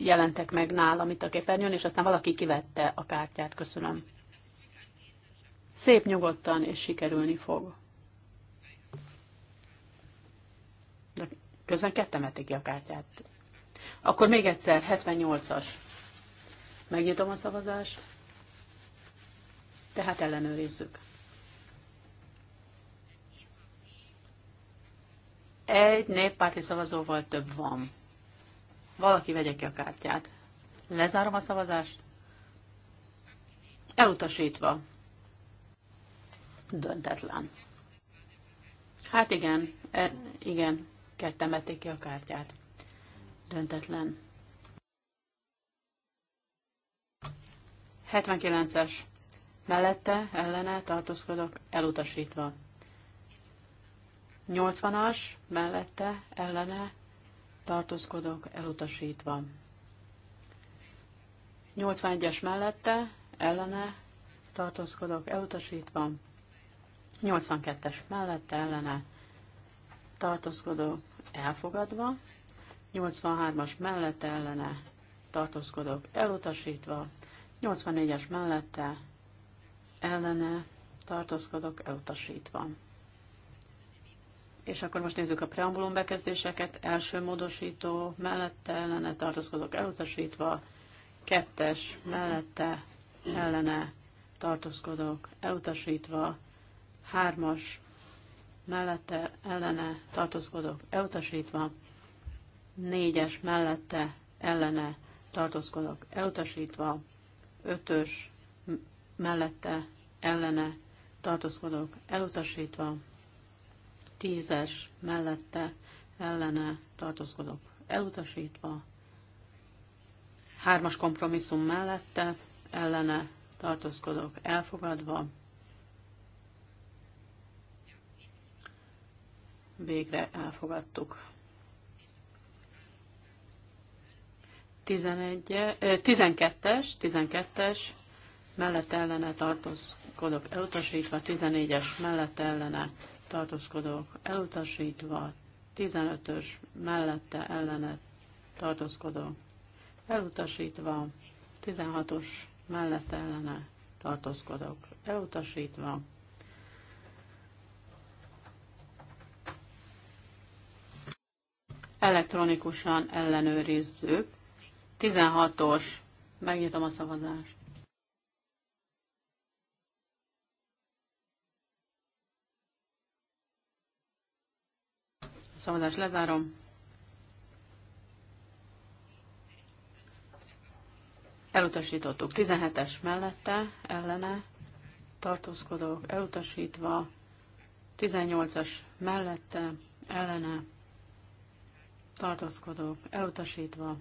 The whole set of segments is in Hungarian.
jelentek meg nálam itt a képernyőn, és aztán valaki kivette a kártyát. Köszönöm. Szép nyugodtan, és sikerülni fog. De közben ketten ki a kártyát. Akkor még egyszer, 78-as. Megnyitom a szavazást. Tehát ellenőrizzük. Egy néppárti szavazóval több van. Valaki vegye ki a kártyát. Lezárom a szavazást. Elutasítva. Döntetlen. Hát igen, e, igen, ketten vették ki a kártyát. Döntetlen. 79-es. Mellette, ellene tartózkodok, elutasítva. 80-as, mellette, ellene tartózkodok, elutasítva. 81-es mellette, ellene, tartózkodok, elutasítva. 82-es mellette, ellene, tartózkodok, elfogadva. 83-as mellette, ellene, tartózkodok, elutasítva. 84-es mellette, ellene, tartózkodok, elutasítva. És akkor most nézzük a preambulum bekezdéseket. Első módosító mellette ellene tartózkodok elutasítva, kettes mellette ellene tartózkodok elutasítva, hármas mellette ellene tartózkodok elutasítva, négyes mellette ellene tartózkodok elutasítva, ötös mellette ellene tartózkodok elutasítva, Tízes mellette ellene tartózkodok elutasítva. Hármas kompromisszum mellette ellene tartózkodok elfogadva. Végre elfogadtuk. 12-es, 12-es, mellett ellene tartózkodok elutasítva, 14-es mellett ellene tartózkodók elutasítva, 15-ös mellette ellene tartózkodó elutasítva, 16-os mellette ellene tartózkodók elutasítva, elektronikusan ellenőrizzük. 16-os, megnyitom a szavazást. Szavazást lezárom. Elutasítottuk 17-es mellette, ellene, tartózkodók elutasítva, 18-as mellette, ellene, tartózkodók elutasítva,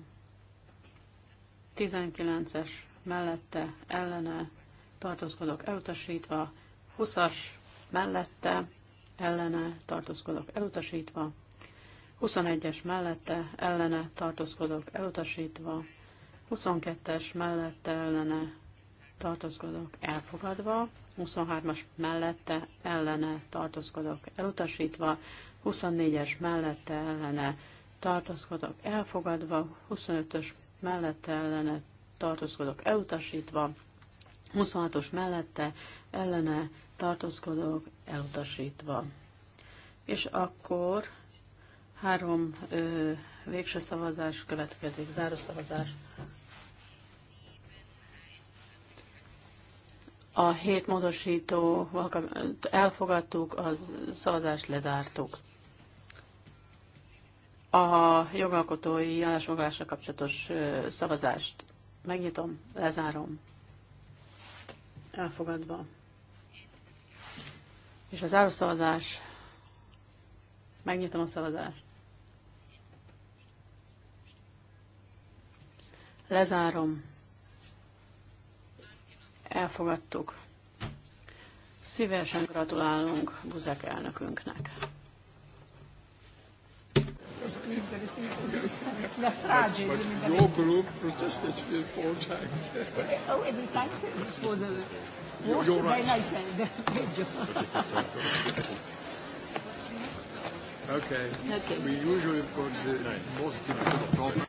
19-es mellette, ellene, tartózkodók elutasítva, 20-as mellette, ellene, tartózkodók elutasítva, 21-es mellette ellene tartózkodok elutasítva, 22-es mellette ellene tartózkodok elfogadva, 23-as mellette ellene tartózkodok elutasítva, 24-es mellette ellene tartózkodok elfogadva, 25-ös mellette ellene tartózkodok elutasítva, 26-os mellette ellene tartózkodok elutasítva. És akkor Három ö, végső szavazás következik, záró szavazás. A hét módosító elfogadtuk, a szavazást lezártuk. A jogalkotói állásfoglalásra kapcsolatos szavazást megnyitom, lezárom. Elfogadva. És az szavazás Megnyitom a szavazást. Lezárom. Elfogadtuk. Szívesen gratulálunk Buzek elnökünknek. La strage. But, but your group protested four times. oh, every time it was a worse You're right. than okay. okay. We usually put the most difficult problem.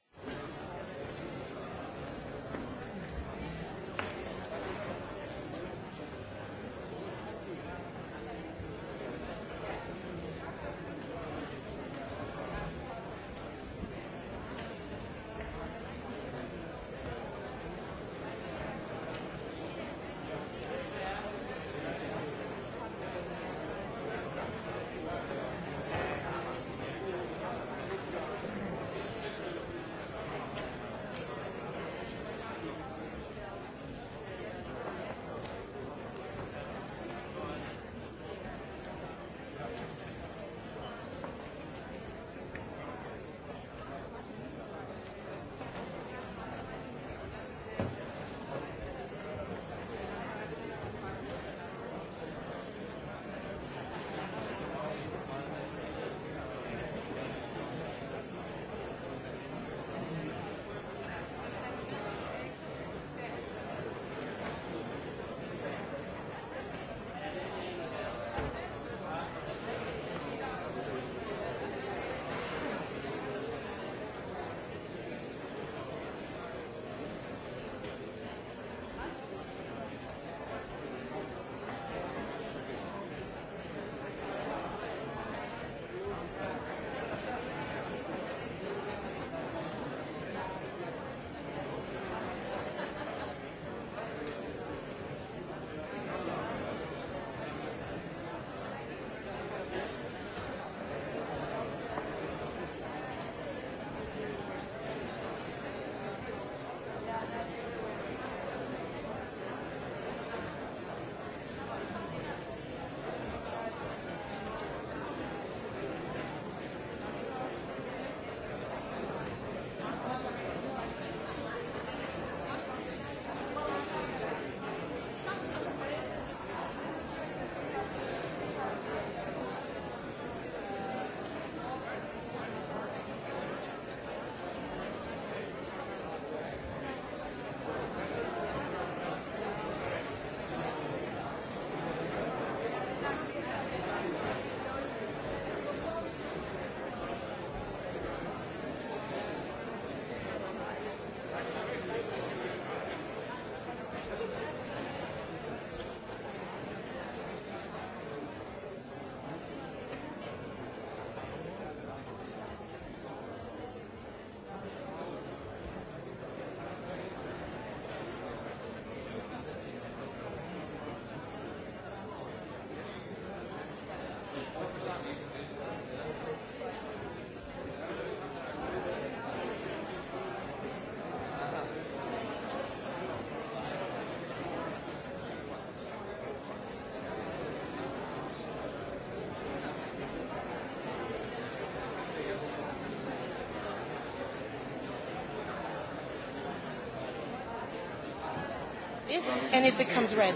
this and it becomes red.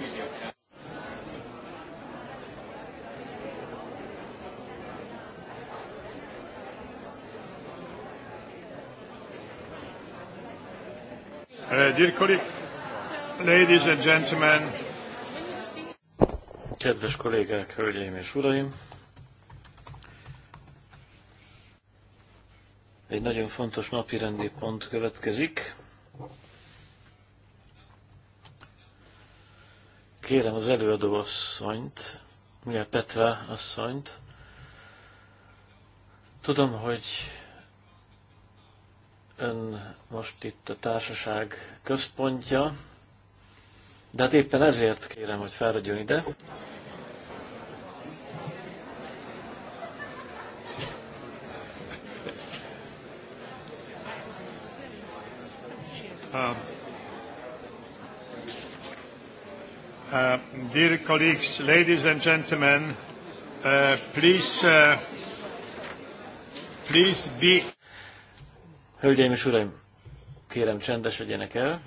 Uh, dear colleague, ladies and gentlemen. Kedves kollégák, hölgyeim és uraim! Egy nagyon fontos napi rendi pont következik. Kérem az előadó asszonyt, Mia Petra asszonyt. Tudom, hogy ön most itt a társaság központja, de hát éppen ezért kérem, hogy fáradjon ide. Um. Uh, dear colleagues, ladies and gentlemen, uh, please, uh, please be... Hölgyeim és uraim, kérem csendesedjenek el.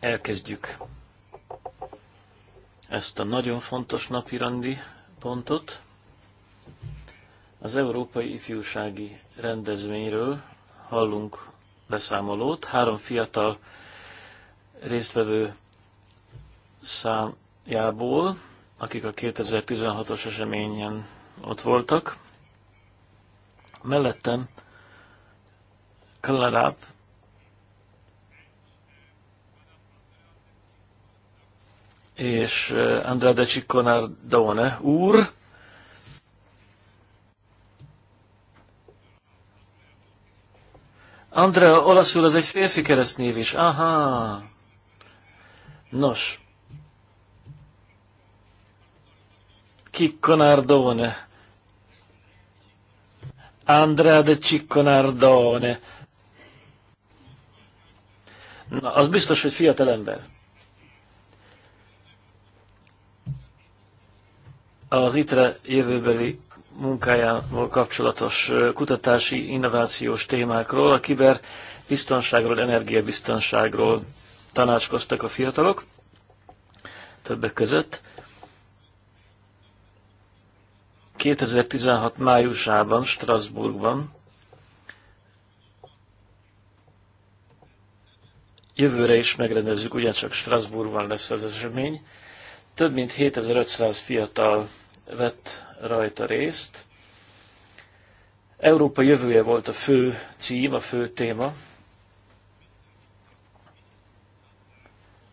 Elkezdjük ezt a nagyon fontos napirandi pontot. Az Európai Ifjúsági Rendezvényről hallunk beszámolót. Három fiatal résztvevő számjából, akik a 2016-os eseményen ott voltak. Mellettem Kalarab és eh, Andrade Csikonardone úr, Andrea olaszul az egy férfi keresztnév is. Aha. Nos. Cicconardone. de Cicconardone. Na, az biztos, hogy fiatal ember. Az ITRE jövőbeli munkájával kapcsolatos kutatási, innovációs témákról, a kiber biztonságról, energiabiztonságról tanácskoztak a fiatalok, többek között. 2016 májusában Strasbourgban jövőre is megrendezzük, ugyancsak Strasbourgban lesz az esemény. Több mint 7500 fiatal vett rajta részt. Európa jövője volt a fő cím, a fő téma,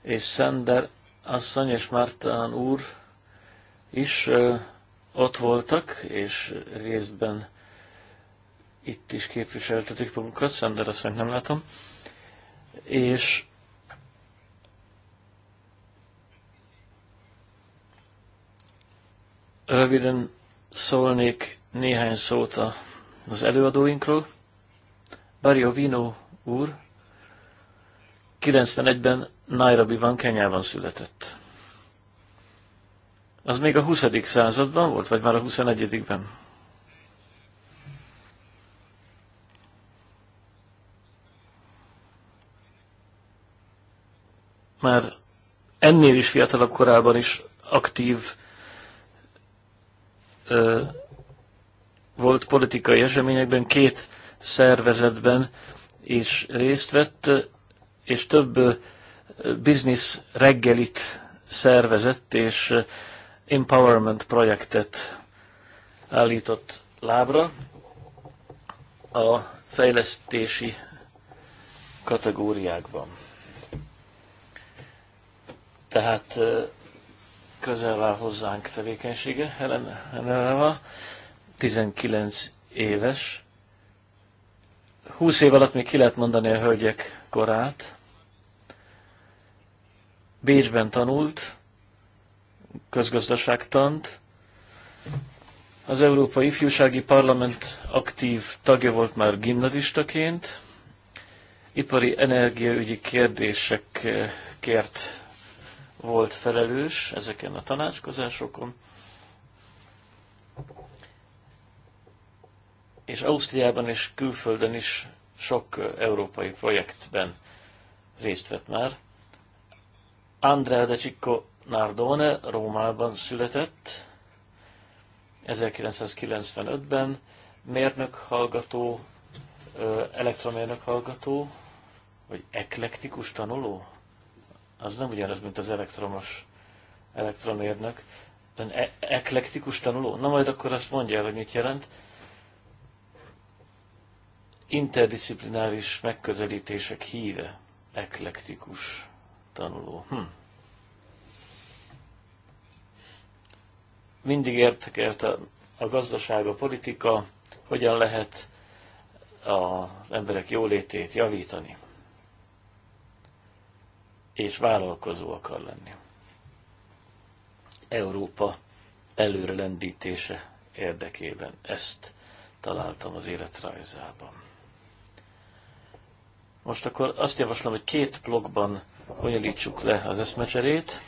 és Szender asszony és Mártán úr is ott voltak, és részben itt is képviseltetik magukat, Sander azt nem látom, és röviden szólnék néhány szót az előadóinkról. Barrio Vino úr 91-ben Nairobi-ban, Kenyában született. Az még a 20. században volt, vagy már a 21-ben? Már ennél is fiatalabb korában is aktív ö, volt politikai eseményekben, két szervezetben is részt vett, és több biznisz reggelit szervezett, és Empowerment projektet állított lábra a fejlesztési kategóriákban. Tehát közel áll hozzánk tevékenysége, Helen Heneleva, 19 éves. 20 év alatt még ki lehet mondani a hölgyek korát. Bécsben tanult, közgazdaságtant. Az Európai Ifjúsági Parlament aktív tagja volt már gimnazistaként. Ipari energiaügyi kérdésekért volt felelős ezeken a tanácskozásokon. És Ausztriában és külföldön is sok európai projektben részt vett már. Andrea de Csikko Nardone Rómában született 1995-ben, mérnök hallgató, elektromérnök hallgató, vagy eklektikus tanuló? Az nem ugyanaz, mint az elektromos elektromérnök. Ön e- eklektikus tanuló? Na majd akkor azt mondja el, hogy mit jelent. Interdisziplináris megközelítések híve. Eklektikus tanuló. Hm. mindig értekelte a gazdaság, a politika, hogyan lehet az emberek jólétét javítani, és vállalkozó akar lenni. Európa előre lendítése érdekében ezt találtam az életrajzában. Most akkor azt javaslom, hogy két blogban bonyolítsuk le az eszmecserét.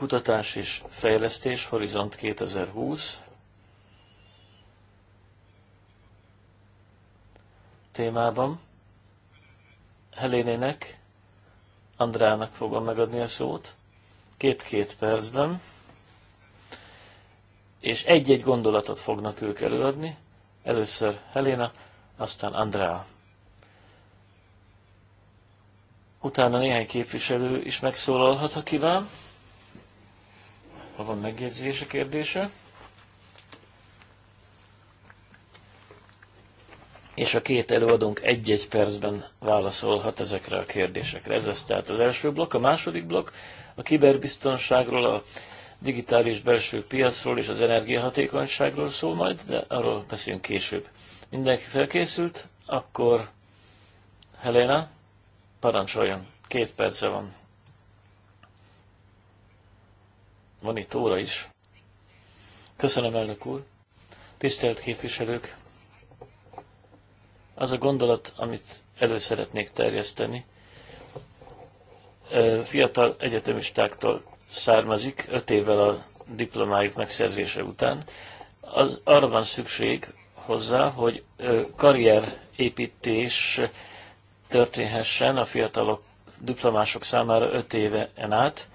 Kutatás és fejlesztés, Horizont 2020 témában. Helénének, Andrának fogom megadni a szót, két-két percben, és egy-egy gondolatot fognak ők előadni. Először Helena, aztán Andrea. Utána néhány képviselő is megszólalhat, ha kíván. Ha van megjegyzése, kérdése. És a két előadónk egy-egy percben válaszolhat ezekre a kérdésekre. Ez lesz tehát az első blokk. A második blokk a kiberbiztonságról, a digitális belső piacról és az energiahatékonyságról szól majd, de arról beszélünk később. Mindenki felkészült, akkor Helena, parancsoljon, két perce van. Van itt óra is. Köszönöm, elnök úr. Tisztelt képviselők! Az a gondolat, amit elő szeretnék terjeszteni, fiatal egyetemistáktól származik, öt évvel a diplomájuk megszerzése után. Az, arra van szükség hozzá, hogy karrierépítés történhessen a fiatalok diplomások számára öt en át,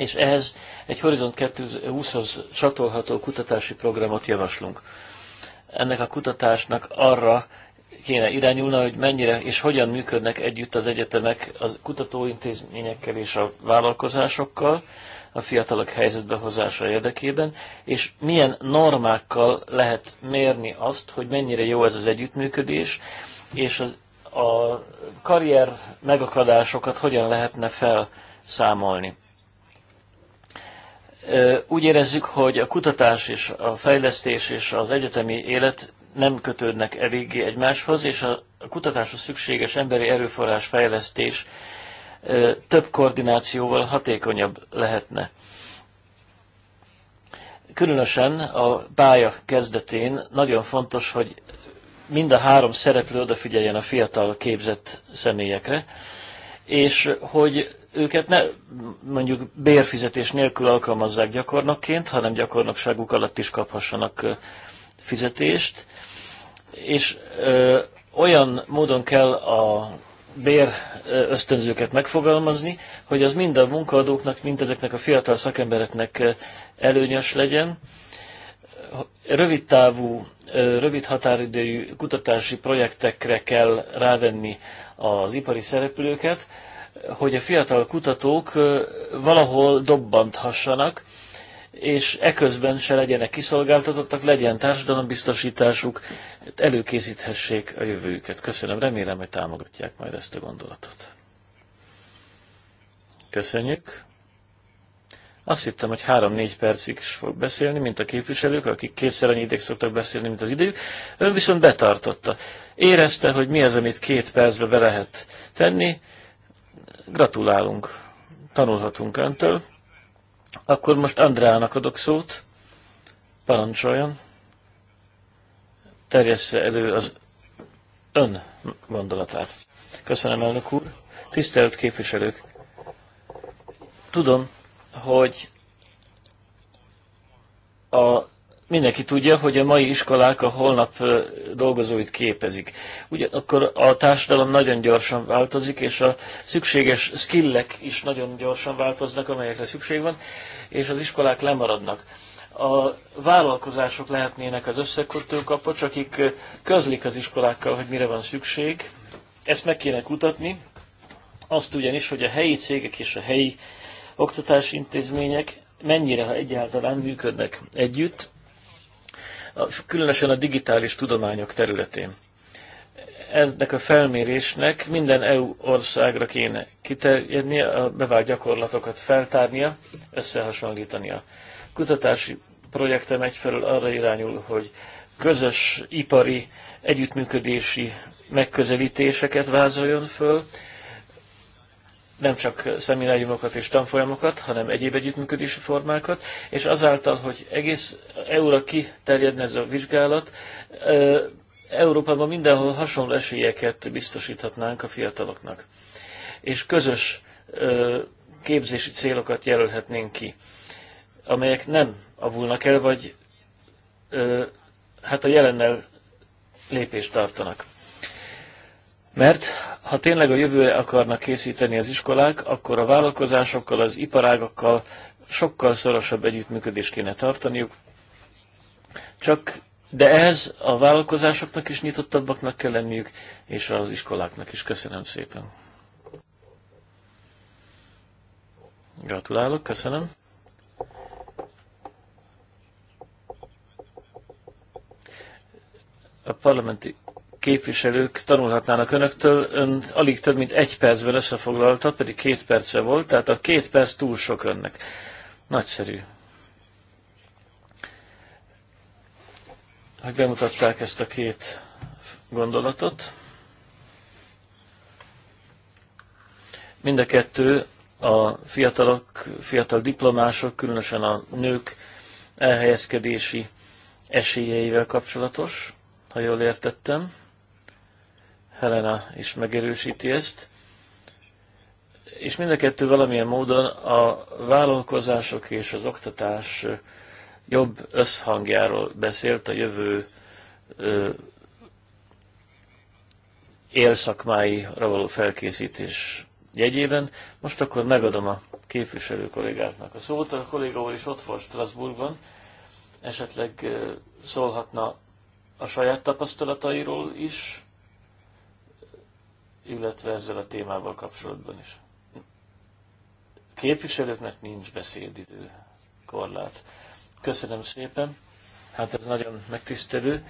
és ehhez egy Horizont 2020-hoz csatolható kutatási programot javaslunk. Ennek a kutatásnak arra kéne irányulna, hogy mennyire és hogyan működnek együtt az egyetemek az kutatóintézményekkel és a vállalkozásokkal a fiatalok helyzetbe hozása érdekében, és milyen normákkal lehet mérni azt, hogy mennyire jó ez az együttműködés, és az, a karrier megakadásokat hogyan lehetne felszámolni. Úgy érezzük, hogy a kutatás és a fejlesztés és az egyetemi élet nem kötődnek eléggé egymáshoz, és a kutatáshoz szükséges emberi erőforrás fejlesztés több koordinációval hatékonyabb lehetne. Különösen a pálya kezdetén nagyon fontos, hogy mind a három szereplő odafigyeljen a fiatal képzett személyekre, és hogy őket ne mondjuk bérfizetés nélkül alkalmazzák gyakornokként, hanem gyakornokságuk alatt is kaphassanak fizetést, és ö, olyan módon kell a bér ösztönzőket megfogalmazni, hogy az mind a munkaadóknak, mind ezeknek a fiatal szakembereknek előnyös legyen. Rövidtávú rövid határidejű kutatási projektekre kell rávenni az ipari szereplőket, hogy a fiatal kutatók valahol dobbanthassanak, és eközben se legyenek kiszolgáltatottak, legyen társadalombiztosításuk, előkészíthessék a jövőjüket. Köszönöm, remélem, hogy támogatják majd ezt a gondolatot. Köszönjük. Azt hittem, hogy három-négy percig is fog beszélni, mint a képviselők, akik kétszer annyi ideig szoktak beszélni, mint az idők. Ön viszont betartotta. Érezte, hogy mi az, amit két percbe be lehet tenni. Gratulálunk, tanulhatunk öntől. Akkor most Andrának adok szót. Parancsoljon. Terjessze elő az ön gondolatát. Köszönöm, elnök úr. Tisztelt képviselők! Tudom, hogy a, mindenki tudja, hogy a mai iskolák a holnap dolgozóit képezik. Ugyanakkor a társadalom nagyon gyorsan változik, és a szükséges skillek is nagyon gyorsan változnak, amelyekre szükség van, és az iskolák lemaradnak. A vállalkozások lehetnének az összekötő kapocs, akik közlik az iskolákkal, hogy mire van szükség. Ezt meg kéne kutatni, azt ugyanis, hogy a helyi cégek és a helyi oktatási intézmények mennyire, ha egyáltalán működnek együtt, különösen a digitális tudományok területén. Eznek a felmérésnek minden EU országra kéne kiterjednie, a bevált gyakorlatokat feltárnia, összehasonlítania. Kutatási projektem egyfelől arra irányul, hogy közös ipari együttműködési megközelítéseket vázoljon föl, nem csak szemináriumokat és tanfolyamokat, hanem egyéb együttműködési formákat, és azáltal, hogy egész EU-ra kiterjedne ez a vizsgálat, Európában mindenhol hasonló esélyeket biztosíthatnánk a fiataloknak. És közös képzési célokat jelölhetnénk ki, amelyek nem avulnak el, vagy hát a jelennel lépést tartanak. Mert ha tényleg a jövőre akarnak készíteni az iskolák, akkor a vállalkozásokkal, az iparágakkal sokkal szorosabb együttműködést kéne tartaniuk. Csak de ehhez a vállalkozásoknak is nyitottabbaknak kell lenniük, és az iskoláknak is. Köszönöm szépen. Gratulálok, köszönöm. A parlamenti képviselők tanulhatnának önöktől. Ön alig több mint egy percben összefoglalta, pedig két perce volt, tehát a két perc túl sok önnek. Nagyszerű. Hogy bemutatták ezt a két gondolatot. Mind a kettő a fiatalok, fiatal diplomások, különösen a nők elhelyezkedési esélyeivel kapcsolatos, ha jól értettem. Helena is megerősíti ezt. És mind a kettő valamilyen módon a vállalkozások és az oktatás jobb összhangjáról beszélt a jövő élszakmáira való felkészítés jegyében. Most akkor megadom a képviselő kollégáknak a szót. A kolléga is ott volt Strasbourgban, esetleg szólhatna a saját tapasztalatairól is, illetve ezzel a témával kapcsolatban is. Képviselőknek nincs beszédidő korlát. Köszönöm szépen, hát ez nagyon megtisztelő,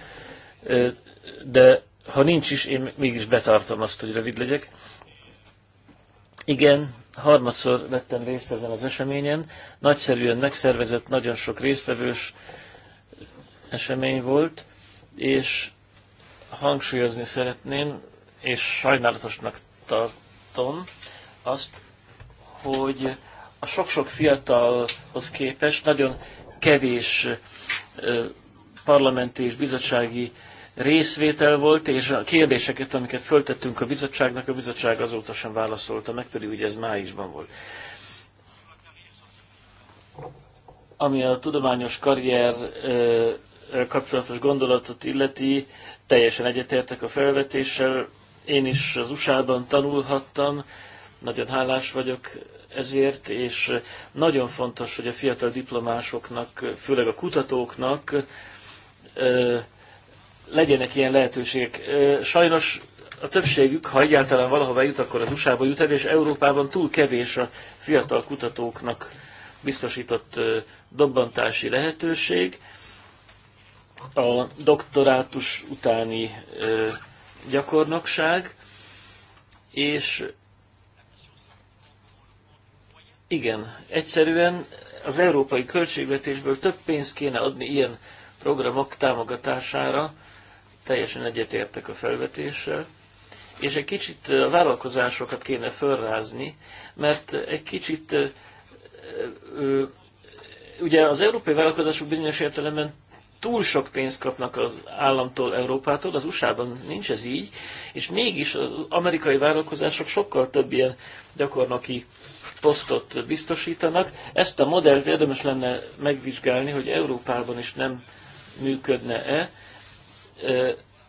de ha nincs is, én mégis betartom azt, hogy rövid legyek. Igen, harmadszor vettem részt ezen az eseményen, nagyszerűen megszervezett, nagyon sok résztvevős esemény volt, és hangsúlyozni szeretném, és sajnálatosnak tartom azt, hogy a sok-sok fiatalhoz képest nagyon kevés parlamenti és bizottsági részvétel volt, és a kérdéseket, amiket föltettünk a bizottságnak, a bizottság azóta sem válaszolta meg, pedig ugye ez májusban volt. Ami a tudományos karrier kapcsolatos gondolatot illeti, teljesen egyetértek a felvetéssel, én is az USA-ban tanulhattam, nagyon hálás vagyok ezért, és nagyon fontos, hogy a fiatal diplomásoknak, főleg a kutatóknak legyenek ilyen lehetőségek. Sajnos a többségük, ha egyáltalán valahova jut, akkor az USA-ba jut el, és Európában túl kevés a fiatal kutatóknak biztosított dobbantási lehetőség. A doktorátus utáni gyakornokság, és igen, egyszerűen az európai költségvetésből több pénzt kéne adni ilyen programok támogatására, teljesen egyetértek a felvetéssel, és egy kicsit a vállalkozásokat kéne fölrázni, mert egy kicsit ugye az európai vállalkozások bizonyos értelemben túl sok pénzt kapnak az államtól, Európától, az USA-ban nincs ez így, és mégis az amerikai vállalkozások sokkal több ilyen gyakornoki posztot biztosítanak. Ezt a modellt érdemes lenne megvizsgálni, hogy Európában is nem működne-e.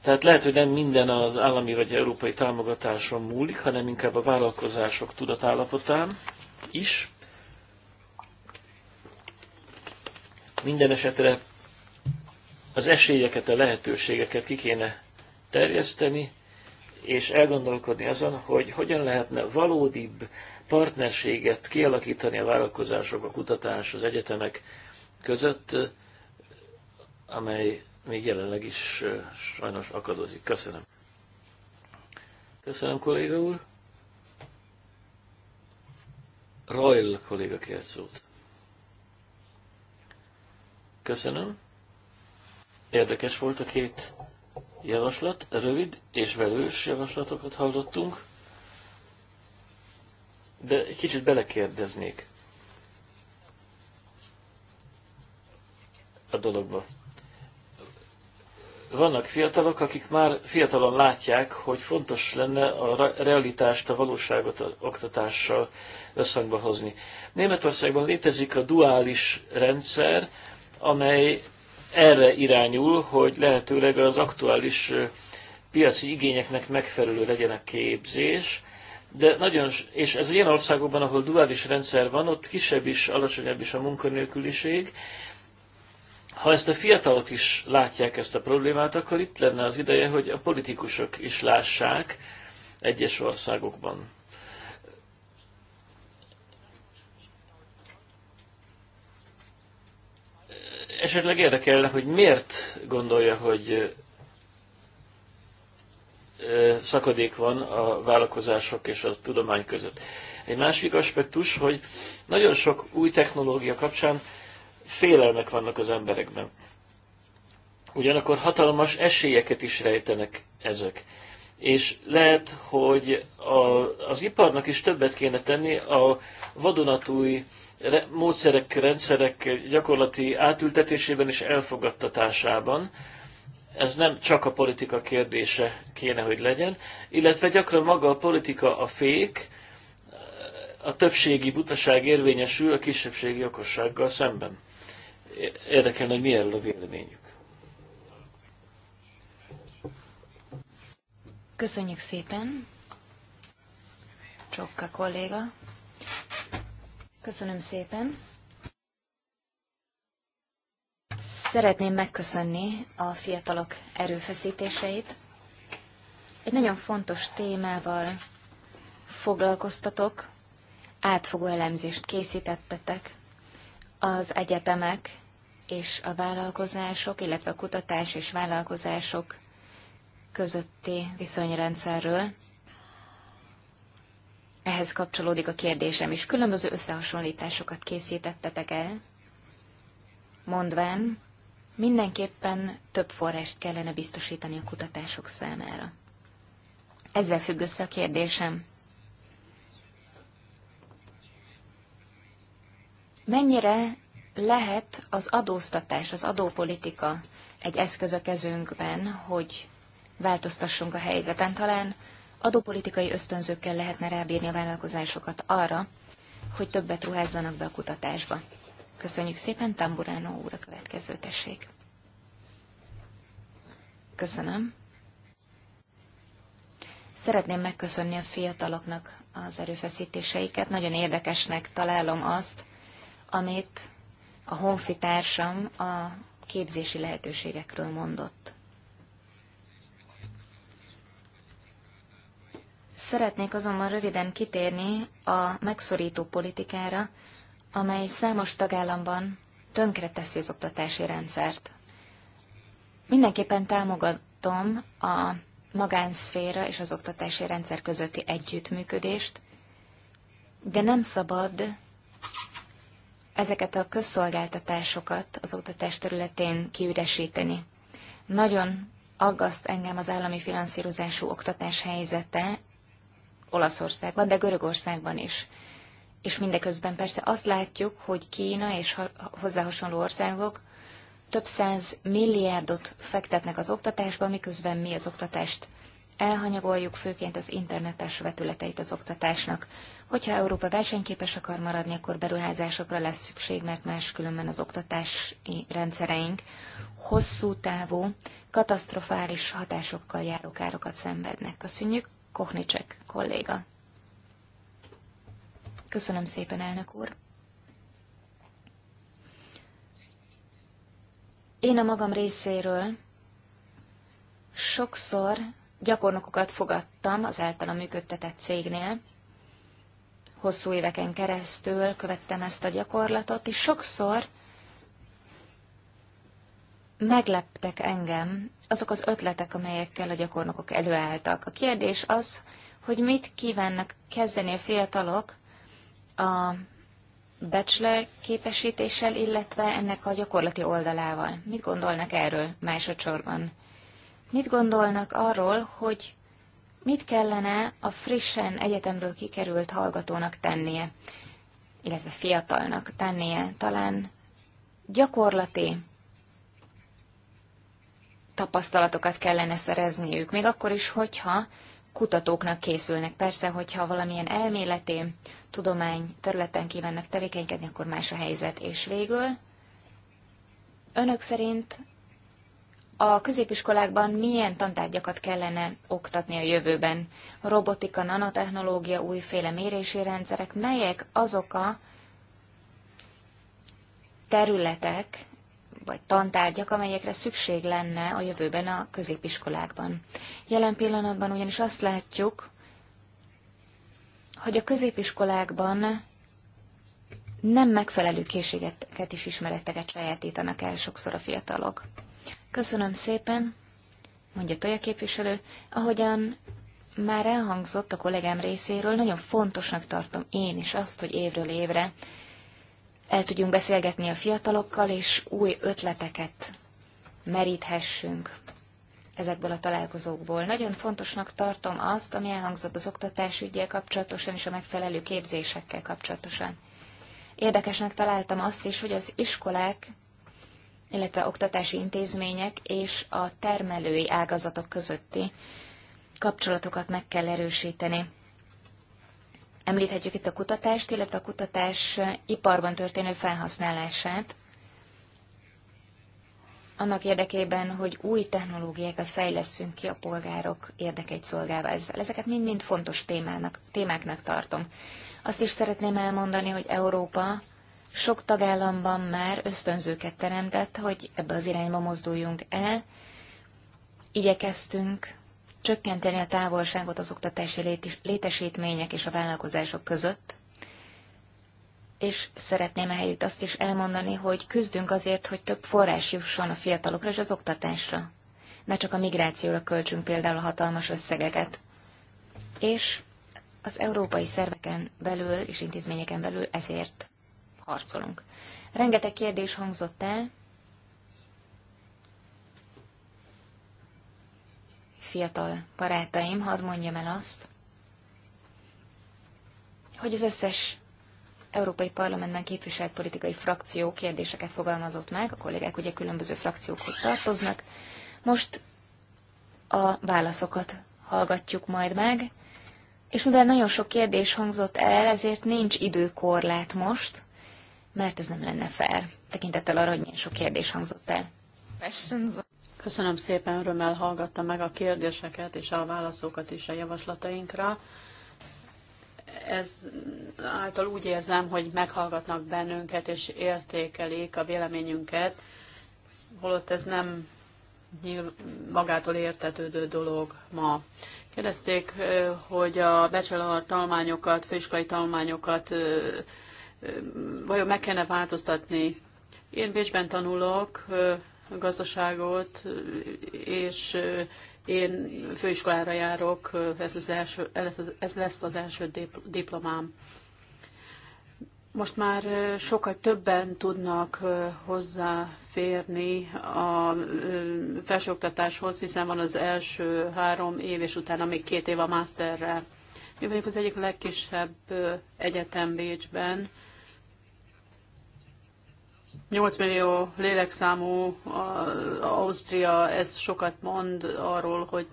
Tehát lehet, hogy nem minden az állami vagy európai támogatáson múlik, hanem inkább a vállalkozások tudatállapotán is. Minden esetre az esélyeket, a lehetőségeket ki kéne terjeszteni, és elgondolkodni azon, hogy hogyan lehetne valódibb partnerséget kialakítani a vállalkozások, a kutatás, az egyetemek között, amely még jelenleg is sajnos akadozik. Köszönöm. Köszönöm, kolléga úr. Royal kolléga kért szót. Köszönöm. Érdekes volt a két javaslat, rövid és velős javaslatokat hallottunk, de egy kicsit belekérdeznék a dologba. Vannak fiatalok, akik már fiatalon látják, hogy fontos lenne a realitást, a valóságot a oktatással összhangba hozni. Németországban létezik a duális rendszer, amely erre irányul, hogy lehetőleg az aktuális piaci igényeknek megfelelő legyen a képzés, de nagyon, és ez ilyen országokban, ahol duális rendszer van, ott kisebb is, alacsonyabb is a munkanélküliség. Ha ezt a fiatalok is látják ezt a problémát, akkor itt lenne az ideje, hogy a politikusok is lássák egyes országokban. esetleg érdekelne, hogy miért gondolja, hogy szakadék van a vállalkozások és a tudomány között. Egy másik aspektus, hogy nagyon sok új technológia kapcsán félelmek vannak az emberekben. Ugyanakkor hatalmas esélyeket is rejtenek ezek és lehet, hogy a, az iparnak is többet kéne tenni a vadonatúj módszerek, rendszerek gyakorlati átültetésében és elfogadtatásában. Ez nem csak a politika kérdése kéne, hogy legyen, illetve gyakran maga a politika a fék, a többségi butaság érvényesül a kisebbségi okossággal szemben. Érdekelne, hogy mi erről a véleményük. Köszönjük szépen, Csokka kolléga. Köszönöm szépen. Szeretném megköszönni a fiatalok erőfeszítéseit. Egy nagyon fontos témával foglalkoztatok, átfogó elemzést készítettetek. Az egyetemek és a vállalkozások, illetve a kutatás és vállalkozások közötti viszonyrendszerről. Ehhez kapcsolódik a kérdésem is. Különböző összehasonlításokat készítettetek el, mondván, mindenképpen több forrást kellene biztosítani a kutatások számára. Ezzel függ össze a kérdésem. Mennyire lehet az adóztatás, az adópolitika egy eszköz a kezünkben, hogy változtassunk a helyzeten. Talán adópolitikai ösztönzőkkel lehetne rábírni a vállalkozásokat arra, hogy többet ruházzanak be a kutatásba. Köszönjük szépen, Tamburánó úr a következő tessék. Köszönöm. Szeretném megköszönni a fiataloknak az erőfeszítéseiket. Nagyon érdekesnek találom azt, amit a honfitársam a képzési lehetőségekről mondott. Szeretnék azonban röviden kitérni a megszorító politikára, amely számos tagállamban tönkreteszi az oktatási rendszert. Mindenképpen támogatom a magánszféra és az oktatási rendszer közötti együttműködést, de nem szabad ezeket a közszolgáltatásokat az oktatás területén kiüresíteni. Nagyon aggaszt engem az állami finanszírozású oktatás helyzete Olaszországban, de Görögországban is. És mindeközben persze azt látjuk, hogy Kína és hozzá hasonló országok több száz milliárdot fektetnek az oktatásba, miközben mi az oktatást elhanyagoljuk, főként az internetes vetületeit az oktatásnak. Hogyha Európa versenyképes akar maradni, akkor beruházásokra lesz szükség, mert máskülönben az oktatási rendszereink hosszú távú, katasztrofális hatásokkal járó károkat szenvednek. Köszönjük! Kohnicek kolléga. Köszönöm szépen, elnök úr. Én a magam részéről sokszor gyakornokokat fogadtam az általam működtetett cégnél. Hosszú éveken keresztül követtem ezt a gyakorlatot, és sokszor megleptek engem azok az ötletek, amelyekkel a gyakornokok előálltak. A kérdés az, hogy mit kívánnak kezdeni a fiatalok a bachelor képesítéssel, illetve ennek a gyakorlati oldalával. Mit gondolnak erről másodszorban? Mit gondolnak arról, hogy mit kellene a frissen egyetemről kikerült hallgatónak tennie, illetve fiatalnak tennie? Talán gyakorlati tapasztalatokat kellene szerezniük, még akkor is, hogyha kutatóknak készülnek. Persze, hogyha valamilyen elméleti tudomány területen kívánnak tevékenykedni, akkor más a helyzet. És végül, önök szerint a középiskolákban milyen tantárgyakat kellene oktatni a jövőben? Robotika, nanotechnológia, újféle mérési rendszerek, melyek azok a területek, vagy tantárgyak, amelyekre szükség lenne a jövőben a középiskolákban. Jelen pillanatban ugyanis azt látjuk, hogy a középiskolákban nem megfelelő készségeket és ismereteket sajátítanak el sokszor a fiatalok. Köszönöm szépen, mondja Tolya képviselő, ahogyan már elhangzott a kollégám részéről, nagyon fontosnak tartom én is azt, hogy évről évre el tudjunk beszélgetni a fiatalokkal, és új ötleteket meríthessünk ezekből a találkozókból. Nagyon fontosnak tartom azt, ami elhangzott az oktatásügyel kapcsolatosan és a megfelelő képzésekkel kapcsolatosan. Érdekesnek találtam azt is, hogy az iskolák, illetve oktatási intézmények és a termelői ágazatok közötti kapcsolatokat meg kell erősíteni. Említhetjük itt a kutatást, illetve a kutatás iparban történő felhasználását, annak érdekében, hogy új technológiákat fejleszünk ki a polgárok érdekeit szolgálva ezzel. Ezeket mind-mind fontos témának, témáknak tartom. Azt is szeretném elmondani, hogy Európa sok tagállamban már ösztönzőket teremtett, hogy ebbe az irányba mozduljunk el. Igyekeztünk csökkenteni a távolságot az oktatási létesítmények és a vállalkozások között, és szeretném eljött azt is elmondani, hogy küzdünk azért, hogy több forrás jusson a fiatalokra és az oktatásra. Ne csak a migrációra költsünk például hatalmas összegeket. És az európai szerveken belül és intézményeken belül ezért harcolunk. Rengeteg kérdés hangzott el, fiatal barátaim, hadd mondjam el azt, hogy az összes Európai Parlamentben képviselt politikai frakció kérdéseket fogalmazott meg, a kollégák ugye különböző frakciókhoz tartoznak. Most a válaszokat hallgatjuk majd meg, és mivel nagyon sok kérdés hangzott el, ezért nincs időkorlát most, mert ez nem lenne fair, tekintettel arra, hogy milyen sok kérdés hangzott el. Köszönöm szépen, örömmel hallgatta meg a kérdéseket és a válaszokat is a javaslatainkra. Ez által úgy érzem, hogy meghallgatnak bennünket és értékelik a véleményünket, holott ez nem magától értetődő dolog ma. Kérdezték, hogy a bachelor talmányokat, főiskolai talmányokat vajon meg kellene változtatni. Én Bécsben tanulok, a gazdaságot, és én főiskolára járok, ez, az első, ez, lesz az első diplomám. Most már sokkal többen tudnak hozzáférni a felsőoktatáshoz, hiszen van az első három év, és utána még két év a masterre. Mi vagyunk az egyik legkisebb egyetem Bécsben, 8 millió lélekszámú Ausztria, ez sokat mond arról, hogy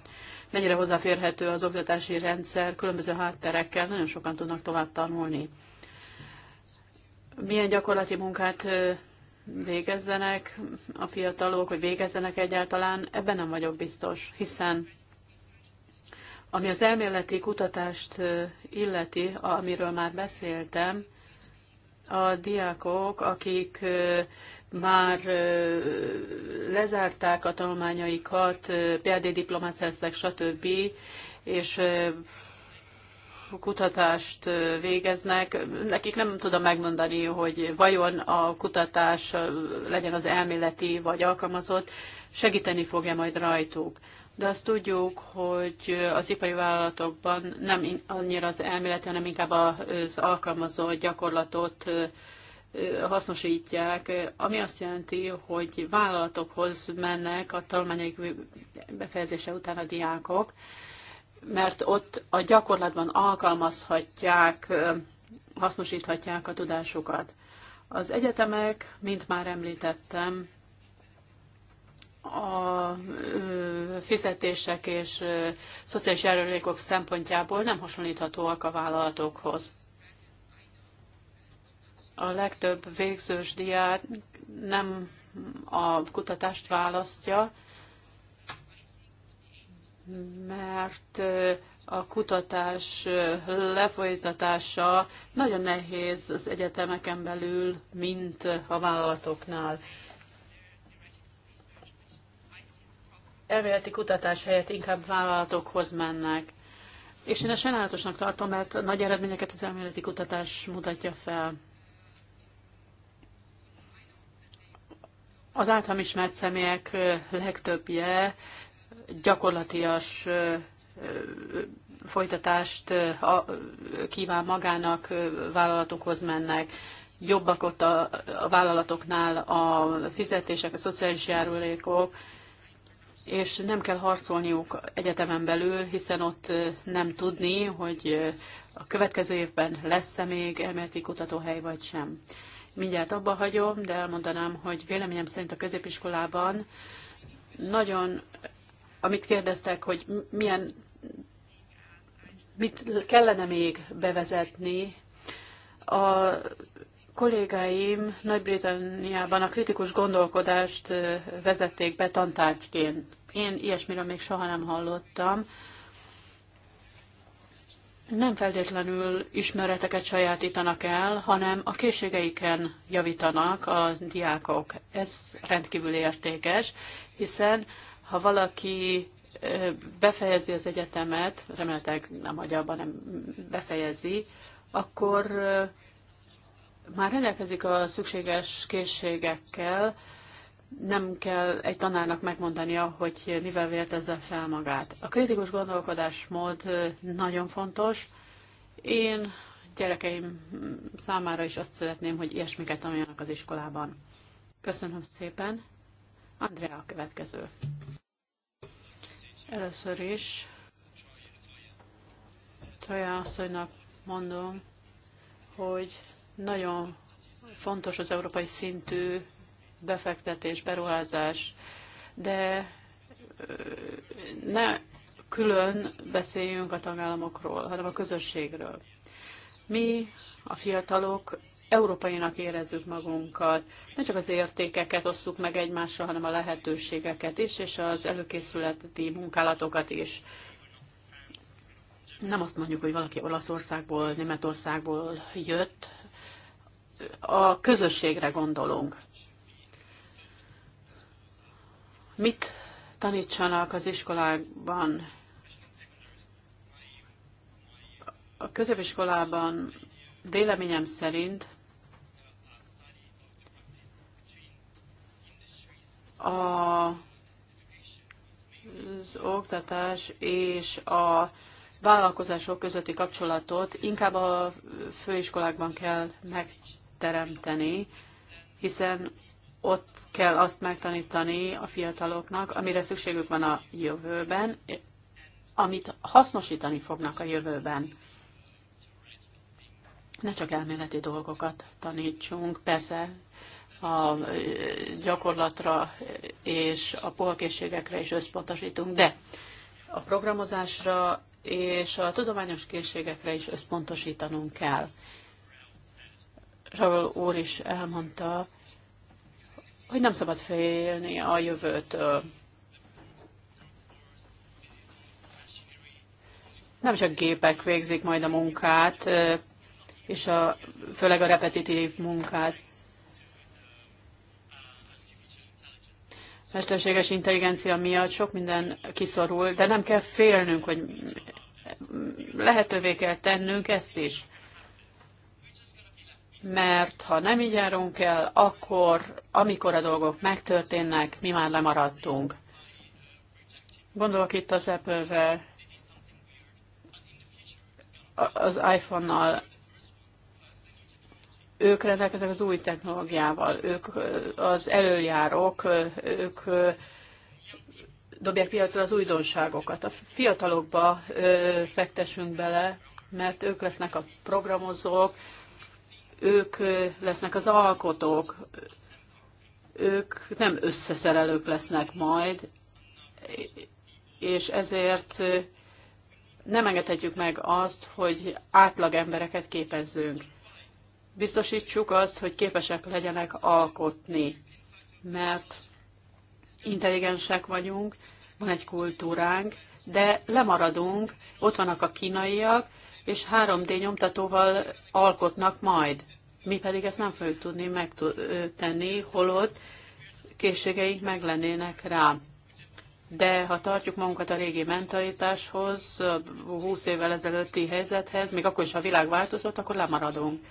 mennyire hozzáférhető az oktatási rendszer különböző hátterekkel, nagyon sokan tudnak tovább tanulni. Milyen gyakorlati munkát végezzenek a fiatalok, hogy végezzenek egyáltalán, ebben nem vagyok biztos, hiszen ami az elméleti kutatást illeti, amiről már beszéltem, a diákok, akik már lezárták a tanulmányaikat, PhD diplomát szereztek, stb., és kutatást végeznek. Nekik nem tudom megmondani, hogy vajon a kutatás legyen az elméleti vagy alkalmazott, segíteni fogja majd rajtuk de azt tudjuk, hogy az ipari vállalatokban nem annyira az elméleti, hanem inkább az alkalmazó gyakorlatot hasznosítják, ami azt jelenti, hogy vállalatokhoz mennek a tanulmányok befejezése után a diákok, mert ott a gyakorlatban alkalmazhatják, hasznosíthatják a tudásukat. Az egyetemek, mint már említettem, a fizetések és szociális járulékok szempontjából nem hasonlíthatóak a vállalatokhoz. A legtöbb végzős diák nem a kutatást választja, mert a kutatás lefolytatása nagyon nehéz az egyetemeken belül, mint a vállalatoknál. elméleti kutatás helyett inkább vállalatokhoz mennek. És én ezt sajnálatosnak tartom, mert nagy eredményeket az elméleti kutatás mutatja fel. Az általam ismert személyek legtöbbje gyakorlatias folytatást kíván magának, vállalatokhoz mennek. Jobbak ott a, a vállalatoknál a fizetések, a szociális járulékok, és nem kell harcolniuk egyetemen belül, hiszen ott nem tudni, hogy a következő évben lesz-e még elméleti kutatóhely vagy sem. Mindjárt abba hagyom, de elmondanám, hogy véleményem szerint a középiskolában nagyon, amit kérdeztek, hogy milyen, mit kellene még bevezetni, a kollégáim Nagy-Britanniában a kritikus gondolkodást vezették be tantárgyként. Én ilyesmiről még soha nem hallottam. Nem feltétlenül ismereteket sajátítanak el, hanem a készségeiken javítanak a diákok. Ez rendkívül értékes, hiszen ha valaki befejezi az egyetemet, remélhetőleg nem agyában nem befejezi, akkor már rendelkezik a szükséges készségekkel, nem kell egy tanárnak megmondania, hogy mivel vértezze fel magát. A kritikus gondolkodásmód nagyon fontos. Én gyerekeim számára is azt szeretném, hogy ilyesmiket tanuljanak az iskolában. Köszönöm szépen. Andrea a következő. Először is Traján asszonynak mondom, hogy nagyon fontos az európai szintű befektetés, beruházás, de ne külön beszéljünk a tagállamokról, hanem a közösségről. Mi, a fiatalok, európainak érezzük magunkat. Ne csak az értékeket osszuk meg egymással, hanem a lehetőségeket is, és az előkészületi munkálatokat is. Nem azt mondjuk, hogy valaki Olaszországból, Németországból jött, a közösségre gondolunk. Mit tanítsanak az iskolákban? A középiskolában véleményem szerint a, az oktatás és a vállalkozások közötti kapcsolatot inkább a főiskolákban kell meg teremteni, hiszen ott kell azt megtanítani a fiataloknak, amire szükségük van a jövőben, amit hasznosítani fognak a jövőben. Ne csak elméleti dolgokat tanítsunk, persze a gyakorlatra és a polkészségekre is összpontosítunk, de a programozásra és a tudományos készségekre is összpontosítanunk kell. Ravel úr is elmondta, hogy nem szabad félni a jövőtől. Nem csak gépek végzik majd a munkát, és a, főleg a repetitív munkát. Mesterséges intelligencia miatt sok minden kiszorul, de nem kell félnünk, hogy lehetővé kell tennünk ezt is mert ha nem így járunk el, akkor amikor a dolgok megtörténnek, mi már lemaradtunk. Gondolok itt az Apple-re, az iPhone-nal, ők rendelkeznek az új technológiával, ők az előjárók, ők dobják piacra az újdonságokat. A fiatalokba fektessünk bele, mert ők lesznek a programozók, ők lesznek az alkotók, ők nem összeszerelők lesznek majd, és ezért nem engedhetjük meg azt, hogy átlag embereket képezzünk. Biztosítsuk azt, hogy képesek legyenek alkotni, mert intelligensek vagyunk, van egy kultúránk, de lemaradunk, ott vannak a kínaiak, és 3D nyomtatóval alkotnak majd. Mi pedig ezt nem fogjuk tudni megtenni, holott készségeink meg lennének rá. De ha tartjuk magunkat a régi mentalitáshoz, 20 évvel ezelőtti helyzethez, még akkor is, ha a világ változott, akkor lemaradunk.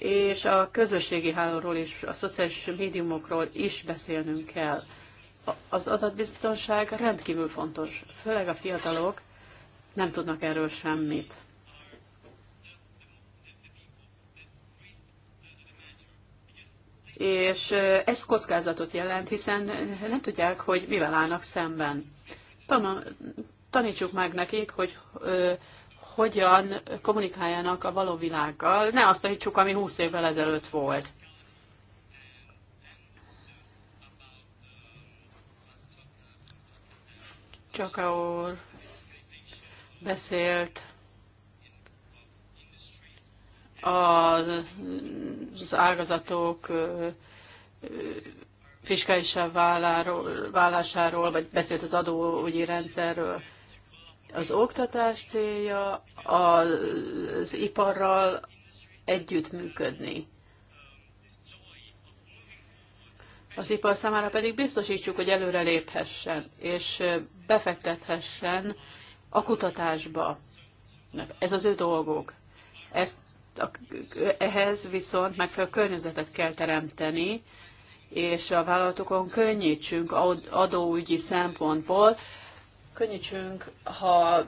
És a közösségi hálóról is, a szociális médiumokról is beszélnünk kell. Az adatbiztonság rendkívül fontos, főleg a fiatalok nem tudnak erről semmit. És ez kockázatot jelent, hiszen nem tudják, hogy mivel állnak szemben. Tan tanítsuk meg nekik, hogy ö, hogyan kommunikáljanak a való világgal. Ne azt tanítsuk, ami 20 évvel ezelőtt volt. Csak a beszélt az ágazatok fiskálisá válásáról, vagy beszélt az adóügyi rendszerről. Az oktatás célja az iparral együttműködni. Az ipar számára pedig biztosítsuk, hogy előre léphessen és befektethessen a kutatásba. Ez az ő dolgok, Ezt a, ehhez viszont megfelelő környezetet kell teremteni, és a vállalatokon könnyítsünk adóügyi szempontból, könnyítsünk, ha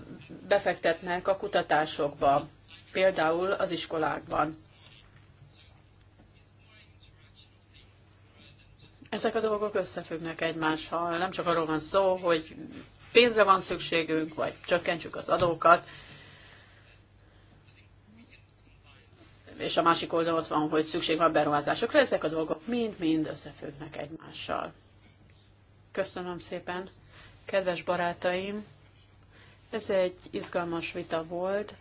befektetnek a kutatásokba, például az iskolákban. Ezek a dolgok összefüggnek egymással. Nem csak arról van szó, hogy pénzre van szükségünk, vagy csökkentsük az adókat. És a másik oldal ott van, hogy szükség van beruházásokra. Ezek a dolgok mind-mind összefüggnek egymással. Köszönöm szépen, kedves barátaim! Ez egy izgalmas vita volt,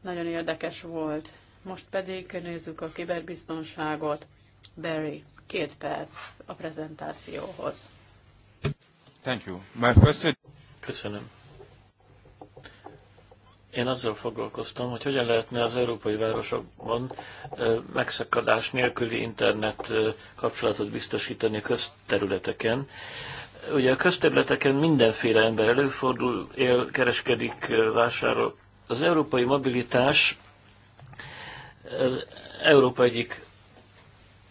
nagyon érdekes volt. Most pedig nézzük a kiberbiztonságot. Barry, két perc a prezentációhoz. Thank you. My first... Köszönöm. Én azzal foglalkoztam, hogy hogyan lehetne az európai városokban megszakadás nélküli internet kapcsolatot biztosítani a közterületeken. Ugye a közterületeken mindenféle ember előfordul, él, kereskedik, vásárol. Az európai mobilitás az Európa egyik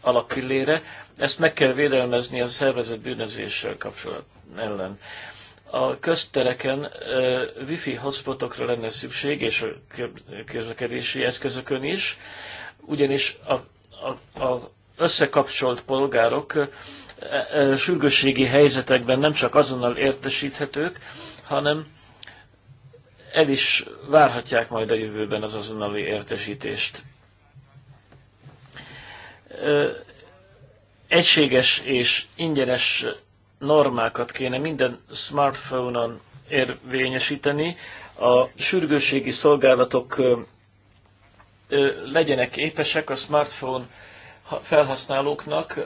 alappillére, ezt meg kell védelmezni a szervezett bűnözéssel kapcsolatban ellen. A köztereken wifi hotspotokra lenne szükség, és a közlekedési eszközökön is, ugyanis a, a, a összekapcsolt polgárok sürgősségi helyzetekben nem csak azonnal értesíthetők, hanem el is várhatják majd a jövőben az azonnali értesítést. Egységes és ingyenes normákat kéne minden smartphone-on érvényesíteni, a sürgőségi szolgálatok legyenek képesek a smartphone felhasználóknak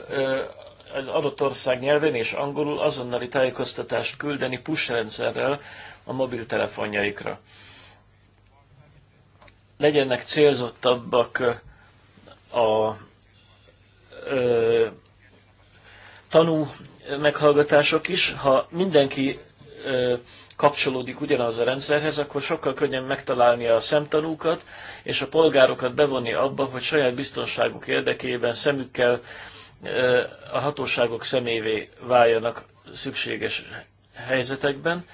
az adott ország nyelvén és angolul azonnali tájékoztatást küldeni push rendszerrel a mobiltelefonjaikra. Legyenek célzottabbak a ö, tanú meghallgatások is, ha mindenki kapcsolódik ugyanaz a rendszerhez, akkor sokkal könnyen megtalálni a szemtanúkat, és a polgárokat bevonni abba, hogy saját biztonságuk érdekében szemükkel a hatóságok szemévé váljanak szükséges helyzetekben.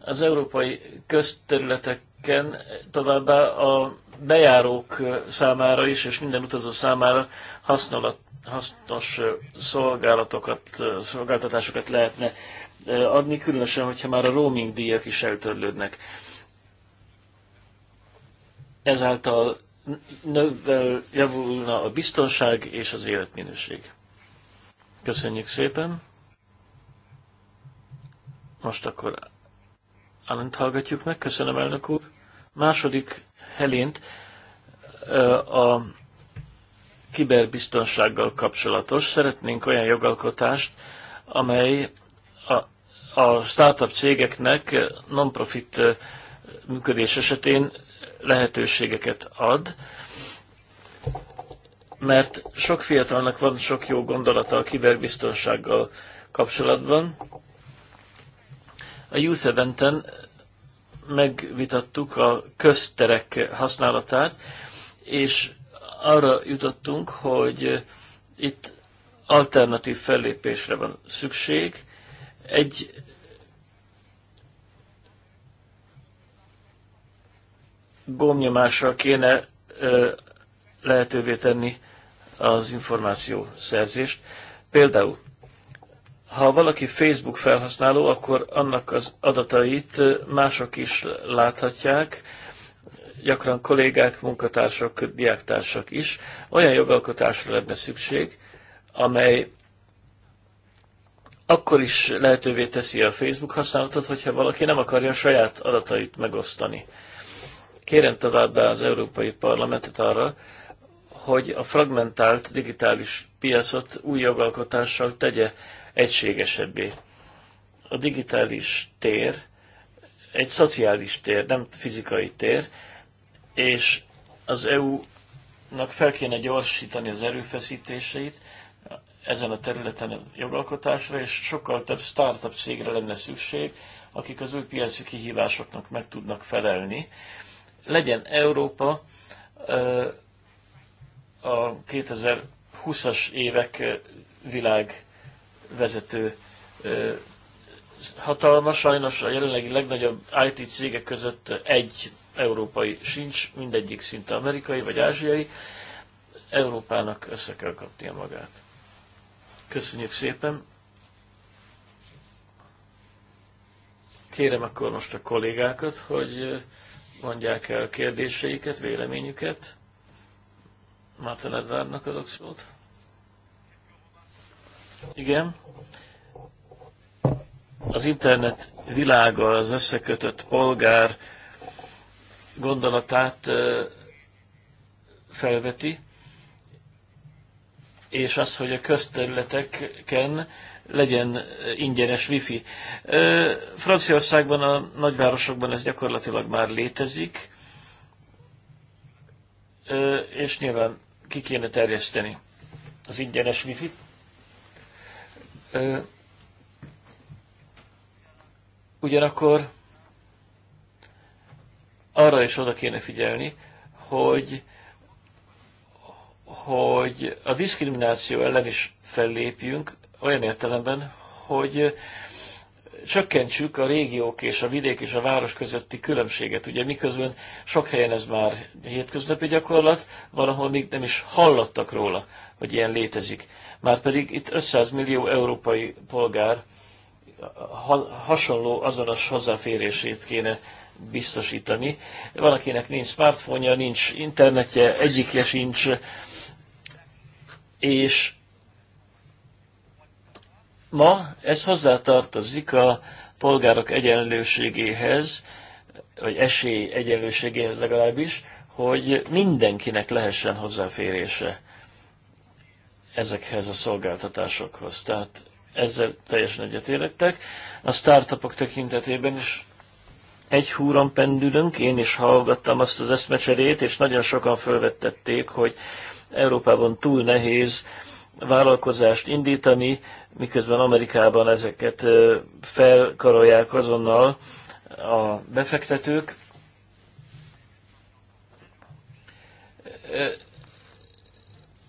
Az európai közterületeken továbbá a bejárók számára is, és minden utazó számára hasznolat, hasznos szolgálatokat, szolgáltatásokat lehetne adni, különösen, hogyha már a roaming díjak is eltörlődnek. Ezáltal növel, javulna a biztonság és az életminőség. Köszönjük szépen! Most akkor Alent hallgatjuk meg. Köszönöm, elnök úr. Második Helént a kiberbiztonsággal kapcsolatos. Szeretnénk olyan jogalkotást, amely a, a startup cégeknek non-profit működés esetén lehetőségeket ad, mert sok fiatalnak van sok jó gondolata a kiberbiztonsággal kapcsolatban. A Youth Eventen megvitattuk a közterek használatát, és arra jutottunk, hogy eh, itt alternatív fellépésre van szükség. Egy gomnyomással kéne eh, lehetővé tenni az információ szerzést. Például, ha valaki Facebook felhasználó, akkor annak az adatait eh, mások is láthatják, gyakran kollégák, munkatársak, diáktársak is. Olyan jogalkotásra lenne szükség, amely akkor is lehetővé teszi a Facebook használatot, hogyha valaki nem akarja a saját adatait megosztani. Kérem továbbá az Európai Parlamentet arra, hogy a fragmentált digitális piacot új jogalkotással tegye egységesebbé. A digitális tér egy szociális tér, nem fizikai tér, és az EU-nak fel kéne gyorsítani az erőfeszítéseit ezen a területen a jogalkotásra, és sokkal több startup cégre lenne szükség, akik az új piaci kihívásoknak meg tudnak felelni. Legyen Európa a 2020-as évek világ vezető hatalma. Sajnos a jelenlegi legnagyobb IT cégek között egy európai sincs, mindegyik szinte amerikai vagy ázsiai. Európának össze kell kapnia magát. Köszönjük szépen! Kérem akkor most a kollégákat, hogy mondják el kérdéseiket, véleményüket. Márta Edvárnak adok szót. Igen. Az internet világa az összekötött polgár gondolatát felveti, és az, hogy a közterületeken legyen ingyenes wifi. Franciaországban, a nagyvárosokban ez gyakorlatilag már létezik, és nyilván ki kéne terjeszteni az ingyenes wifi-t. Ugyanakkor arra is oda kéne figyelni, hogy, hogy a diszkrimináció ellen is fellépjünk, olyan értelemben, hogy csökkentsük a régiók és a vidék és a város közötti különbséget. Ugye miközben sok helyen ez már hétköznapi gyakorlat, van, ahol még nem is hallottak róla, hogy ilyen létezik. Márpedig itt 500 millió európai polgár hasonló, azonos hozzáférését kéne biztosítani. Van, akinek nincs smartphone nincs internetje, egyikje sincs, és ma ez hozzátartozik a polgárok egyenlőségéhez, vagy esély egyenlőségéhez legalábbis, hogy mindenkinek lehessen hozzáférése ezekhez a szolgáltatásokhoz. Tehát ezzel teljesen egyetértek. A startupok tekintetében is egy húron pendülünk, én is hallgattam azt az eszmecserét, és nagyon sokan felvettették, hogy Európában túl nehéz vállalkozást indítani, miközben Amerikában ezeket felkarolják azonnal a befektetők.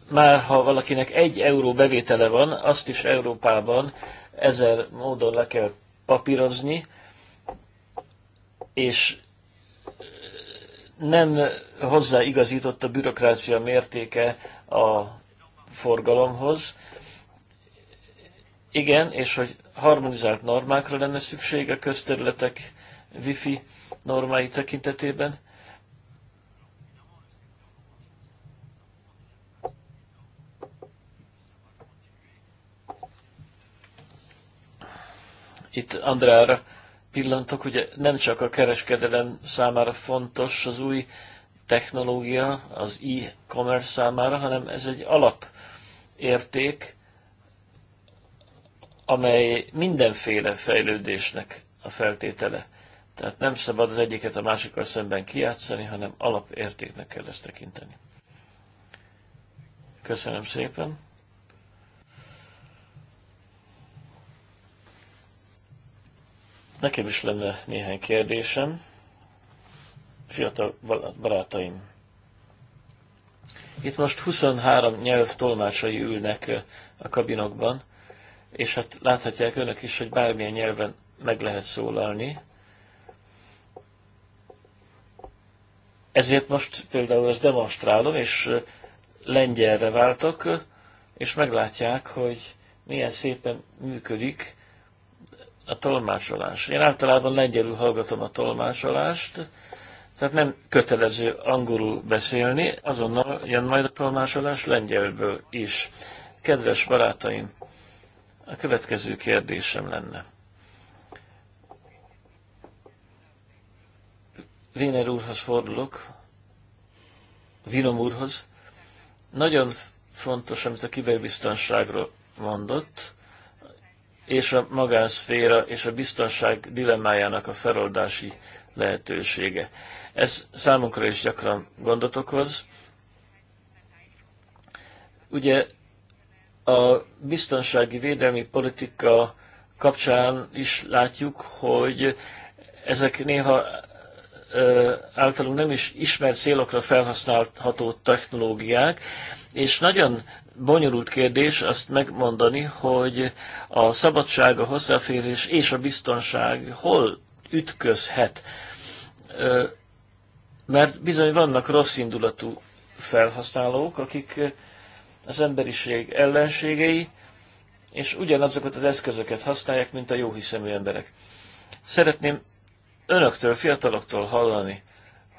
Már ha valakinek egy euró bevétele van, azt is Európában ezer módon le kell papírozni, és nem hozzáigazított a bürokrácia mértéke a forgalomhoz. Igen, és hogy harmonizált normákra lenne szükség a közterületek wifi normái tekintetében. Itt Andrára pillantok, ugye nem csak a kereskedelem számára fontos az új technológia, az e-commerce számára, hanem ez egy alapérték, amely mindenféle fejlődésnek a feltétele. Tehát nem szabad az egyiket a másikkal szemben kiátszani, hanem alapértéknek kell ezt tekinteni. Köszönöm szépen! Nekem is lenne néhány kérdésem. Fiatal barátaim, itt most 23 nyelv tolmácsai ülnek a kabinokban, és hát láthatják önök is, hogy bármilyen nyelven meg lehet szólalni. Ezért most például ezt demonstrálom, és lengyelre váltok, és meglátják, hogy milyen szépen működik a tolmácsolás. Én általában lengyelül hallgatom a tolmácsolást, tehát nem kötelező angolul beszélni, azonnal jön majd a tolmácsolás lengyelből is. Kedves barátaim, a következő kérdésem lenne. Véner úrhoz fordulok, Vinom úrhoz. Nagyon fontos, amit a kiberbiztonságról mondott, és a magánszféra és a biztonság dilemmájának a feloldási lehetősége. Ez számunkra is gyakran gondot okoz. Ugye a biztonsági védelmi politika kapcsán is látjuk, hogy ezek néha általunk nem is ismert célokra felhasználható technológiák, és nagyon bonyolult kérdés azt megmondani, hogy a szabadság, a hozzáférés és a biztonság hol ütközhet. Mert bizony vannak rossz indulatú felhasználók, akik az emberiség ellenségei, és ugyanazokat az eszközöket használják, mint a jóhiszemű emberek. Szeretném önöktől, fiataloktól hallani,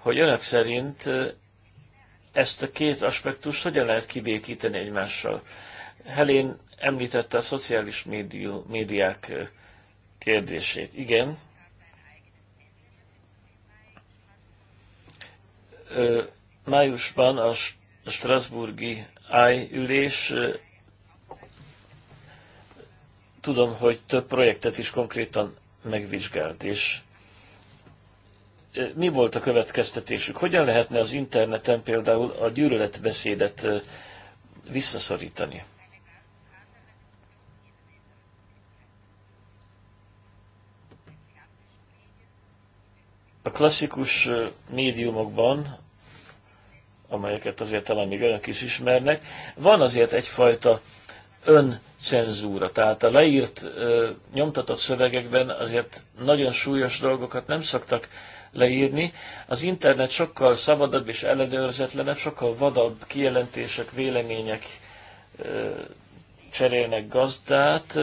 hogy önök szerint ezt a két aspektust hogyan lehet kibékíteni egymással? Helén említette a szociális médió, médiák kérdését. Igen. Májusban a Strasburgi AI ülés tudom, hogy több projektet is konkrétan megvizsgált, és mi volt a következtetésük? Hogyan lehetne az interneten például a gyűlöletbeszédet visszaszorítani? A klasszikus médiumokban, amelyeket azért talán még önök is ismernek, van azért egyfajta öncenzúra. Tehát a leírt, nyomtatott szövegekben azért nagyon súlyos dolgokat nem szoktak leírni. Az internet sokkal szabadabb és ellenőrzetlenebb, sokkal vadabb kijelentések, vélemények cserélnek gazdát,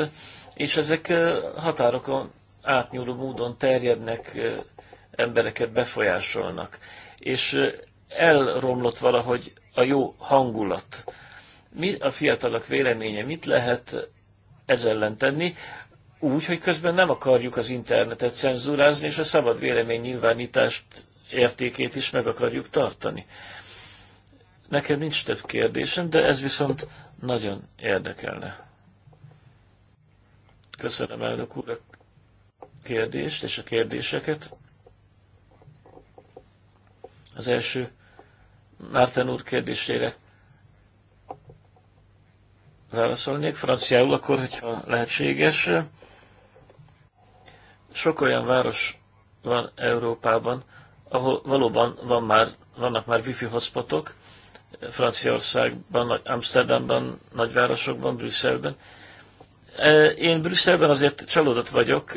és ezek határokon átnyúló módon terjednek, embereket befolyásolnak. És elromlott valahogy a jó hangulat. Mi a fiatalok véleménye, mit lehet ez ellen tenni? úgy, hogy közben nem akarjuk az internetet cenzúrázni, és a szabad vélemény nyilvánítást értékét is meg akarjuk tartani. Nekem nincs több kérdésem, de ez viszont nagyon érdekelne. Köszönöm elnök úr a kérdést és a kérdéseket. Az első Márten úr kérdésére válaszolnék franciául, akkor, hogyha lehetséges. Sok olyan város van Európában, ahol valóban van már, vannak már wifi hotspotok, Franciaországban, Amsterdamban, nagyvárosokban, Brüsszelben. E, én Brüsszelben azért csalódott vagyok,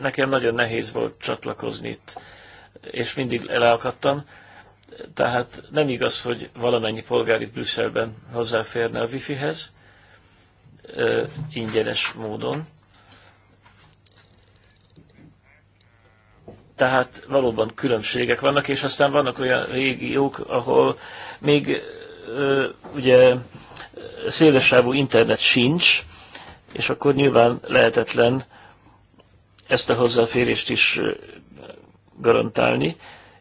nekem nagyon nehéz volt csatlakozni itt, és mindig leakadtam. Tehát nem igaz, hogy valamennyi polgári Brüsszelben hozzáférne a wifihez e, ingyenes módon. Tehát valóban különbségek vannak, és aztán vannak olyan régiók, ahol még ö, ugye szélesávú internet sincs, és akkor nyilván lehetetlen ezt a hozzáférést is garantálni.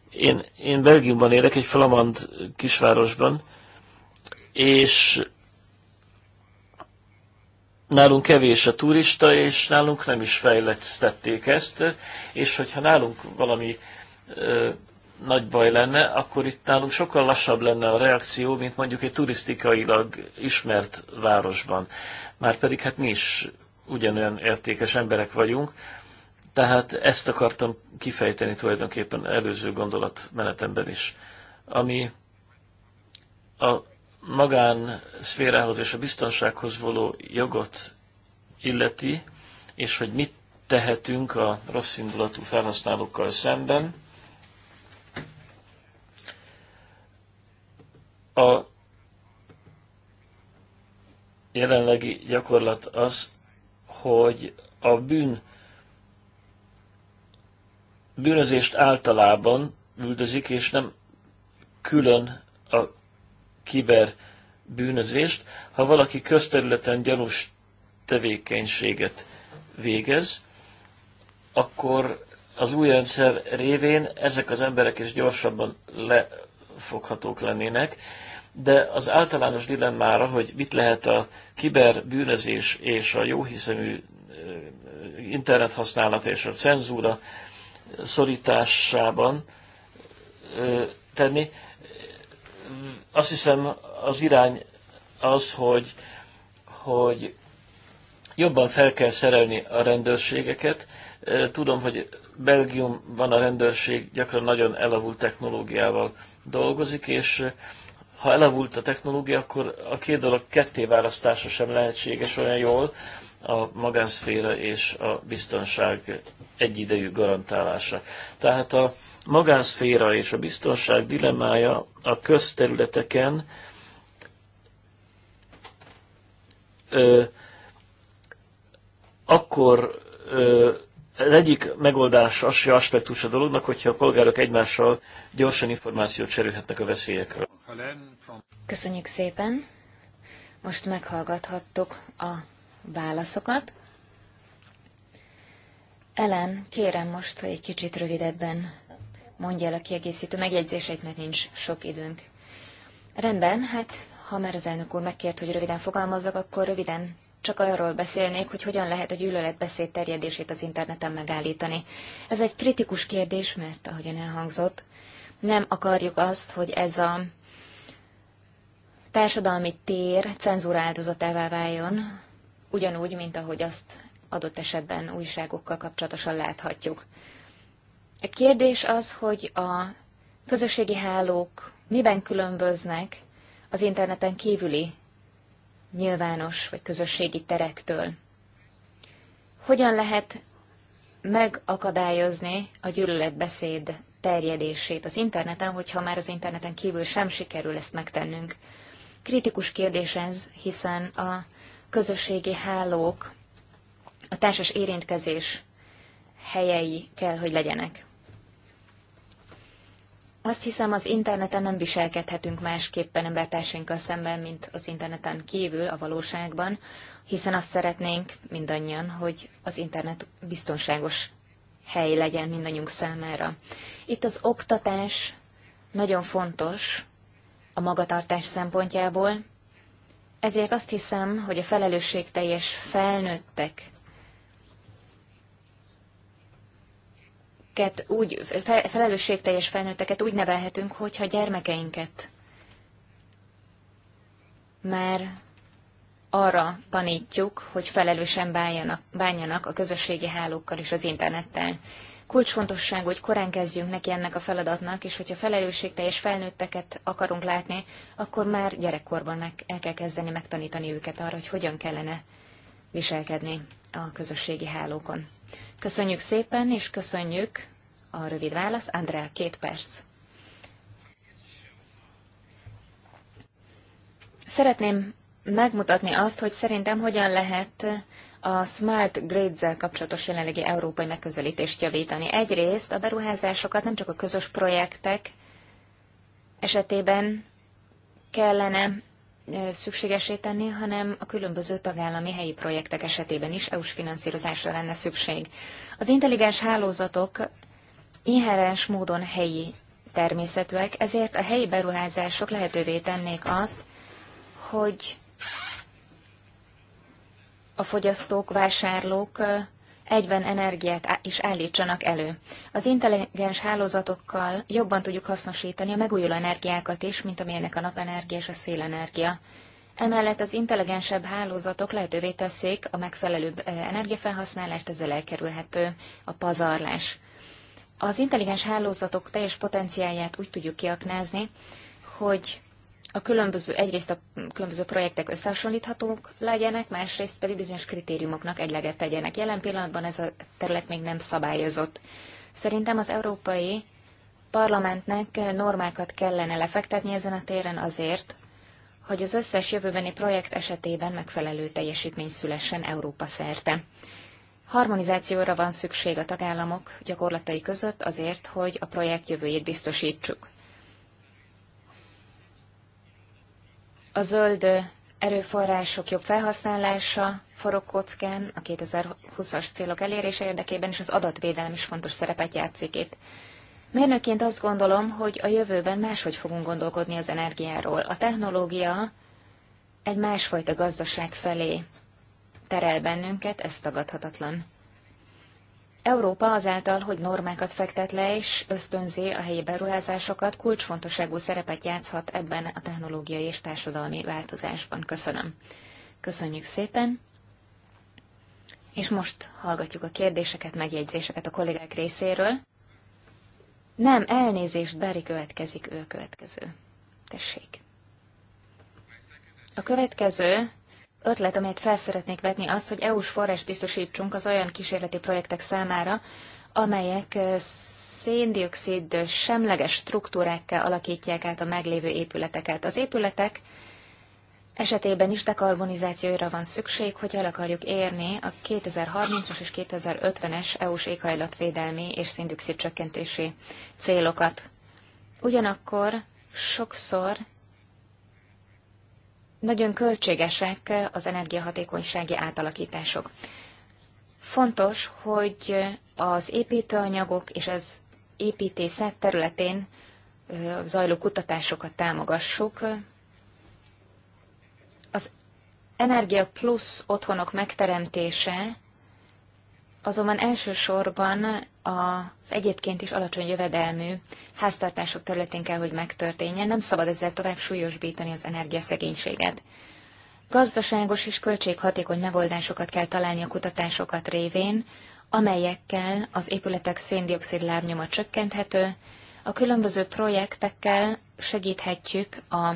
Én, én Belgiumban élek, egy flamand kisvárosban, és nálunk kevés a turista, és nálunk nem is fejlesztették ezt, és hogyha nálunk valami ö, nagy baj lenne, akkor itt nálunk sokkal lassabb lenne a reakció, mint mondjuk egy turisztikailag ismert városban. Márpedig hát mi is ugyanolyan értékes emberek vagyunk, tehát ezt akartam kifejteni tulajdonképpen előző gondolatmenetemben is. Ami a magán szférához és a biztonsághoz való jogot illeti, és hogy mit tehetünk a rossz indulatú felhasználókkal szemben. A jelenlegi gyakorlat az, hogy a bűn bűnözést általában üldözik, és nem külön a kiber bűnözést, ha valaki közterületen gyanús tevékenységet végez, akkor az új rendszer révén ezek az emberek is gyorsabban lefoghatók lennének, de az általános dilemmára, hogy mit lehet a bűnözés és a jóhiszemű internethasználat és a cenzúra szorításában tenni, azt hiszem az irány az, hogy, hogy jobban fel kell szerelni a rendőrségeket. Tudom, hogy Belgiumban a rendőrség gyakran nagyon elavult technológiával dolgozik, és ha elavult a technológia, akkor a két dolog ketté választása sem lehetséges olyan jól, a magánszféra és a biztonság egyidejű garantálása. Tehát a magánszféra és a biztonság dilemája a közterületeken ö, akkor ö, az egyik megoldás az aspektus a dolognak, hogyha a polgárok egymással gyorsan információt cserélhetnek a veszélyekről. Köszönjük szépen! Most meghallgathattuk a válaszokat. Ellen, kérem most, hogy egy kicsit rövidebben mondja el a kiegészítő megjegyzéseit, mert nincs sok időnk. Rendben, hát ha már az elnök úr megkért, hogy röviden fogalmazzak, akkor röviden csak arról beszélnék, hogy hogyan lehet a gyűlöletbeszéd terjedését az interneten megállítani. Ez egy kritikus kérdés, mert ahogyan elhangzott, nem akarjuk azt, hogy ez a társadalmi tér cenzúra áldozatává váljon, ugyanúgy, mint ahogy azt adott esetben újságokkal kapcsolatosan láthatjuk. A kérdés az, hogy a közösségi hálók miben különböznek az interneten kívüli nyilvános vagy közösségi terektől. Hogyan lehet megakadályozni a gyűlöletbeszéd terjedését az interneten, hogyha már az interneten kívül sem sikerül ezt megtennünk. Kritikus kérdés ez, hiszen a közösségi hálók a társas érintkezés helyei kell, hogy legyenek. Azt hiszem, az interneten nem viselkedhetünk másképpen embertársainkkal szemben, mint az interneten kívül, a valóságban, hiszen azt szeretnénk mindannyian, hogy az internet biztonságos hely legyen mindannyiunk számára. Itt az oktatás nagyon fontos a magatartás szempontjából, ezért azt hiszem, hogy a felelősségteljes felnőttek felnőtteket úgy, felelősségteljes felnőtteket úgy nevelhetünk, hogyha gyermekeinket már arra tanítjuk, hogy felelősen bánjanak, bánjanak a közösségi hálókkal és az internettel. Kulcsfontosság, hogy korán kezdjünk neki ennek a feladatnak, és hogyha felelősségteljes felnőtteket akarunk látni, akkor már gyerekkorban meg el kell kezdeni megtanítani őket arra, hogy hogyan kellene viselkedni a közösségi hálókon. Köszönjük szépen, és köszönjük a rövid választ. Andrea, két perc. Szeretném megmutatni azt, hogy szerintem hogyan lehet a Smart grid zel kapcsolatos jelenlegi európai megközelítést javítani. Egyrészt a beruházásokat nem csak a közös projektek esetében kellene szükségesé tenni, hanem a különböző tagállami helyi projektek esetében is EU-s finanszírozásra lenne szükség. Az intelligens hálózatok inherens módon helyi természetűek, ezért a helyi beruházások lehetővé tennék azt, hogy a fogyasztók, vásárlók egyben energiát is állítsanak elő. Az intelligens hálózatokkal jobban tudjuk hasznosítani a megújuló energiákat is, mint amilyenek a napenergia és a szélenergia. Emellett az intelligensebb hálózatok lehetővé teszik a megfelelőbb energiafelhasználást, ezzel elkerülhető a pazarlás. Az intelligens hálózatok teljes potenciáját úgy tudjuk kiaknázni, hogy a különböző, egyrészt a különböző projektek összehasonlíthatók legyenek, másrészt pedig bizonyos kritériumoknak egyleget tegyenek. Jelen pillanatban ez a terület még nem szabályozott. Szerintem az Európai Parlamentnek normákat kellene lefektetni ezen a téren azért, hogy az összes jövőbeni projekt esetében megfelelő teljesítmény szülessen Európa szerte. Harmonizációra van szükség a tagállamok gyakorlatai között azért, hogy a projekt jövőjét biztosítsuk. A zöld erőforrások jobb felhasználása forog kockán, a 2020-as célok elérése érdekében és az adatvédelem is fontos szerepet játszik itt. Mérnökként azt gondolom, hogy a jövőben máshogy fogunk gondolkodni az energiáról. A technológia egy másfajta gazdaság felé terel bennünket, ez tagadhatatlan. Európa azáltal, hogy normákat fektet le és ösztönzi a helyi beruházásokat, kulcsfontosságú szerepet játszhat ebben a technológiai és társadalmi változásban. Köszönöm. Köszönjük szépen. És most hallgatjuk a kérdéseket, megjegyzéseket a kollégák részéről. Nem, elnézést, Beri következik, ő következő. Tessék. A következő ötlet, amelyet felszeretnék vetni, az, hogy EU-s forrás biztosítsunk az olyan kísérleti projektek számára, amelyek széndiokszid semleges struktúrákká alakítják át a meglévő épületeket. Az épületek esetében is dekarbonizációra van szükség, hogy el akarjuk érni a 2030-as és 2050-es EU-s éghajlatvédelmi és széndiokszid csökkentési célokat. Ugyanakkor sokszor nagyon költségesek az energiahatékonysági átalakítások. Fontos, hogy az építőanyagok és az építészet területén zajló kutatásokat támogassuk. Az Energia Plus otthonok megteremtése azonban elsősorban az egyébként is alacsony jövedelmű háztartások területén kell, hogy megtörténjen, nem szabad ezzel tovább súlyosbítani az energiaszegénységet. Gazdaságos és költséghatékony megoldásokat kell találni a kutatásokat révén, amelyekkel az épületek széndiokszid lábnyoma csökkenthető, a különböző projektekkel segíthetjük a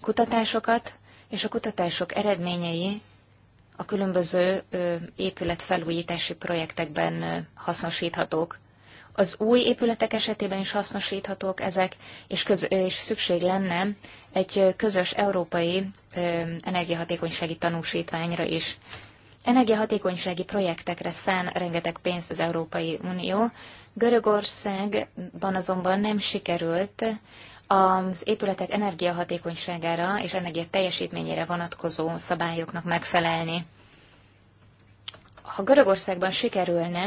kutatásokat, és a kutatások eredményei a különböző épületfelújítási projektekben hasznosíthatók. Az új épületek esetében is hasznosíthatók ezek, és, köz- és szükség lenne egy közös európai energiahatékonysági tanúsítványra is. Energiahatékonysági projektekre szán rengeteg pénzt az Európai Unió, Görögországban azonban nem sikerült az épületek energiahatékonyságára és energia teljesítményére vonatkozó szabályoknak megfelelni. Ha Görögországban sikerülne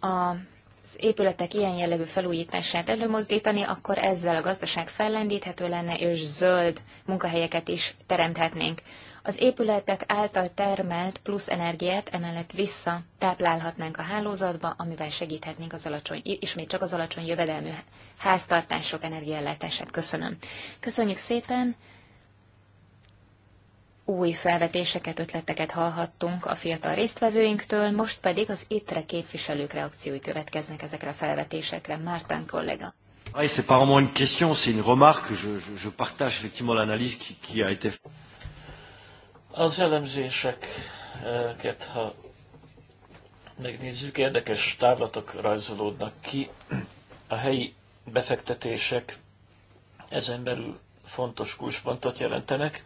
az épületek ilyen jellegű felújítását előmozdítani, akkor ezzel a gazdaság fellendíthető lenne, és zöld munkahelyeket is teremthetnénk. Az épületek által termelt plusz energiát emellett vissza táplálhatnánk a hálózatba, amivel segíthetnénk az alacsony, ismét csak az alacsony jövedelmű háztartások energiállátását. Köszönöm. Köszönjük szépen! Új felvetéseket, ötleteket hallhattunk a fiatal résztvevőinktől, most pedig az étre képviselők reakciói következnek ezekre a felvetésekre. Mártán kollega. Oui, ah, c'est pas vraiment une question, c'est une remarque. Je, je, je partage effectivement l'analyse qui, qui a été faite. Az elemzéseket, ha megnézzük, érdekes távlatok rajzolódnak ki. A helyi befektetések ezen belül fontos kulcspontot jelentenek,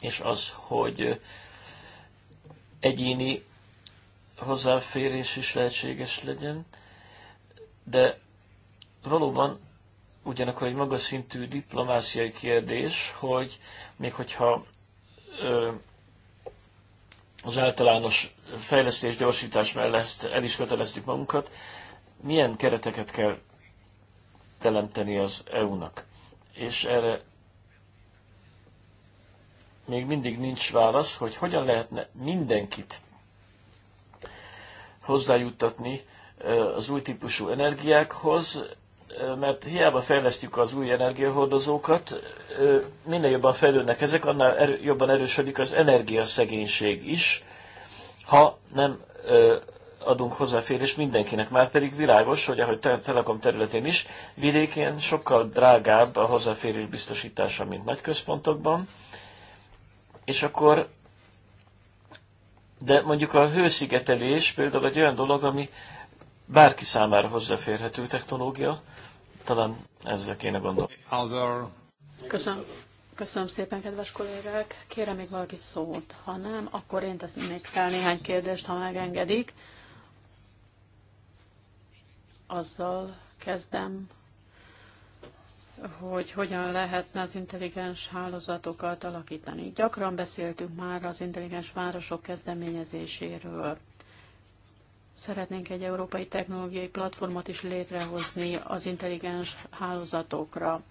és az, hogy egyéni hozzáférés is lehetséges legyen, de valóban ugyanakkor egy magas szintű diplomáciai kérdés, hogy még hogyha ö, az általános fejlesztés, gyorsítás mellett el is köteleztük magunkat, milyen kereteket kell teremteni az EU-nak? És erre még mindig nincs válasz, hogy hogyan lehetne mindenkit hozzájuttatni az új típusú energiákhoz, mert hiába fejlesztjük az új energiahordozókat, minél jobban fejlődnek ezek, annál erő, jobban erősödik az energiaszegénység is, ha nem adunk hozzáférés mindenkinek. Már pedig világos, hogy ahogy Telekom területén is, vidékén sokkal drágább a hozzáférés biztosítása, mint nagy központokban, és akkor de mondjuk a hőszigetelés például egy olyan dolog, ami bárki számára hozzáférhető technológia, talán ezzel kéne gondolni. Köszönöm. Köszönöm szépen, kedves kollégák. Kérem még valaki szót. Ha nem, akkor én tesznék fel néhány kérdést, ha megengedik. Azzal kezdem, hogy hogyan lehetne az intelligens hálózatokat alakítani. Gyakran beszéltünk már az intelligens városok kezdeményezéséről. Szeretnénk egy európai technológiai platformot is létrehozni az intelligens hálózatokra.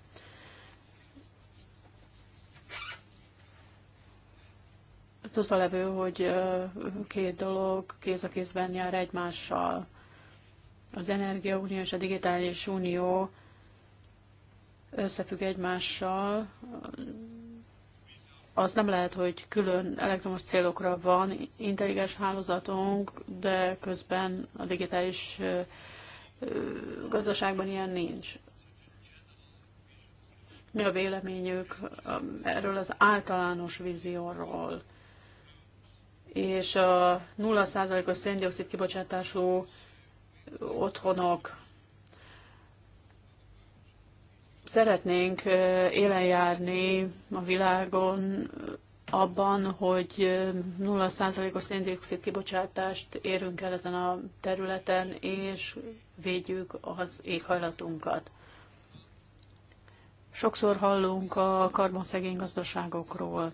Tudva levő, hogy két dolog kéz a kézben jár egymással. Az Energiaunió és a Digitális Unió összefügg egymással, az nem lehet, hogy külön elektromos célokra van intelligens hálózatunk, de közben a digitális gazdaságban ilyen nincs. Mi a véleményük um, erről az általános vízióról? És a 0%-os széndiokszid kibocsátású otthonok szeretnénk élen járni a világon abban, hogy 0%-os széndiokszid kibocsátást érünk el ezen a területen, és védjük az éghajlatunkat. Sokszor hallunk a karbonszegény gazdaságokról,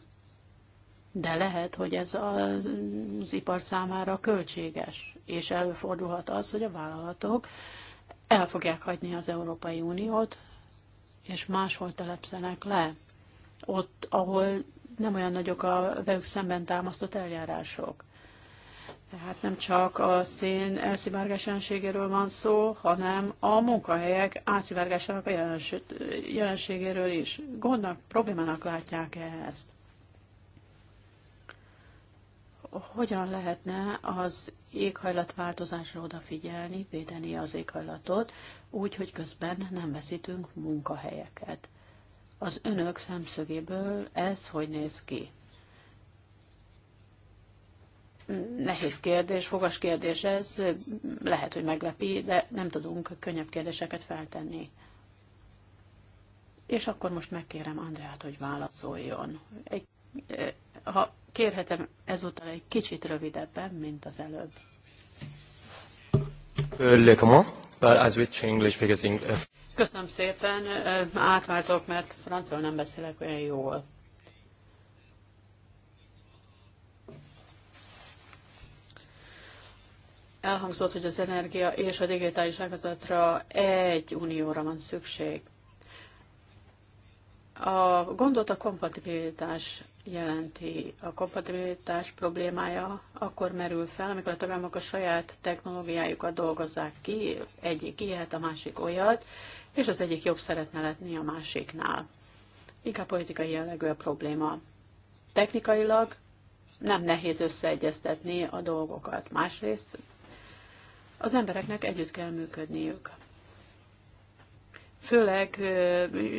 de lehet, hogy ez az, ipar számára költséges, és előfordulhat az, hogy a vállalatok el fogják hagyni az Európai Uniót, és máshol telepszenek le, ott, ahol nem olyan nagyok a velük szemben támasztott eljárások. Tehát nem csak a szén elszivárgás jelenségéről van szó, hanem a munkahelyek átszivárgásának a jelenségéről is. Gondnak, problémának látják -e ezt? hogyan lehetne az éghajlatváltozásra odafigyelni, védeni az éghajlatot, úgy, hogy közben nem veszítünk munkahelyeket. Az önök szemszögéből ez hogy néz ki? Nehéz kérdés, fogas kérdés ez, lehet, hogy meglepi, de nem tudunk könnyebb kérdéseket feltenni. És akkor most megkérem Andrát, hogy válaszoljon. Egy, eh, ha Kérhetem ezúttal egy kicsit rövidebben, mint az előbb. Köszönöm szépen, átváltok, mert francia nem beszélek olyan jól. Elhangzott, hogy az energia és a digitális ágazatra egy unióra van szükség. A gondot a kompatibilitás jelenti a kompatibilitás problémája, akkor merül fel, amikor a tagállamok a saját technológiájukat dolgozzák ki, egyik ilyet, a másik olyat, és az egyik jobb szeretne letni a másiknál. Inkább politikai jellegű a probléma. Technikailag nem nehéz összeegyeztetni a dolgokat. Másrészt az embereknek együtt kell működniük főleg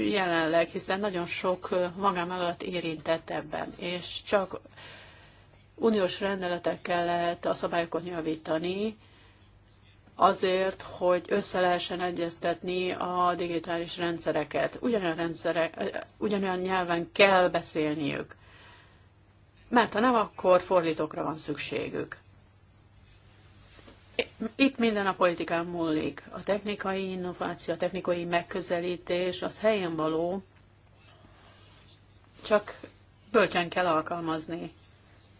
jelenleg, hiszen nagyon sok alatt érintett ebben, és csak uniós rendeletekkel lehet a szabályokat javítani, azért, hogy össze lehessen egyeztetni a digitális rendszereket. Ugyanolyan, rendszerek, ugyanolyan nyelven kell beszélniük, mert ha nem, akkor fordítókra van szükségük. Itt minden a politikán múlik. A technikai innováció, a technikai megközelítés az helyen való, csak bölcsen kell alkalmazni.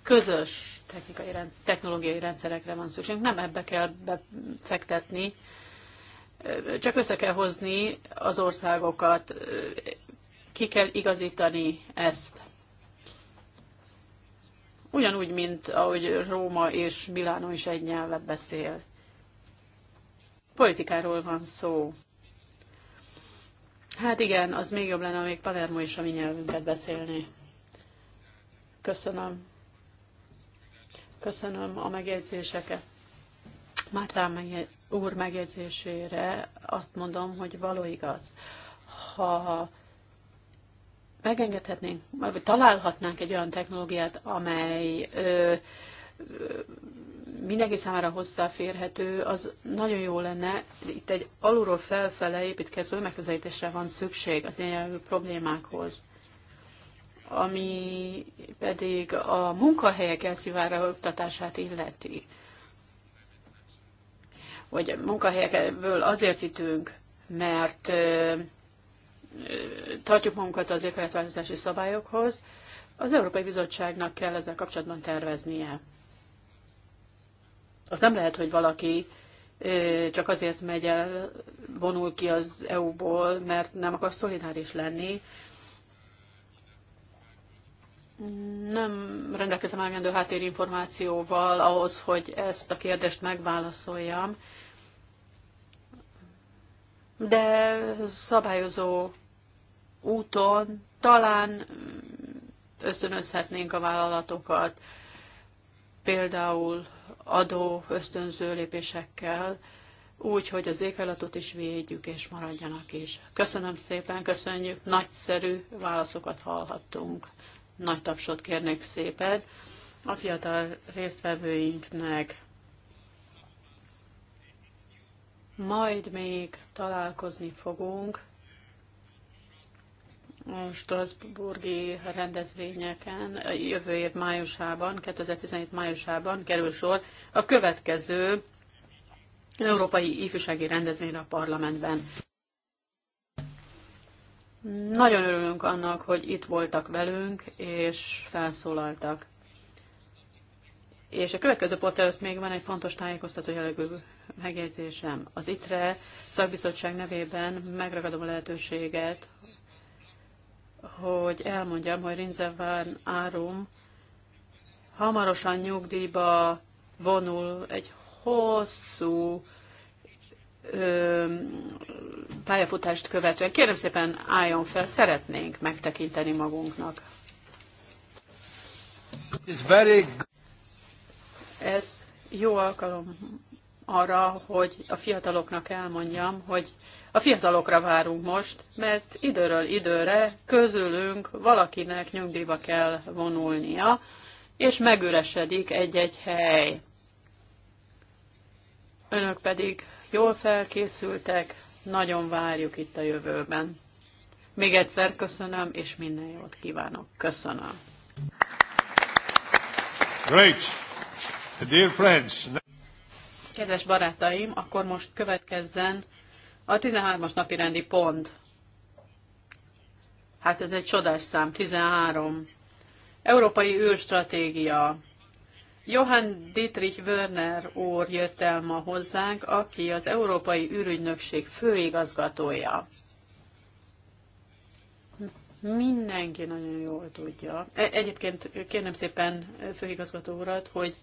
Közös technikai, technológiai rendszerekre van szükség, nem ebbe kell befektetni, csak össze kell hozni az országokat, ki kell igazítani ezt ugyanúgy, mint ahogy Róma és Milánó is egy nyelvet beszél. Politikáról van szó. Hát igen, az még jobb lenne, még Palermo is a mi nyelvünket beszélni. Köszönöm. Köszönöm a megjegyzéseket. Mátrám úr megjegyzésére azt mondom, hogy való igaz. Ha megengedhetnénk, vagy találhatnánk egy olyan technológiát, amely ö, ö, mindenki számára hozzáférhető, az nagyon jó lenne. Itt egy alulról felfele építkező megközelítésre van szükség az ilyen problémákhoz ami pedig a munkahelyek oktatását illeti. Hogy munkahelyekből azért szítünk, mert tartjuk magunkat az éghajlatváltozási szabályokhoz, az Európai Bizottságnak kell ezzel kapcsolatban terveznie. Az nem lehet, hogy valaki csak azért megy el, vonul ki az EU-ból, mert nem akar szolidáris lenni. Nem rendelkezem elegendő háttérinformációval ahhoz, hogy ezt a kérdést megválaszoljam, de szabályozó úton talán mm, ösztönözhetnénk a vállalatokat, például adó ösztönző lépésekkel, úgy, hogy az éghajlatot is védjük, és maradjanak is. Köszönöm szépen, köszönjük, nagyszerű válaszokat hallhattunk. Nagy tapsot kérnék szépen a fiatal résztvevőinknek. Majd még találkozni fogunk. Strasburgi rendezvényeken jövő év májusában, 2017 májusában kerül sor a következő európai ifjúsági rendezvényre a parlamentben. Nagyon örülünk annak, hogy itt voltak velünk, és felszólaltak. És a következő pont előtt még van egy fontos tájékoztató jellegű megjegyzésem. Az ITRE szakbizottság nevében megragadom a lehetőséget, hogy elmondjam, hogy Rinze van Árum hamarosan nyugdíjba vonul egy hosszú ö, pályafutást követően. Kérem szépen álljon fel, szeretnénk megtekinteni magunknak. Ez jó alkalom arra, hogy a fiataloknak elmondjam, hogy a fiatalokra várunk most, mert időről időre közülünk valakinek nyugdíjba kell vonulnia, és megüresedik egy-egy hely. Önök pedig jól felkészültek, nagyon várjuk itt a jövőben. Még egyszer köszönöm, és minden jót kívánok. Köszönöm. Great. Dear friends. Kedves barátaim, akkor most következzen a 13-as napi rendi pont. Hát ez egy csodás szám, 13. Európai űrstratégia. Johann Dietrich Werner úr jött el ma hozzánk, aki az Európai űrügynökség főigazgatója. Mindenki nagyon jól tudja. E, egyébként kérnem szépen főigazgató urat, hogy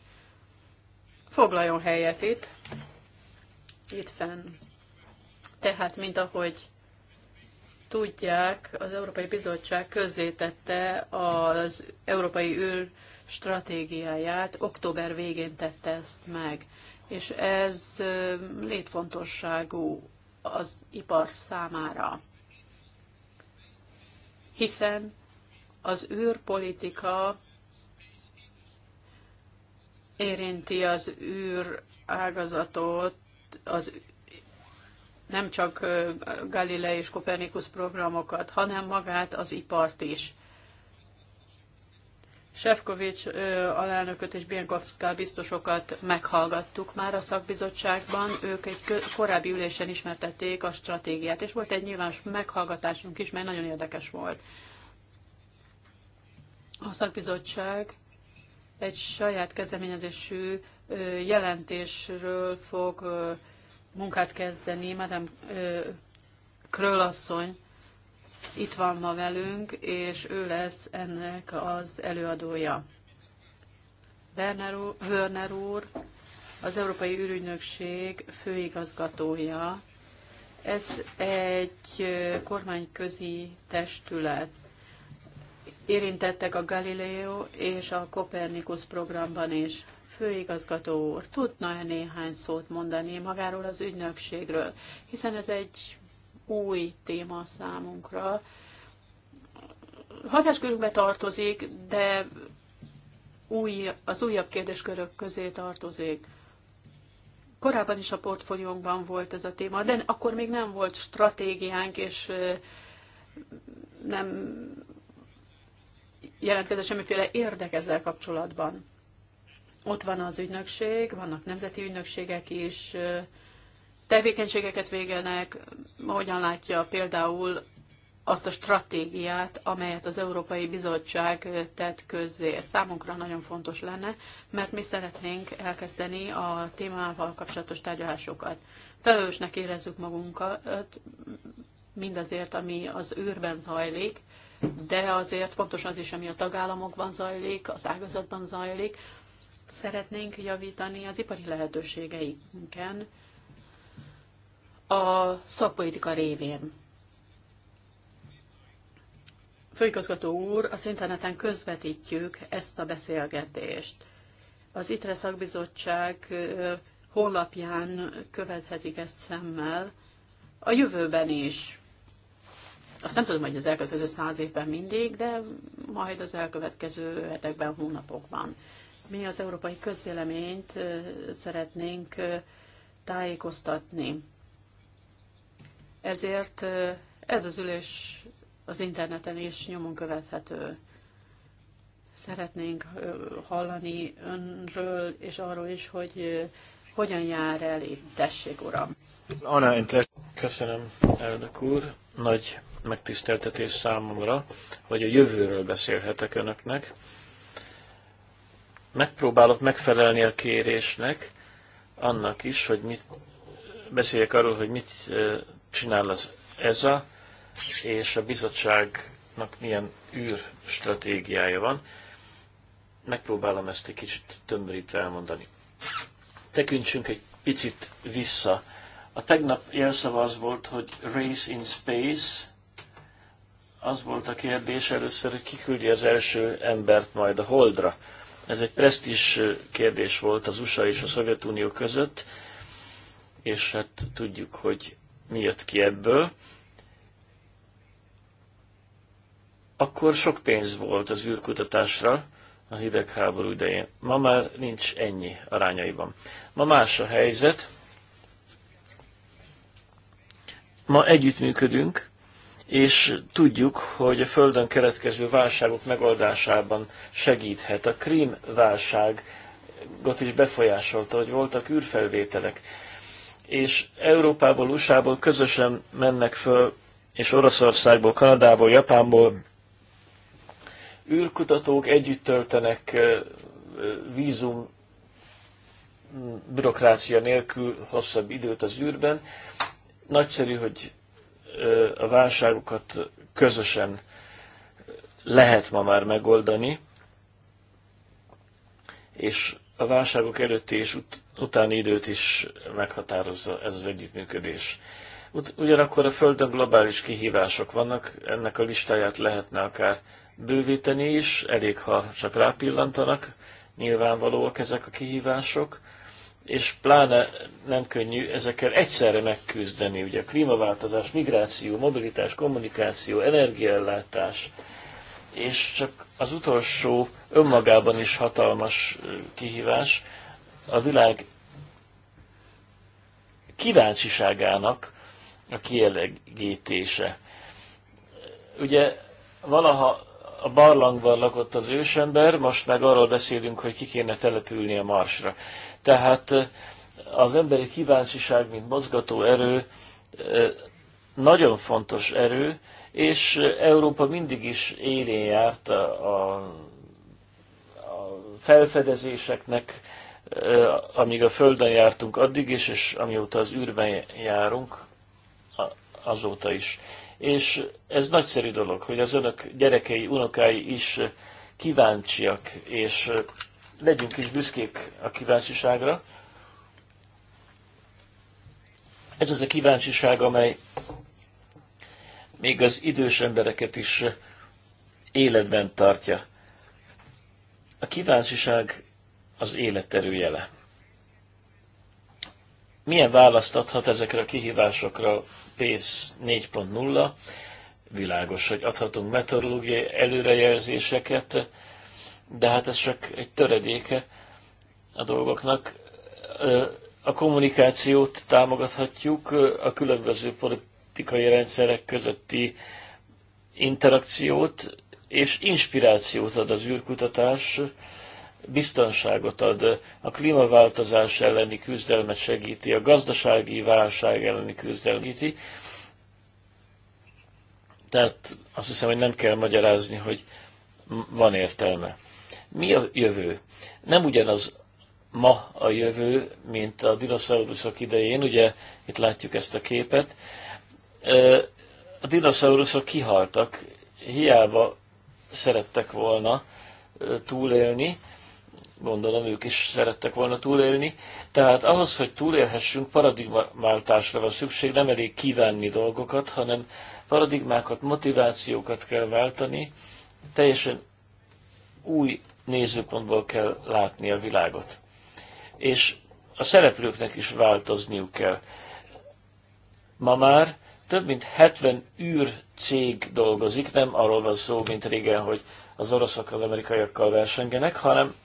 foglaljon helyet itt, itt fenn. Tehát, mint ahogy tudják, az Európai Bizottság közzétette az Európai űr stratégiáját, október végén tette ezt meg, és ez létfontosságú az ipar számára, hiszen az űrpolitika érinti az űr ágazatot, az nem csak Galilei és Kopernikus programokat, hanem magát az ipart is. Sefkovics alelnököt és Bienkowska biztosokat meghallgattuk már a szakbizottságban. Ők egy korábbi ülésen ismertették a stratégiát, és volt egy nyilvános meghallgatásunk is, mert nagyon érdekes volt. A szakbizottság egy saját kezdeményezésű jelentésről fog munkát kezdeni. Madame Kröll Krölasszony itt van ma velünk, és ő lesz ennek az előadója. Werner úr, az Európai Ürügynökség főigazgatója. Ez egy kormányközi testület. Érintettek a Galileo és a Copernicus programban is főigazgató úr tudna-e néhány szót mondani magáról az ügynökségről, hiszen ez egy új téma számunkra. Hatáskörünkbe tartozik, de új, az újabb kérdéskörök közé tartozik. Korábban is a portfóliónkban volt ez a téma, de akkor még nem volt stratégiánk, és nem jelentkezett semmiféle érdek ezzel kapcsolatban. Ott van az ügynökség, vannak nemzeti ügynökségek is, tevékenységeket végenek, hogyan látja például azt a stratégiát, amelyet az Európai Bizottság tett közzé. Ez számunkra nagyon fontos lenne, mert mi szeretnénk elkezdeni a témával kapcsolatos tárgyalásokat. Felelősnek érezzük magunkat mindazért, ami az űrben zajlik, de azért pontosan az is, ami a tagállamokban zajlik, az ágazatban zajlik, Szeretnénk javítani az ipari lehetőségeinken a szakpolitika révén. Főigazgató úr, az interneten közvetítjük ezt a beszélgetést. Az ITRE szakbizottság honlapján követhetik ezt szemmel. A jövőben is. Azt nem tudom, hogy az elkövetkező száz évben mindig, de majd az elkövetkező hetekben, hónapokban mi az európai közvéleményt szeretnénk tájékoztatni. Ezért ez az ülés az interneten is nyomon követhető. Szeretnénk hallani önről és arról is, hogy hogyan jár el itt. Tessék, uram! Anna Köszönöm, elnök úr. Nagy megtiszteltetés számomra, hogy a jövőről beszélhetek önöknek megpróbálok megfelelni a kérésnek, annak is, hogy mit beszéljek arról, hogy mit csinál az EZA, és a bizottságnak milyen űr stratégiája van. Megpróbálom ezt egy kicsit tömörítve elmondani. Tekintsünk egy picit vissza. A tegnap jelszava az volt, hogy Race in Space. Az volt a kérdés először, hogy kiküldi az első embert majd a Holdra ez egy presztis kérdés volt az USA és a Szovjetunió között, és hát tudjuk, hogy mi jött ki ebből. Akkor sok pénz volt az űrkutatásra a hidegháború idején. Ma már nincs ennyi arányaiban. Ma más a helyzet. Ma együttműködünk, és tudjuk, hogy a Földön keletkező válságok megoldásában segíthet. A krím válságot is befolyásolta, hogy voltak űrfelvételek, és Európából, USA-ból közösen mennek föl, és Oroszországból, Kanadából, Japánból űrkutatók együtt töltenek vízum bürokrácia nélkül hosszabb időt az űrben. Nagyszerű, hogy a válságokat közösen lehet ma már megoldani, és a válságok előtti és ut- utáni időt is meghatározza ez az együttműködés. Ugyanakkor a Földön globális kihívások vannak, ennek a listáját lehetne akár bővíteni is, elég ha csak rápillantanak, nyilvánvalóak ezek a kihívások és pláne nem könnyű ezekkel egyszerre megküzdeni. Ugye a klímaváltozás, migráció, mobilitás, kommunikáció, energiaellátás, és csak az utolsó önmagában is hatalmas kihívás a világ kíváncsiságának a kielegítése. Ugye valaha a barlangban lakott az ősember, most meg arról beszélünk, hogy ki kéne települni a marsra. Tehát az emberi kíváncsiság, mint mozgató erő, nagyon fontos erő, és Európa mindig is élén járt a, a felfedezéseknek, amíg a Földön jártunk addig is, és amióta az űrben járunk, azóta is. És ez nagyszerű dolog, hogy az önök gyerekei, unokái is kíváncsiak, és legyünk is büszkék a kíváncsiságra. Ez az a kíváncsiság, amely még az idős embereket is életben tartja. A kíváncsiság az élet erőjele. Milyen választ adhat ezekre a kihívásokra PACE 4.0? Világos, hogy adhatunk meteorológiai előrejelzéseket, de hát ez csak egy töredéke a dolgoknak. A kommunikációt támogathatjuk, a különböző politikai rendszerek közötti interakciót, és inspirációt ad az űrkutatás, biztonságot ad, a klímaváltozás elleni küzdelmet segíti, a gazdasági válság elleni küzdelmet segíti. Tehát azt hiszem, hogy nem kell magyarázni, hogy van értelme. Mi a jövő? Nem ugyanaz ma a jövő, mint a dinoszauruszok idején, ugye itt látjuk ezt a képet. A dinoszauruszok kihaltak, hiába szerettek volna túlélni, gondolom ők is szerettek volna túlélni. Tehát ahhoz, hogy túlélhessünk, paradigmaváltásra van szükség, nem elég kívánni dolgokat, hanem paradigmákat, motivációkat kell váltani, teljesen új nézőpontból kell látni a világot. És a szereplőknek is változniuk kell. Ma már több mint 70 űr cég dolgozik, nem arról van szó, mint régen, hogy az oroszok az amerikaiakkal versengenek, hanem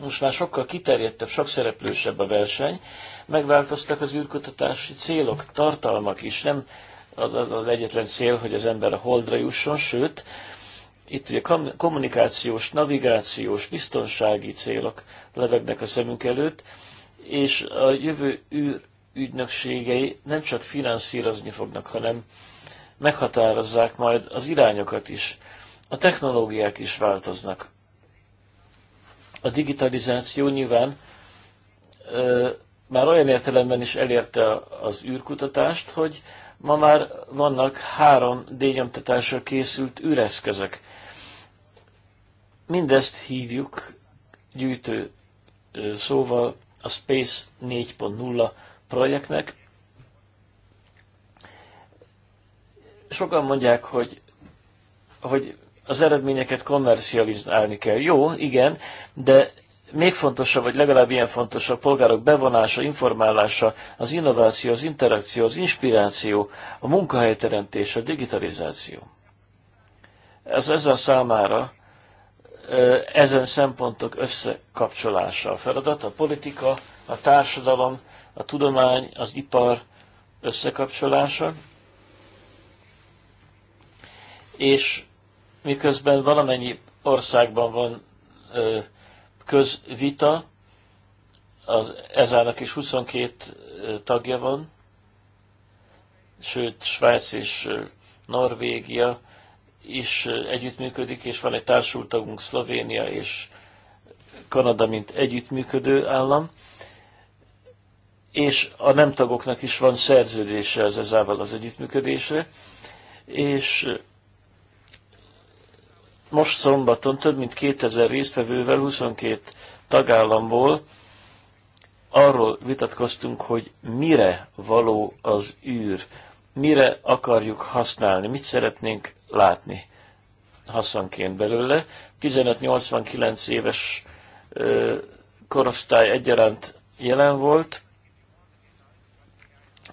most már sokkal kiterjedtebb, sok szereplősebb a verseny, megváltoztak az űrkutatási célok, tartalmak is, nem az, az, az egyetlen cél, hogy az ember a holdra jusson, sőt, itt ugye kommunikációs, navigációs, biztonsági célok levegnek a szemünk előtt, és a jövő űr ügynökségei nem csak finanszírozni fognak, hanem meghatározzák majd az irányokat is. A technológiák is változnak. A digitalizáció nyilván ö, már olyan értelemben is elérte az űrkutatást, hogy ma már vannak 3D nyomtatásra készült űreszközök. Mindezt hívjuk gyűjtő szóval a Space 4.0 projektnek. Sokan mondják, hogy, hogy az eredményeket kommercializálni kell. Jó, igen, de még fontosabb, vagy legalább ilyen fontos a polgárok bevonása, informálása, az innováció, az interakció, az inspiráció, a munkahelyteremtés, a digitalizáció. Ez ezzel számára ezen szempontok összekapcsolása a feladat, a politika, a társadalom, a tudomány, az ipar összekapcsolása, és miközben valamennyi országban van közvita, az ezának is 22 tagja van, sőt Svájc és Norvégia is együttműködik, és van egy társultagunk Szlovénia és Kanada, mint együttműködő állam, és a nem tagoknak is van szerződése az ezával az együttműködésre, és most szombaton több mint 2000 résztvevővel 22 tagállamból arról vitatkoztunk, hogy mire való az űr, mire akarjuk használni, mit szeretnénk látni haszonként belőle. 15-89 éves korosztály egyaránt jelen volt.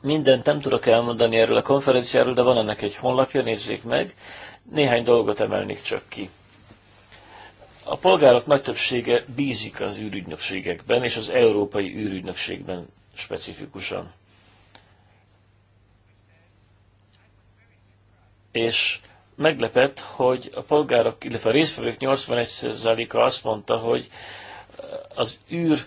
Mindent nem tudok elmondani erről a konferenciáról, de van ennek egy honlapja, nézzék meg. Néhány dolgot emelnék csak ki. A polgárok nagy többsége bízik az űrügynökségekben, és az európai űrügynökségben specifikusan. És meglepett, hogy a polgárok, illetve a résztvevők 81%-a azt mondta, hogy az űr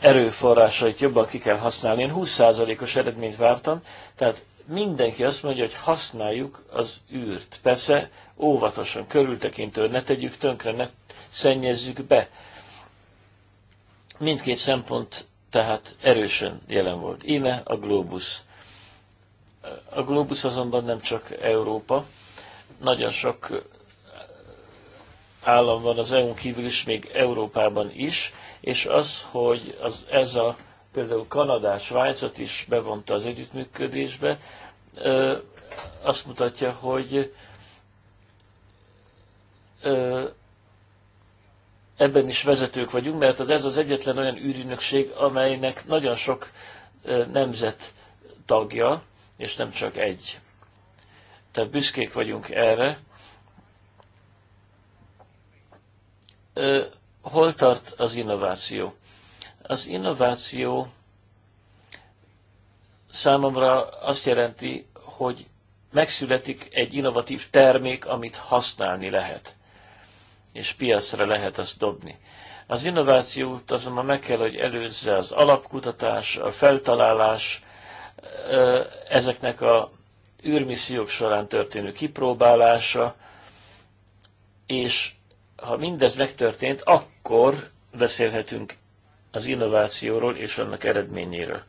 erőforrásait jobban ki kell használni. Én 20%-os eredményt vártam, tehát mindenki azt mondja, hogy használjuk az űrt. Persze óvatosan, körültekintően, ne tegyük tönkre, ne szennyezzük be. Mindkét szempont tehát erősen jelen volt. Íme a Globus. A Globus azonban nem csak Európa, nagyon sok állam van az EU-n kívül is, még Európában is, és az, hogy az, ez a például Kanadás Svájcot is bevonta az együttműködésbe, ö, azt mutatja, hogy ö, ebben is vezetők vagyunk, mert az, ez az egyetlen olyan űrűnökség, amelynek nagyon sok ö, nemzet tagja, és nem csak egy. Tehát büszkék vagyunk erre. Hol tart az innováció? Az innováció számomra azt jelenti, hogy megszületik egy innovatív termék, amit használni lehet, és piacra lehet azt dobni. Az innovációt azonban meg kell, hogy előzze az alapkutatás, a feltalálás, ezeknek a űrmissziók során történő kipróbálása, és ha mindez megtörtént, akkor beszélhetünk az innovációról és annak eredményéről.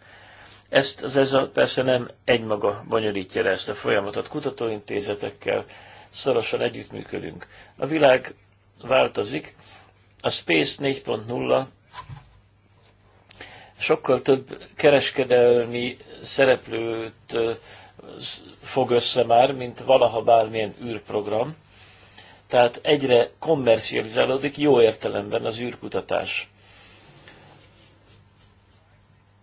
Ezt az ez persze nem egymaga bonyolítja le ezt a folyamatot. Kutatóintézetekkel szorosan együttműködünk. A világ változik. A Space 4.0 sokkal több kereskedelmi szereplőt fog össze már, mint valaha bármilyen űrprogram. Tehát egyre kommercializálódik jó értelemben az űrkutatás.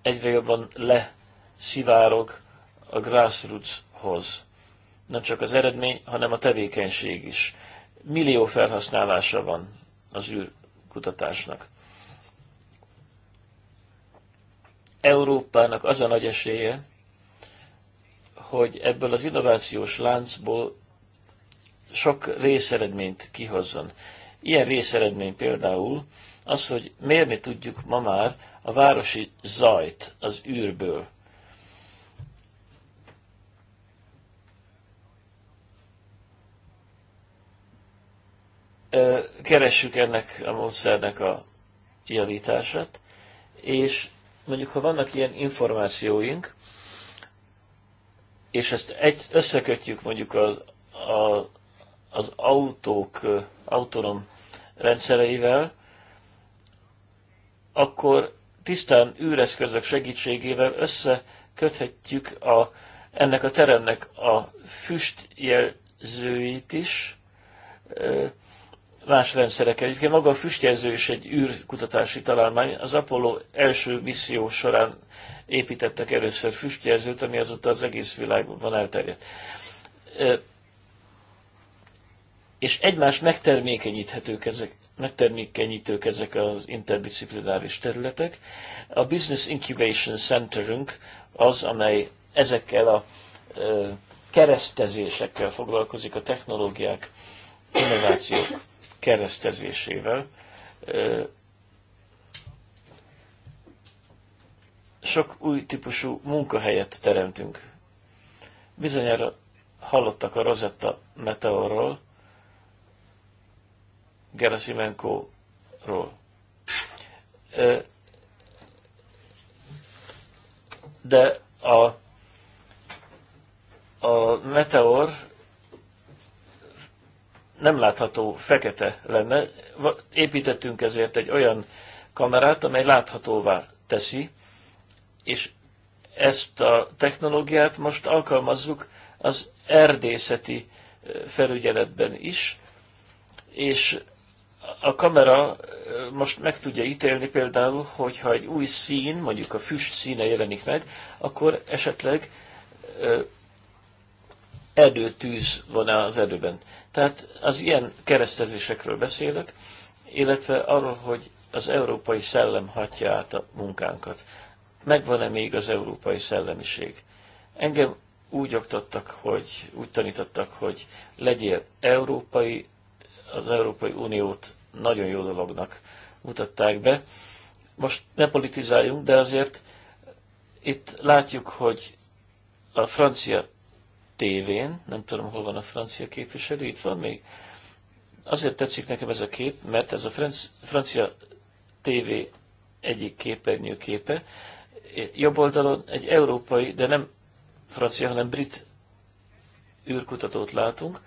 Egyre jobban leszivárog a grassrootshoz. Nem csak az eredmény, hanem a tevékenység is. Millió felhasználása van az űrkutatásnak. Európának az a nagy esélye, hogy ebből az innovációs láncból sok részeredményt kihozzon. Ilyen részeredmény például az, hogy mérni tudjuk ma már a városi zajt az űrből. Keressük ennek a módszernek a javítását, és mondjuk, ha vannak ilyen információink, és ezt egy, összekötjük mondjuk az, a, az autók autonóm rendszereivel, akkor tisztán űreszközök segítségével összeköthetjük a, ennek a teremnek a füstjelzőit is, más rendszerek. Egyébként maga a füstjelző is egy űrkutatási találmány. Az Apollo első misszió során építettek először füstjelzőt, ami azóta az egész világban elterjedt. És egymás megtermékenyíthetők ezek, megtermékenyítők ezek az interdisziplináris területek. A Business Incubation Centerünk az, amely ezekkel a keresztezésekkel foglalkozik a technológiák, innovációk keresztezésével. Sok új típusú munkahelyet teremtünk. Bizonyára hallottak a Rosetta Meteorról, Gerasimenko-ról. De a, a Meteor nem látható fekete lenne. Építettünk ezért egy olyan kamerát, amely láthatóvá teszi, és ezt a technológiát most alkalmazzuk az erdészeti felügyeletben is, és a kamera most meg tudja ítélni például, hogyha egy új szín, mondjuk a füst színe jelenik meg, akkor esetleg erdőtűz van az erdőben. Tehát az ilyen keresztezésekről beszélek, illetve arról, hogy az európai szellem hatja át a munkánkat. Megvan-e még az európai szellemiség? Engem úgy oktattak, hogy úgy tanítottak, hogy legyél európai, az Európai Uniót nagyon jó dolognak mutatták be. Most ne politizáljunk, de azért itt látjuk, hogy a francia tévén, nem tudom, hol van a francia képviselő, itt van még. Azért tetszik nekem ez a kép, mert ez a francia tévé egyik képernyő képe. Jobb oldalon egy európai, de nem francia, hanem brit űrkutatót látunk,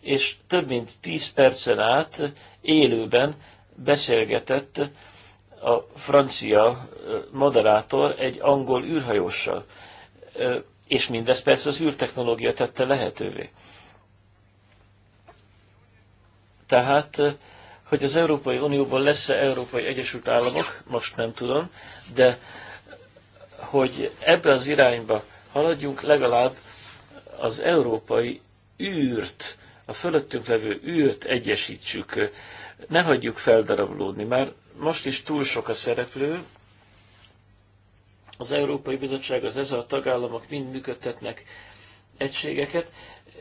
és több mint 10 percen át élőben beszélgetett a francia moderátor egy angol űrhajóssal és mindez persze az űrtechnológia tette lehetővé. Tehát, hogy az Európai Unióban lesz-e Európai Egyesült Államok, most nem tudom, de hogy ebbe az irányba haladjunk, legalább az európai űrt, a fölöttünk levő űrt egyesítsük, ne hagyjuk feldarablódni, mert most is túl sok a szereplő, az Európai Bizottság, az ez a tagállamok mind működtetnek egységeket.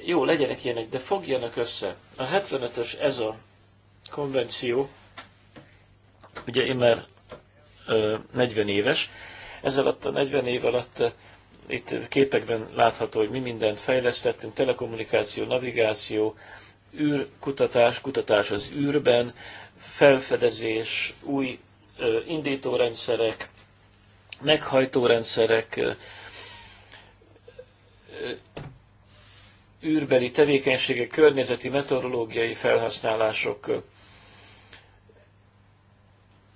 Jó, legyenek ilyenek, de fogjanak össze. A 75-ös ez a konvenció, ugye én már ö, 40 éves, ez alatt a 40 év alatt itt képekben látható, hogy mi mindent fejlesztettünk, telekommunikáció, navigáció, űrkutatás, kutatás az űrben, felfedezés, új indítórendszerek, meghajtórendszerek, űrbeli tevékenységek, környezeti, meteorológiai felhasználások.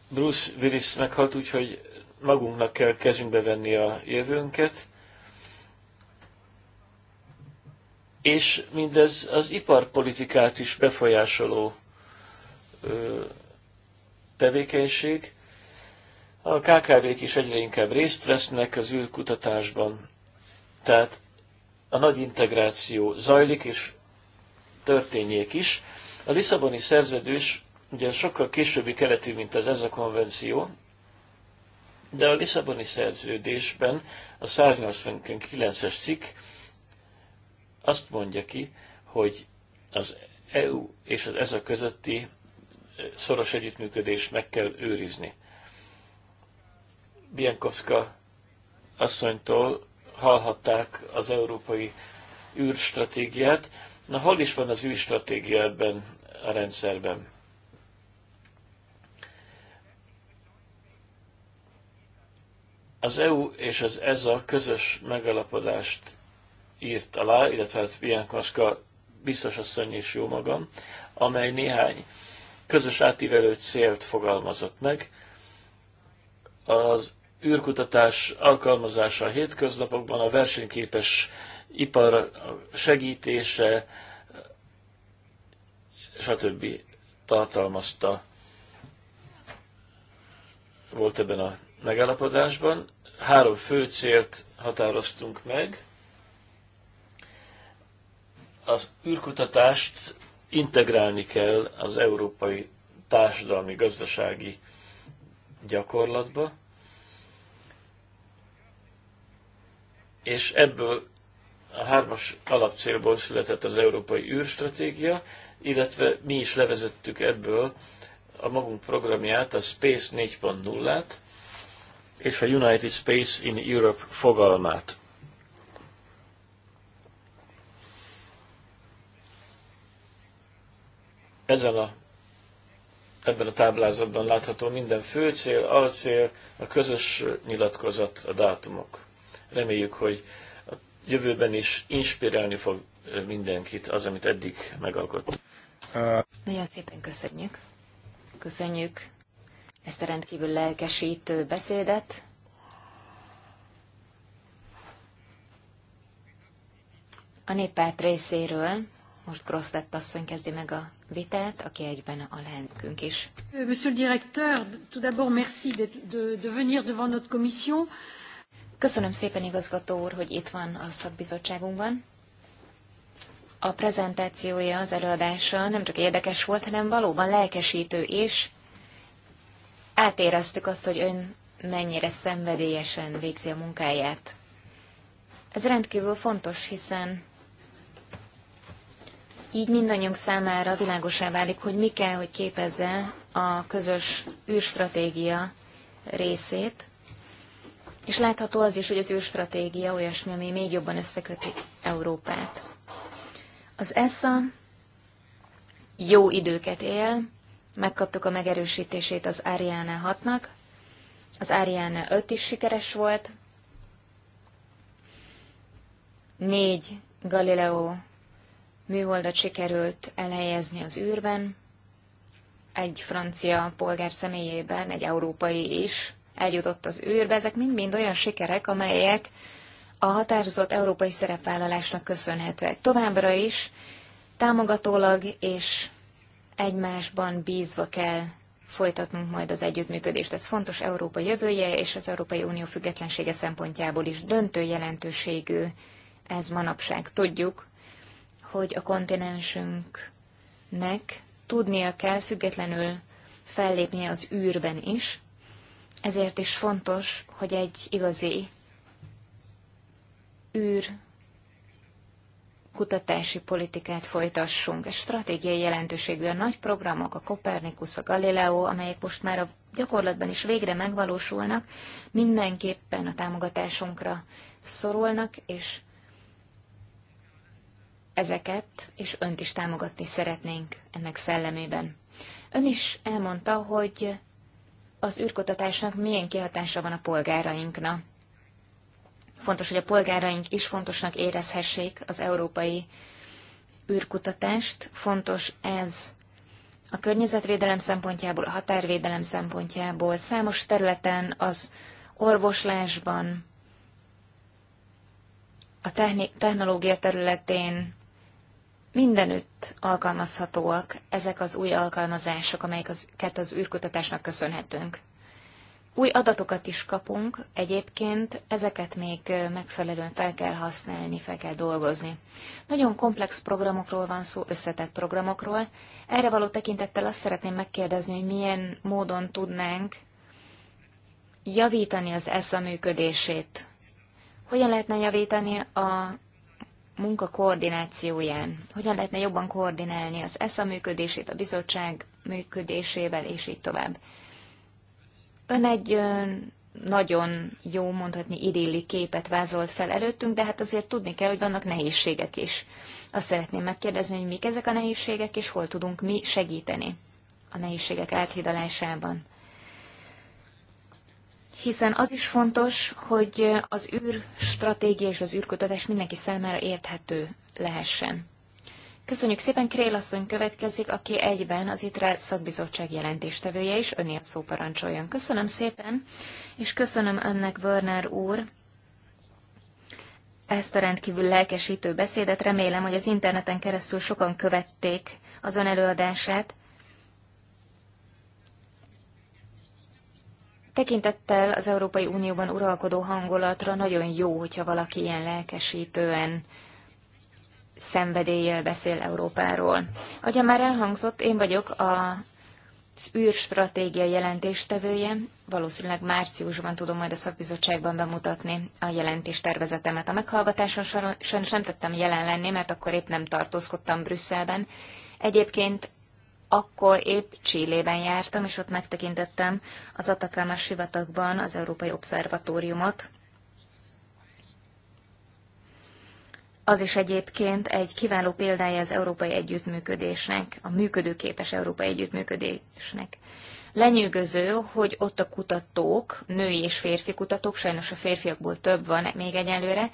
Bruce Willis meghalt, úgyhogy magunknak kell kezünkbe venni a jövőnket. És mindez az iparpolitikát is befolyásoló tevékenység. A KKV-k is egyre inkább részt vesznek az űrkutatásban, tehát a nagy integráció zajlik, és történjék is. A Lisszaboni szerződés ugye sokkal későbbi keletű, mint az ez a konvenció, de a Lisszaboni szerződésben a 189-es cikk azt mondja ki, hogy az EU és az EZA közötti szoros együttműködést meg kell őrizni. Bienkowska asszonytól hallhatták az európai űrstratégiát. Na, hol is van az űrstratégia ebben a rendszerben? Az EU és az ESA közös megalapodást írt alá, illetve hát Bienkowska biztos asszony is jó magam, amely néhány közös átívelő célt fogalmazott meg, az űrkutatás alkalmazása a hétköznapokban, a versenyképes ipar segítése, stb. tartalmazta volt ebben a megállapodásban. Három fő célt határoztunk meg. Az űrkutatást integrálni kell az európai társadalmi, gazdasági gyakorlatba. és ebből a hármas alapcélból született az Európai űrstratégia, illetve mi is levezettük ebből a magunk programját, a Space 4.0-át, és a United Space in Europe fogalmát. Ezen a, ebben a táblázatban látható minden főcél, alcél, a közös nyilatkozat, a dátumok. Reméljük, hogy a jövőben is inspirálni fog mindenkit az, amit eddig megalkott. Nagyon szépen köszönjük. Köszönjük ezt a rendkívül lelkesítő beszédet. A néppárt részéről most Groszlett asszony kezdi meg a vitát, aki egyben a lelkünk is. Monsieur le directeur, tout d'abord merci de, de, de venir devant notre commission. Köszönöm szépen, igazgató úr, hogy itt van a szakbizottságunkban. A prezentációja, az előadása nem csak érdekes volt, hanem valóban lelkesítő is. Átéreztük azt, hogy ön mennyire szenvedélyesen végzi a munkáját. Ez rendkívül fontos, hiszen így mindannyiunk számára világosá válik, hogy mi kell, hogy képezze a közös űrstratégia részét, és látható az is, hogy az ő stratégia olyasmi, ami még jobban összeköti Európát. Az ESSA jó időket él, megkaptuk a megerősítését az Ariane 6-nak, az Ariane 5 is sikeres volt, négy Galileo műholdat sikerült elhelyezni az űrben, egy francia polgár személyében, egy európai is, eljutott az űrbe, ezek mind-mind olyan sikerek, amelyek a határozott európai szerepvállalásnak köszönhetőek. Továbbra is támogatólag és egymásban bízva kell folytatnunk majd az együttműködést. Ez fontos Európa jövője és az Európai Unió függetlensége szempontjából is döntő jelentőségű ez manapság. Tudjuk, hogy a kontinensünknek tudnia kell függetlenül fellépnie az űrben is, ezért is fontos, hogy egy igazi űr kutatási politikát folytassunk. És stratégiai jelentőségű a nagy programok, a Kopernikus, a Galileo, amelyek most már a gyakorlatban is végre megvalósulnak, mindenképpen a támogatásunkra szorulnak, és ezeket, és önt is támogatni szeretnénk ennek szellemében. Ön is elmondta, hogy az űrkutatásnak milyen kihatása van a polgárainkra. Fontos, hogy a polgáraink is fontosnak érezhessék az európai űrkutatást. Fontos ez a környezetvédelem szempontjából, a határvédelem szempontjából, számos területen, az orvoslásban, a technológia területén, mindenütt alkalmazhatóak ezek az új alkalmazások, amelyeket az űrkutatásnak köszönhetünk. Új adatokat is kapunk, egyébként ezeket még megfelelően fel kell használni, fel kell dolgozni. Nagyon komplex programokról van szó, összetett programokról. Erre való tekintettel azt szeretném megkérdezni, hogy milyen módon tudnánk javítani az ESZA működését. Hogyan lehetne javítani a munka koordinációján. Hogyan lehetne jobban koordinálni az ESZA működését, a bizottság működésével, és így tovább. Ön egy nagyon jó, mondhatni idilli képet vázolt fel előttünk, de hát azért tudni kell, hogy vannak nehézségek is. Azt szeretném megkérdezni, hogy mik ezek a nehézségek, és hol tudunk mi segíteni a nehézségek áthidalásában hiszen az is fontos, hogy az űrstratégia és az űrkutatás mindenki számára érthető lehessen. Köszönjük szépen, Krél asszony következik, aki egyben az ITRE szakbizottság jelentéstevője is, önél szó parancsoljon. Köszönöm szépen, és köszönöm önnek, Werner úr, ezt a rendkívül lelkesítő beszédet. Remélem, hogy az interneten keresztül sokan követték az ön előadását, Tekintettel az Európai Unióban uralkodó hangulatra nagyon jó, hogyha valaki ilyen lelkesítően szenvedéllyel beszél Európáról. Ahogy már elhangzott, én vagyok a az űrstratégia jelentéstevője, valószínűleg márciusban tudom majd a szakbizottságban bemutatni a jelentéstervezetemet. A meghallgatáson sajnos nem tettem jelen lenni, mert akkor épp nem tartózkodtam Brüsszelben. Egyébként akkor épp Csillében jártam, és ott megtekintettem az Atacama sivatagban az Európai Obszervatóriumot. Az is egyébként egy kiváló példája az európai együttműködésnek, a működőképes európai együttműködésnek. Lenyűgöző, hogy ott a kutatók, női és férfi kutatók, sajnos a férfiakból több van még egyelőre,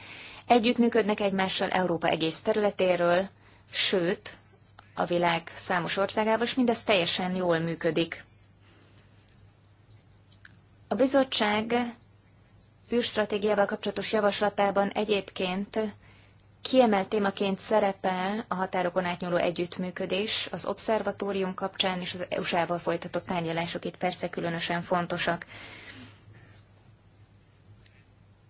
együttműködnek egymással Európa egész területéről, sőt, a világ számos országában, és mindez teljesen jól működik. A bizottság űrstratégiával kapcsolatos javaslatában egyébként kiemelt témaként szerepel a határokon átnyúló együttműködés, az obszervatórium kapcsán és az EU-sával folytatott tárgyalások itt persze különösen fontosak.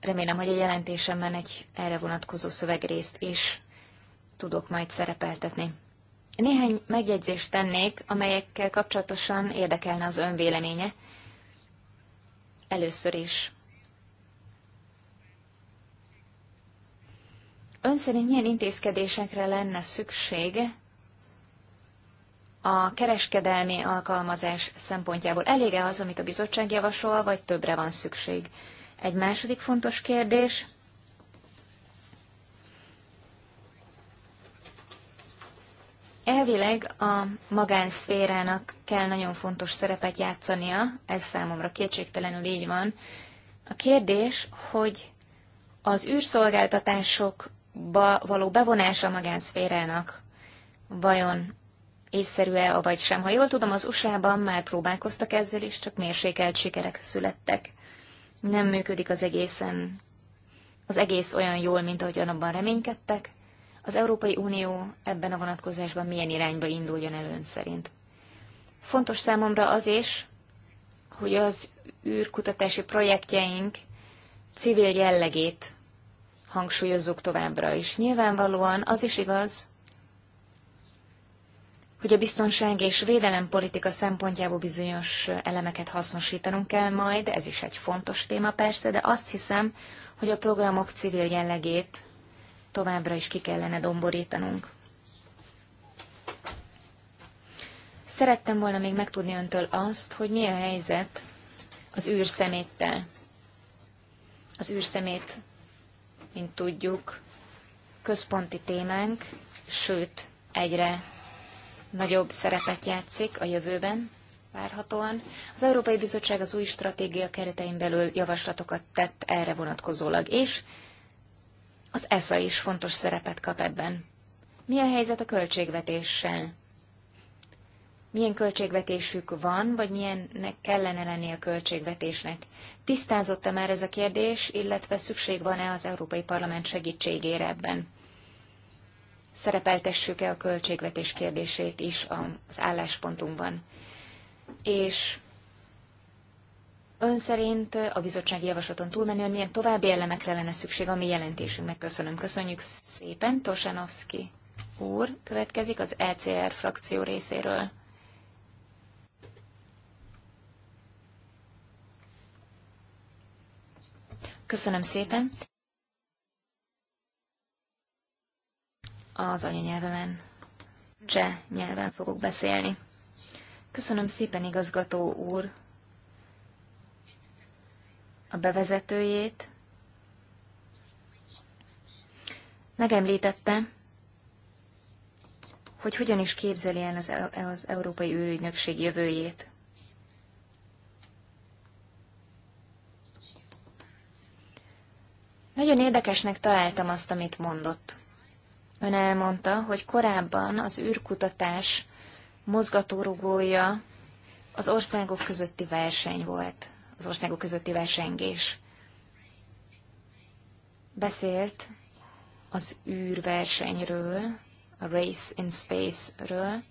Remélem, hogy a jelentésemben egy erre vonatkozó szövegrészt is tudok majd szerepeltetni. Néhány megjegyzést tennék, amelyekkel kapcsolatosan érdekelne az ön véleménye. Először is. Ön szerint milyen intézkedésekre lenne szüksége a kereskedelmi alkalmazás szempontjából? Elége az, amit a bizottság javasol, vagy többre van szükség? Egy második fontos kérdés – Elvileg a magánszférának kell nagyon fontos szerepet játszania, ez számomra kétségtelenül így van. A kérdés, hogy az űrszolgáltatásokba való bevonása a magánszférának vajon észszerű-e, vagy sem. Ha jól tudom, az USA-ban már próbálkoztak ezzel, is, csak mérsékelt sikerek születtek. Nem működik az egészen, az egész olyan jól, mint ahogyan abban reménykedtek az Európai Unió ebben a vonatkozásban milyen irányba induljon el ön szerint. Fontos számomra az is, hogy az űrkutatási projektjeink civil jellegét hangsúlyozzuk továbbra is. Nyilvánvalóan az is igaz, hogy a biztonság és védelem politika szempontjából bizonyos elemeket hasznosítanunk kell majd, ez is egy fontos téma persze, de azt hiszem, hogy a programok civil jellegét továbbra is ki kellene domborítanunk. Szerettem volna még megtudni öntől azt, hogy mi a helyzet az űrszeméttel. Az űrszemét, mint tudjuk, központi témánk, sőt, egyre nagyobb szerepet játszik a jövőben, várhatóan. Az Európai Bizottság az új stratégia keretein belül javaslatokat tett erre vonatkozólag is, az ESZA is fontos szerepet kap ebben. Mi a helyzet a költségvetéssel? Milyen költségvetésük van, vagy milyennek kellene lenni a költségvetésnek? Tisztázott-e már ez a kérdés, illetve szükség van-e az Európai Parlament segítségére ebben? Szerepeltessük-e a költségvetés kérdését is az álláspontunkban? És Ön szerint a bizottsági javaslaton túlmenően milyen további elemekre lenne szükség a mi jelentésünknek? Köszönöm. Köszönjük szépen. Tosanovski úr következik az ECR frakció részéről. Köszönöm szépen. Az anyanyelvemen, cseh nyelven fogok beszélni. Köszönöm szépen, igazgató úr, a bevezetőjét. Megemlítette, hogy hogyan is képzeli el az, az Európai Ürügynökség jövőjét. Nagyon érdekesnek találtam azt, amit mondott. Ön elmondta, hogy korábban az űrkutatás mozgatórugója az országok közötti verseny volt az országok közötti versengés. Beszélt az űrversenyről, a Race in Space-ről.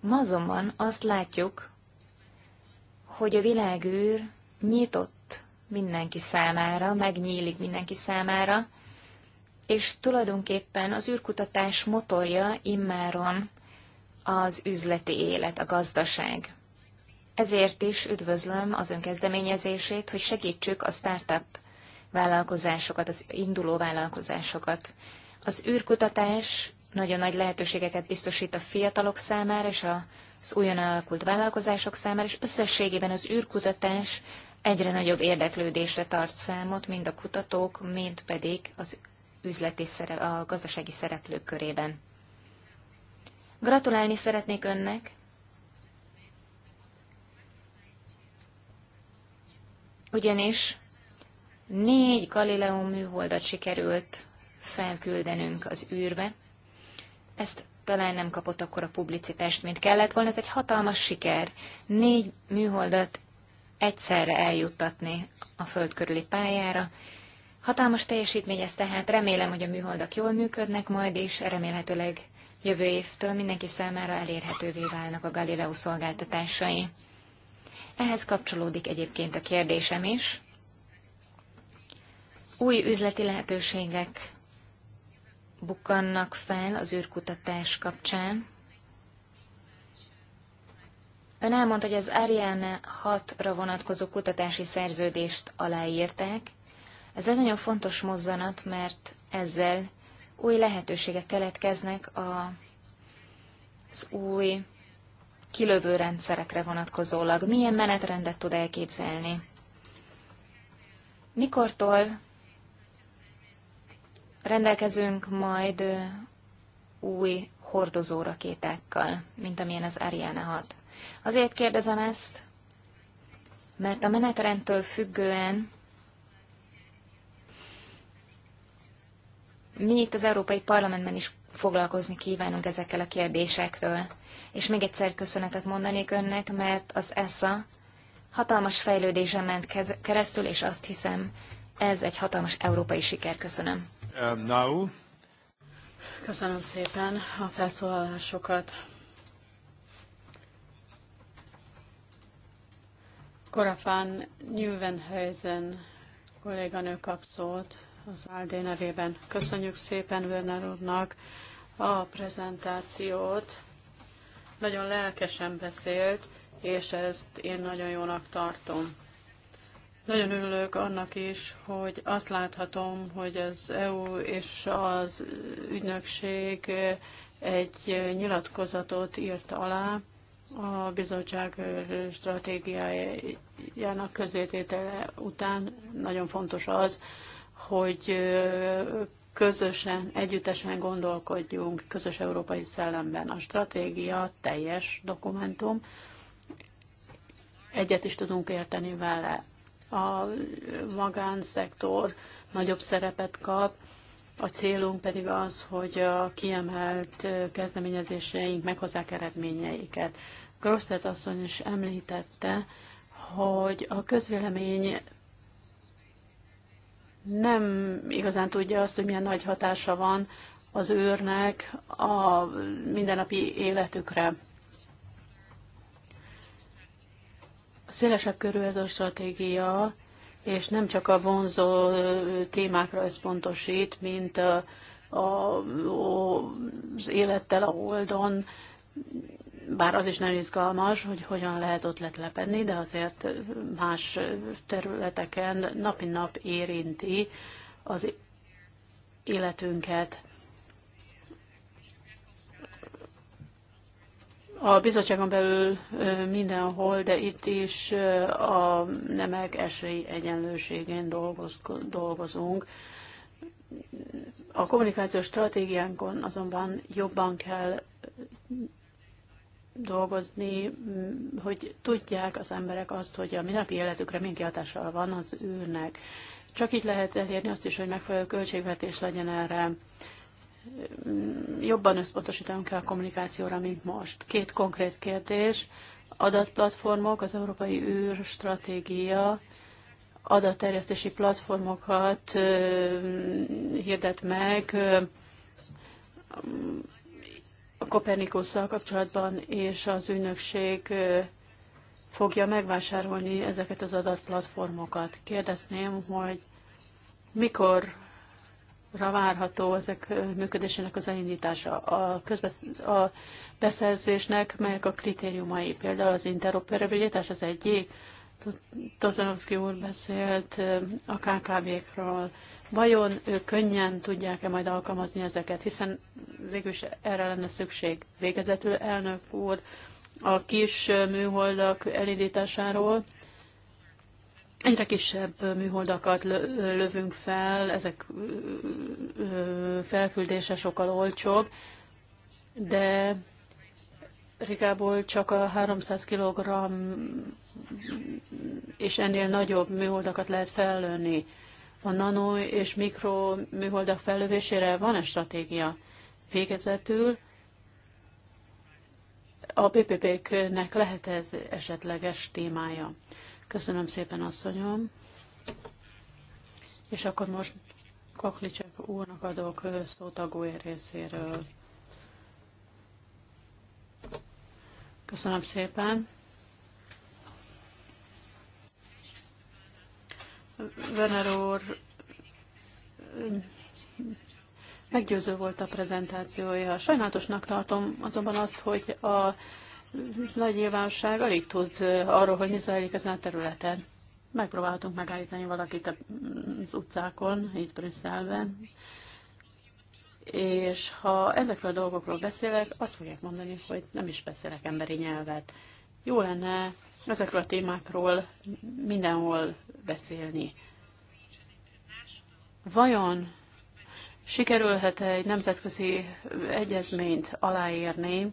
Ma azonban azt látjuk, hogy a világűr nyitott mindenki számára, megnyílik mindenki számára, és tulajdonképpen az űrkutatás motorja immáron az üzleti élet, a gazdaság. Ezért is üdvözlöm az önkezdeményezését, hogy segítsük a startup vállalkozásokat, az induló vállalkozásokat. Az űrkutatás nagyon nagy lehetőségeket biztosít a fiatalok számára és az újonnan alakult vállalkozások számára, és összességében az űrkutatás egyre nagyobb érdeklődésre tart számot, mind a kutatók, mind pedig az üzleti szere, a gazdasági szereplők körében. Gratulálni szeretnék önnek ugyanis négy Galileo műholdat sikerült felküldenünk az űrbe. Ezt talán nem kapott akkor a publicitást, mint kellett volna. Ez egy hatalmas siker. Négy műholdat egyszerre eljuttatni a föld körüli pályára. Hatalmas teljesítmény ez tehát. Remélem, hogy a műholdak jól működnek majd, és remélhetőleg jövő évtől mindenki számára elérhetővé válnak a Galileo szolgáltatásai. Ehhez kapcsolódik egyébként a kérdésem is. Új üzleti lehetőségek bukkannak fel az űrkutatás kapcsán. Ön elmondta, hogy az Ariane 6-ra vonatkozó kutatási szerződést aláírták. Ez egy nagyon fontos mozzanat, mert ezzel új lehetőségek keletkeznek az új kilövő rendszerekre vonatkozólag milyen menetrendet tud elképzelni? Mikortól rendelkezünk majd új hordozó rakétákkal, mint amilyen az Ariane 6? Azért kérdezem ezt, mert a menetrendtől függően mi itt az Európai Parlamentben is foglalkozni kívánunk ezekkel a kérdésektől és még egyszer köszönetet mondanék önnek, mert az ESSA hatalmas fejlődésen ment keresztül, és azt hiszem, ez egy hatalmas európai siker. Köszönöm. Um, now. Köszönöm szépen a felszólalásokat. Korafán Nyilvenhelyzen kolléganő kap szót az ALD nevében. Köszönjük szépen Werner úrnak a prezentációt. Nagyon lelkesen beszélt, és ezt én nagyon jónak tartom. Nagyon örülök annak is, hogy azt láthatom, hogy az EU és az ügynökség egy nyilatkozatot írt alá a bizottság stratégiájának közététele után. Nagyon fontos az, hogy közösen, együttesen gondolkodjunk, közös európai szellemben. A stratégia teljes dokumentum, egyet is tudunk érteni vele. A magánszektor nagyobb szerepet kap, a célunk pedig az, hogy a kiemelt kezdeményezéseink meghozzák eredményeiket. Grosztet asszony is említette, hogy a közvélemény nem igazán tudja azt, hogy milyen nagy hatása van az őrnek a mindennapi életükre. Szélesebb körül ez a stratégia, és nem csak a vonzó témákra összpontosít, mint a, a, az élettel a holdon, bár az is nem izgalmas, hogy hogyan lehet ott letlepedni, de azért más területeken napi nap érinti az életünket. A bizottságon belül mindenhol, de itt is a nemek esély egyenlőségén dolgozunk. A kommunikációs stratégiánkon azonban jobban kell dolgozni, mm, hogy tudják az emberek azt, hogy a minapi életükre milyen kihatással van az űrnek. Csak így lehet elérni azt is, hogy megfelelő költségvetés legyen erre. Mm, jobban összpontosítanunk kell a kommunikációra, mint most. Két konkrét kérdés. Adatplatformok, az Európai űrstratégia, adatterjesztési platformokat mm, hirdet meg a Kopernikusszal kapcsolatban, és az ügynökség fogja megvásárolni ezeket az adatplatformokat. Kérdezném, hogy mikor várható ezek működésének az elindítása, a, közbesz- a beszerzésnek, melyek a kritériumai, például az interoperabilitás az egyik, Tozanovszki úr beszélt a KKV-król, Vajon ők könnyen tudják-e majd alkalmazni ezeket, hiszen is erre lenne szükség. Végezetül elnök úr a kis műholdak elindításáról. Egyre kisebb műholdakat lövünk fel, ezek felküldése sokkal olcsóbb, de Rigából csak a 300 kg és ennél nagyobb műholdakat lehet fellőni a nano és mikro műholdak fellövésére van egy stratégia? Végezetül a PPP-knek lehet ez esetleges témája. Köszönöm szépen, asszonyom. És akkor most Kaklicsek úrnak adok szót a e részéről. Köszönöm szépen. Werner úr meggyőző volt a prezentációja. Sajnálatosnak tartom azonban azt, hogy a nagy nyilvánosság alig tud arról, hogy mi zajlik ezen a területen. Megpróbáltunk megállítani valakit az utcákon, itt Brüsszelben, és ha ezekről a dolgokról beszélek, azt fogják mondani, hogy nem is beszélek emberi nyelvet. Jó lenne ezekről a témákról mindenhol beszélni. Vajon sikerülhet -e egy nemzetközi egyezményt aláírni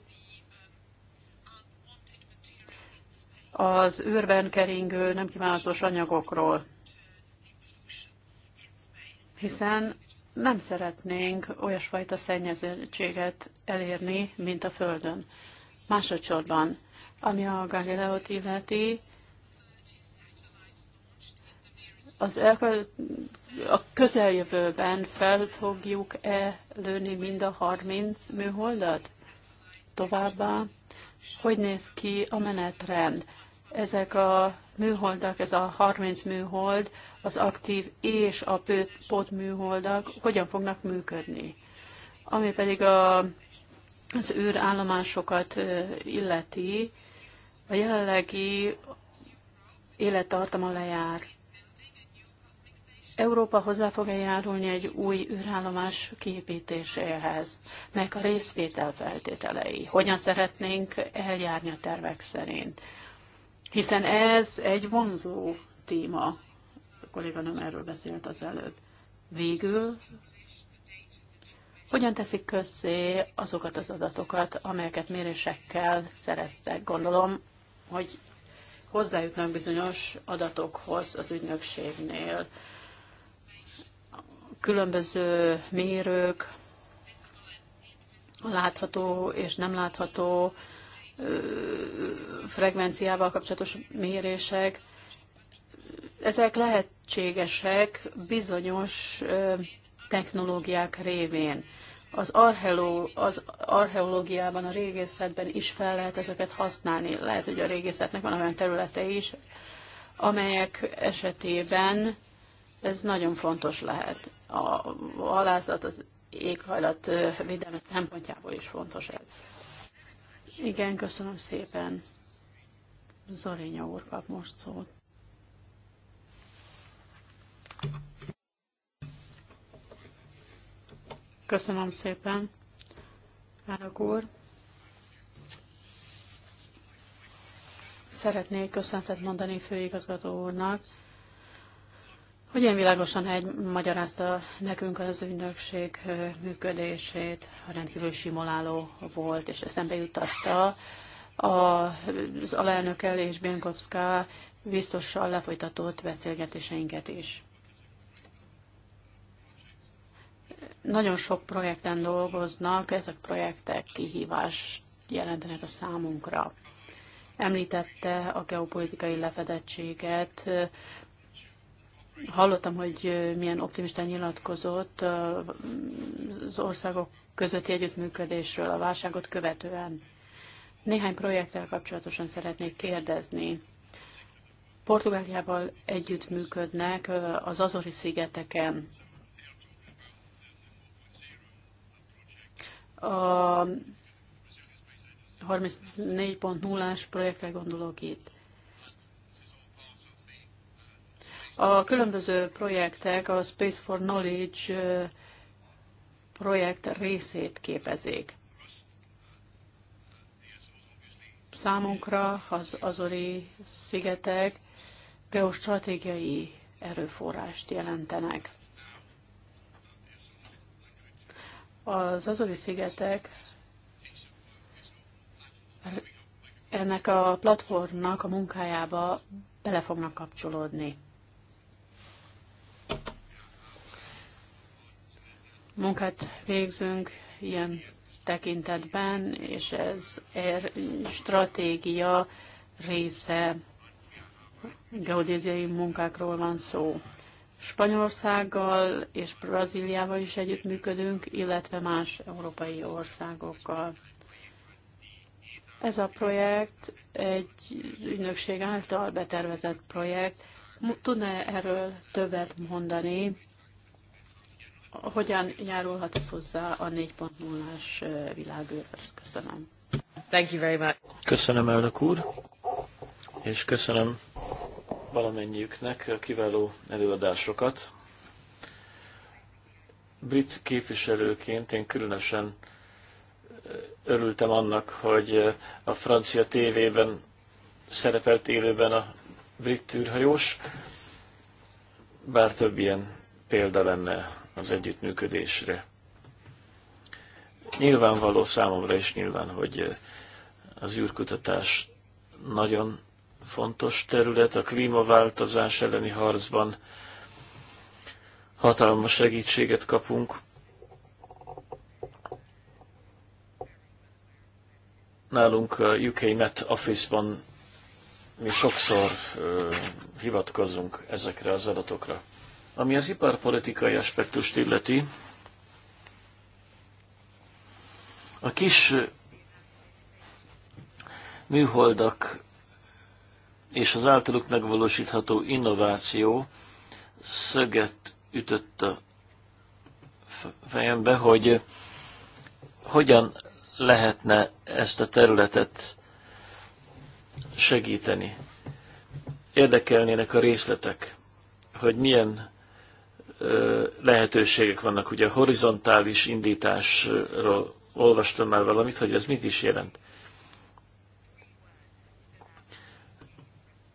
az űrben keringő nem kívánatos anyagokról? Hiszen nem szeretnénk olyasfajta szennyezettséget elérni, mint a Földön. Másodszorban, ami a Galileo-t illeti, az elkövet, a közeljövőben fel fogjuk-e lőni mind a 30 műholdat? Továbbá, hogy néz ki a menetrend? Ezek a műholdak, ez a 30 műhold, az aktív és a műholdak hogyan fognak működni? Ami pedig a, az űrállomásokat illeti, a jelenlegi élettartama lejár. Európa hozzá fog járulni egy új űrállomás kiépítéséhez, meg a részvétel feltételei. Hogyan szeretnénk eljárni a tervek szerint? Hiszen ez egy vonzó téma. A kolléganőm erről beszélt az előbb. Végül hogyan teszik közzé azokat az adatokat, amelyeket mérésekkel szereztek? Gondolom, hogy hozzájutnak bizonyos adatokhoz az ügynökségnél különböző mérők, a látható és nem látható frekvenciával kapcsolatos mérések, ezek lehetségesek bizonyos technológiák révén. Az, archeoló, az archeológiában, a régészetben is fel lehet ezeket használni. Lehet, hogy a régészetnek van olyan területe is, amelyek esetében ez nagyon fontos lehet a halászat, az éghajlat védelme szempontjából is fontos ez. Igen, köszönöm szépen. Zorénya úr kap most szót. Köszönöm szépen, elnök úr. Szeretnék köszöntet mondani főigazgató úrnak hogyan világosan egy magyarázta nekünk az ügynökség működését, rendkívül simoláló volt, és eszembe jutatta az alelnökkel és Bienkowska biztossal lefolytatott beszélgetéseinket is. Nagyon sok projekten dolgoznak, ezek projektek kihívást jelentenek a számunkra. Említette a geopolitikai lefedettséget, Hallottam, hogy milyen optimistán nyilatkozott az országok közötti együttműködésről a válságot követően. Néhány projekttel kapcsolatosan szeretnék kérdezni. Portugáliával együttműködnek az Azori szigeteken. A 34.0-as projektre gondolok itt. A különböző projektek a Space for Knowledge projekt részét képezik. Számunkra az Azori szigetek geostratégiai erőforrást jelentenek. Az Azori szigetek ennek a platformnak a munkájába bele fognak kapcsolódni. munkát végzünk ilyen tekintetben, és ez stratégia része geodéziai munkákról van szó. Spanyolországgal és Brazíliával is együttműködünk, illetve más európai országokkal. Ez a projekt egy ügynökség által betervezett projekt. Tudna -e erről többet mondani? hogyan járulhat ez hozzá a 4.0-as világőrhöz? Köszönöm. Thank you very much. Köszönöm, elnök úr, és köszönöm valamennyiüknek a kiváló előadásokat. Brit képviselőként én különösen örültem annak, hogy a francia tévében szerepelt élőben a brit űrhajós, bár több ilyen példa lenne az együttműködésre. Nyilvánvaló számomra is nyilván, hogy eh, az űrkutatás nagyon fontos terület a klímaváltozás elleni harcban. Hatalmas segítséget kapunk. Nálunk a UK Met Office-ban mi sokszor ö, eh, hivatkozunk ezekre az adatokra. Ami az iparpolitikai aspektust illeti, a kis műholdak és az általuk megvalósítható innováció szöget ütött a fejembe, hogy hogyan lehetne ezt a területet segíteni. Érdekelnének a részletek, hogy milyen lehetőségek vannak. Ugye a horizontális indításról olvastam már valamit, hogy ez mit is jelent.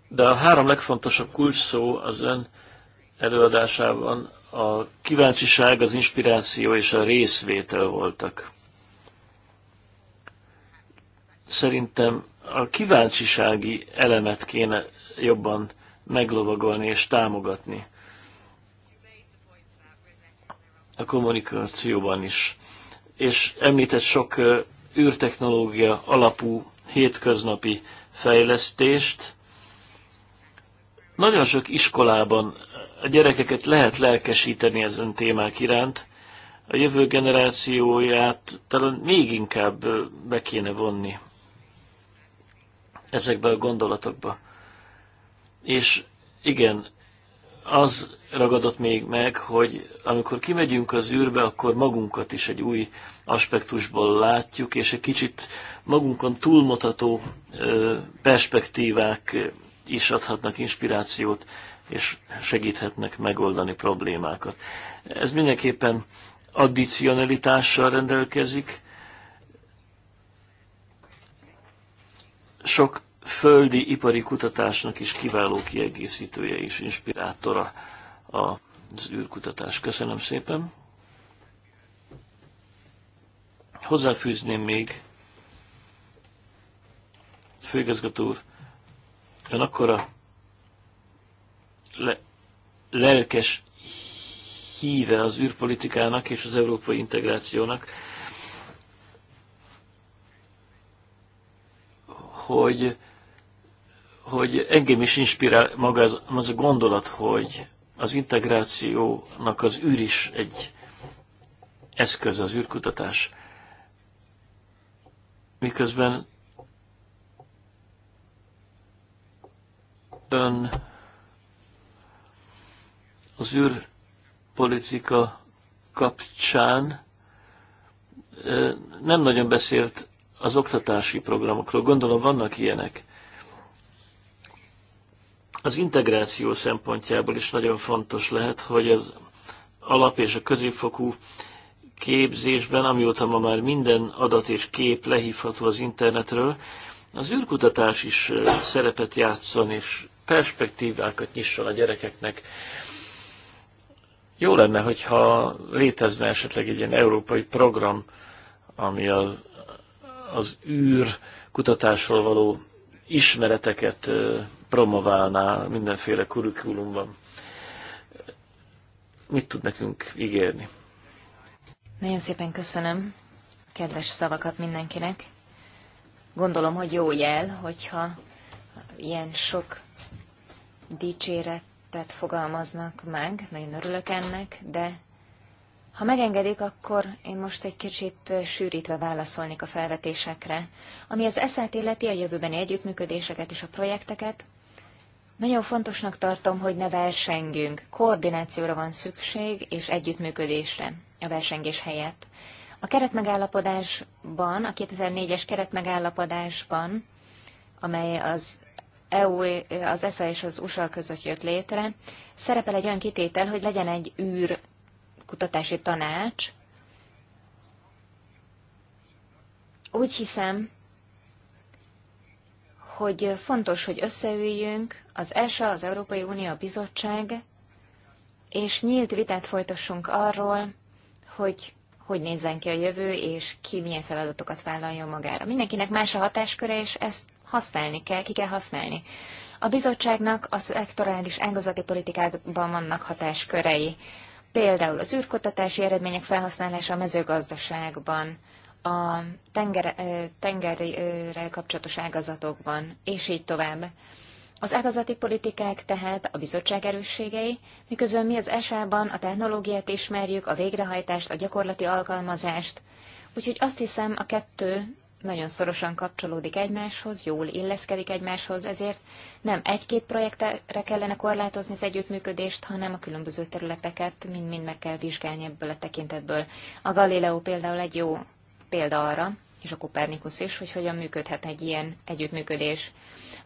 De a három legfontosabb kulcs szó az ön előadásában a kíváncsiság, az inspiráció és a részvétel voltak. Szerintem a kíváncsisági elemet kéne jobban meglovagolni és támogatni a kommunikációban is. És említett sok űrtechnológia alapú hétköznapi fejlesztést. Nagyon sok iskolában a gyerekeket lehet lelkesíteni ezen témák iránt, a jövő generációját talán még inkább be kéne vonni ezekbe a gondolatokba. És igen, az ragadott még meg, hogy amikor kimegyünk az űrbe, akkor magunkat is egy új aspektusból látjuk, és egy kicsit magunkon túlmutató perspektívák is adhatnak inspirációt, és segíthetnek megoldani problémákat. Ez mindenképpen addicionalitással rendelkezik, sok földi ipari kutatásnak is kiváló kiegészítője és inspirátora az űrkutatás. Köszönöm szépen! Hozzáfűzném még, főigazgató úr, ön akkora le, lelkes híve az űrpolitikának és az európai integrációnak, hogy hogy engem is inspirál maga az, az a gondolat, hogy az integrációnak az űr is egy eszköz, az űrkutatás. Miközben ön az űrpolitika kapcsán nem nagyon beszélt az oktatási programokról. Gondolom vannak ilyenek. Az integráció szempontjából is nagyon fontos lehet, hogy az alap és a középfokú képzésben, amióta ma már minden adat és kép lehívható az internetről, az űrkutatás is szerepet játszon, és perspektívákat nyisson a gyerekeknek. Jó lenne, hogyha létezne esetleg egy ilyen európai program, ami az, az űr kutatásról való ismereteket promoválná mindenféle kurikulumban. Mit tud nekünk ígérni? Nagyon szépen köszönöm a kedves szavakat mindenkinek. Gondolom, hogy jó jel, hogyha ilyen sok dicséretet fogalmaznak meg, nagyon örülök ennek, de ha megengedik, akkor én most egy kicsit sűrítve válaszolnék a felvetésekre, ami az eszelt illeti a jövőbeni együttműködéseket és a projekteket. Nagyon fontosnak tartom, hogy ne versengjünk. Koordinációra van szükség, és együttműködésre a versengés helyett. A keretmegállapodásban, a 2004-es keretmegállapodásban, amely az EU, az ESA és az USA között jött létre, szerepel egy olyan kitétel, hogy legyen egy űr kutatási tanács. Úgy hiszem, hogy fontos, hogy összeüljünk, az ESA, az Európai Unió, a Bizottság, és nyílt vitát folytassunk arról, hogy hogy nézzen ki a jövő, és ki milyen feladatokat vállaljon magára. Mindenkinek más a hatásköre, és ezt használni kell, ki kell használni. A bizottságnak a szektorális ágazati politikákban vannak hatáskörei. Például az űrkutatási eredmények felhasználása a mezőgazdaságban, a tenger, tengerrel kapcsolatos ágazatokban, és így tovább. Az ágazati politikák tehát a bizottság erősségei, miközben mi az SA-ban a technológiát ismerjük, a végrehajtást, a gyakorlati alkalmazást. Úgyhogy azt hiszem, a kettő nagyon szorosan kapcsolódik egymáshoz, jól illeszkedik egymáshoz, ezért nem egy-két projektre kellene korlátozni az együttműködést, hanem a különböző területeket mind-mind meg kell vizsgálni ebből a tekintetből. A Galileo például egy jó példa arra, és a Kopernikus is, hogy hogyan működhet egy ilyen együttműködés.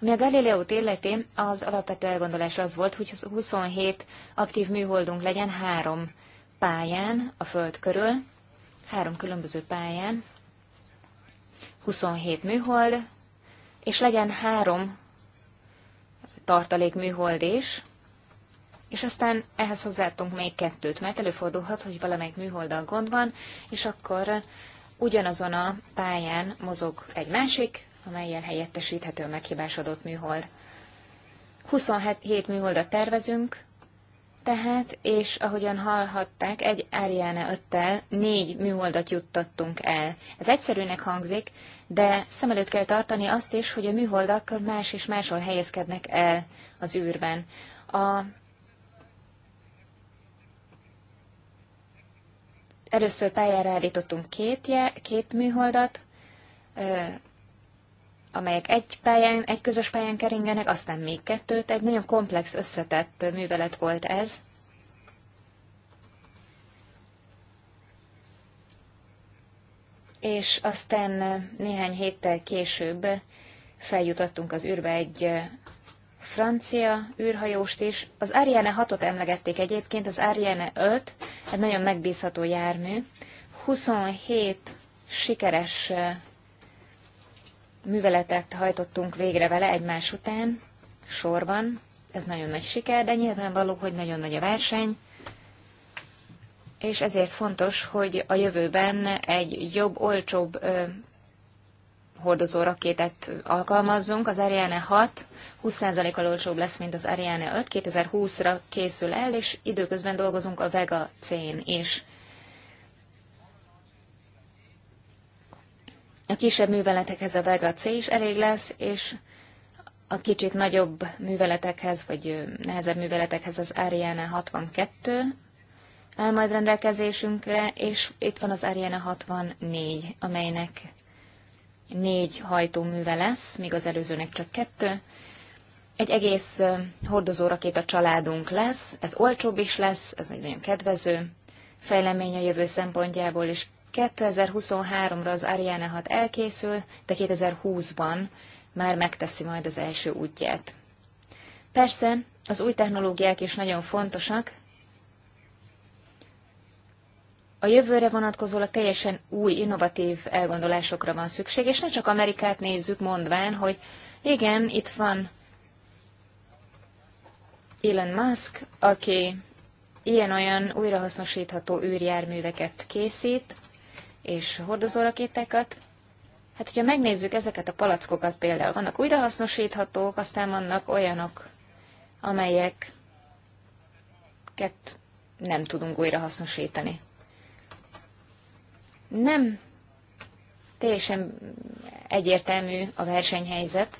Ami a Galileo illeti, az alapvető elgondolás az volt, hogy 27 aktív műholdunk legyen három pályán a Föld körül, három különböző pályán, 27 műhold, és legyen három tartalék műhold is, és aztán ehhez hozzáadtunk még kettőt, mert előfordulhat, hogy valamelyik műholdal gond van, és akkor ugyanazon a pályán mozog egy másik amelyel helyettesíthető a meghibásodott műhold. 27 műholdat tervezünk, tehát, és ahogyan hallhatták, egy Ariane 5-tel négy műholdat juttattunk el. Ez egyszerűnek hangzik, de szem előtt kell tartani azt is, hogy a műholdak más és máshol helyezkednek el az űrben. A Először pályára állítottunk két, je, két műholdat, amelyek egy pályán, egy közös pályán keringenek, aztán még kettőt. Egy nagyon komplex, összetett művelet volt ez. És aztán néhány héttel később feljutottunk az űrbe egy francia űrhajóst is. Az Ariane 6-ot emlegették egyébként, az Ariane 5 egy nagyon megbízható jármű. 27 sikeres műveletet hajtottunk végre vele egymás után, sorban. Ez nagyon nagy siker, de nyilvánvaló, hogy nagyon nagy a verseny, és ezért fontos, hogy a jövőben egy jobb, olcsóbb ö, hordozó rakétát alkalmazzunk. Az Ariane 6 20%-kal olcsóbb lesz, mint az Ariane 5. 2020-ra készül el, és időközben dolgozunk a Vega C-n is. A kisebb műveletekhez a Vega C is elég lesz, és a kicsit nagyobb műveletekhez, vagy nehezebb műveletekhez az Ariane 62 áll majd rendelkezésünkre, és itt van az Ariane 64, amelynek négy hajtóműve lesz, míg az előzőnek csak kettő. Egy egész a családunk lesz, ez olcsóbb is lesz, ez egy nagyon kedvező fejlemény a jövő szempontjából, és 2023-ra az Ariane 6 elkészül, de 2020-ban már megteszi majd az első útját. Persze, az új technológiák is nagyon fontosak. A jövőre vonatkozólag teljesen új, innovatív elgondolásokra van szükség, és ne csak Amerikát nézzük, mondván, hogy igen, itt van Elon Musk, aki ilyen-olyan újrahasznosítható űrjárműveket készít, és hordozórakétákat. Hát, hogyha megnézzük ezeket a palackokat például, vannak újrahasznosíthatók, aztán vannak olyanok, amelyeket nem tudunk újrahasznosítani. Nem teljesen egyértelmű a versenyhelyzet,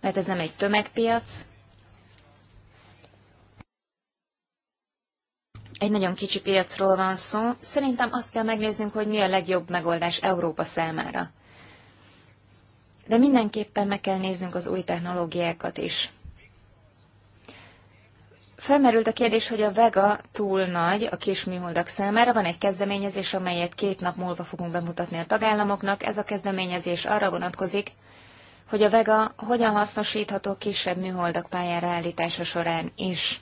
mert ez nem egy tömegpiac, Egy nagyon kicsi piacról van szó. Szerintem azt kell megnéznünk, hogy mi a legjobb megoldás Európa számára. De mindenképpen meg kell néznünk az új technológiákat is. Felmerült a kérdés, hogy a Vega túl nagy a kis műholdak számára. Van egy kezdeményezés, amelyet két nap múlva fogunk bemutatni a tagállamoknak. Ez a kezdeményezés arra vonatkozik, hogy a Vega hogyan hasznosítható kisebb műholdak pályára állítása során is.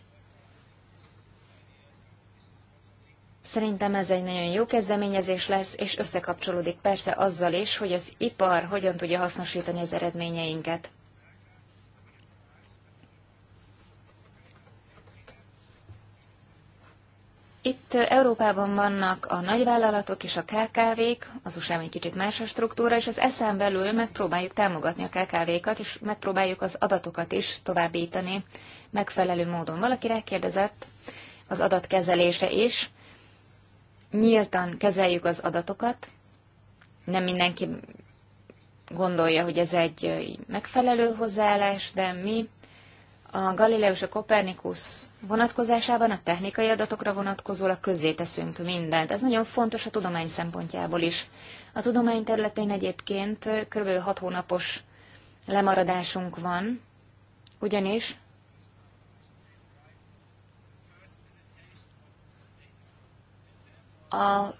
Szerintem ez egy nagyon jó kezdeményezés lesz, és összekapcsolódik persze azzal is, hogy az ipar hogyan tudja hasznosítani az eredményeinket. Itt Európában vannak a nagyvállalatok és a KKV-k, az usa egy kicsit más a struktúra, és az eszem belül megpróbáljuk támogatni a KKV-kat, és megpróbáljuk az adatokat is továbbítani megfelelő módon. Valaki rákérdezett az adatkezelése is nyíltan kezeljük az adatokat, nem mindenki gondolja, hogy ez egy megfelelő hozzáállás, de mi a Galileo és a Kopernikus vonatkozásában a technikai adatokra vonatkozólag közé teszünk mindent. Ez nagyon fontos a tudomány szempontjából is. A tudomány területén egyébként kb. 6 hónapos lemaradásunk van, ugyanis A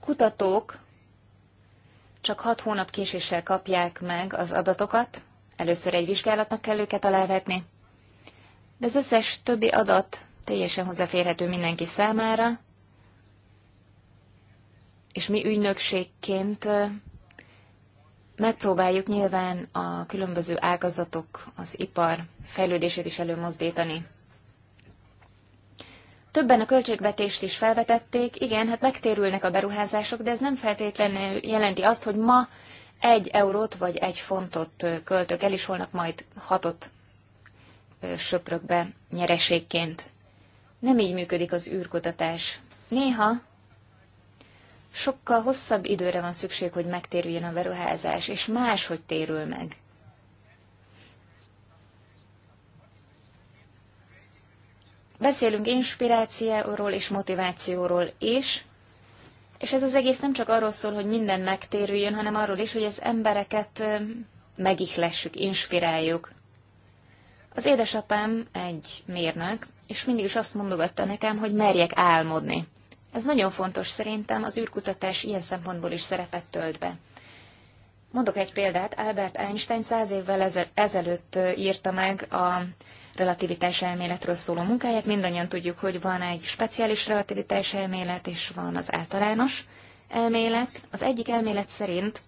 kutatók csak hat hónap késéssel kapják meg az adatokat, először egy vizsgálatnak kell őket alávetni, de az összes többi adat teljesen hozzáférhető mindenki számára, és mi ügynökségként megpróbáljuk nyilván a különböző ágazatok, az ipar fejlődését is előmozdítani. Többen a költségvetést is felvetették, igen, hát megtérülnek a beruházások, de ez nem feltétlenül jelenti azt, hogy ma egy eurót vagy egy fontot költök el, és holnap majd hatot söprök be nyereségként. Nem így működik az űrkutatás. Néha sokkal hosszabb időre van szükség, hogy megtérüljön a beruházás, és máshogy térül meg. Beszélünk inspirációról és motivációról is, és ez az egész nem csak arról szól, hogy minden megtérüljön, hanem arról is, hogy az embereket megihlessük, inspiráljuk. Az édesapám egy mérnök, és mindig is azt mondogatta nekem, hogy merjek álmodni. Ez nagyon fontos szerintem, az űrkutatás ilyen szempontból is szerepet tölt be. Mondok egy példát, Albert Einstein száz évvel ezelőtt írta meg a relativitás elméletről szóló munkáját. Mindannyian tudjuk, hogy van egy speciális relativitás elmélet, és van az általános elmélet. Az egyik elmélet szerint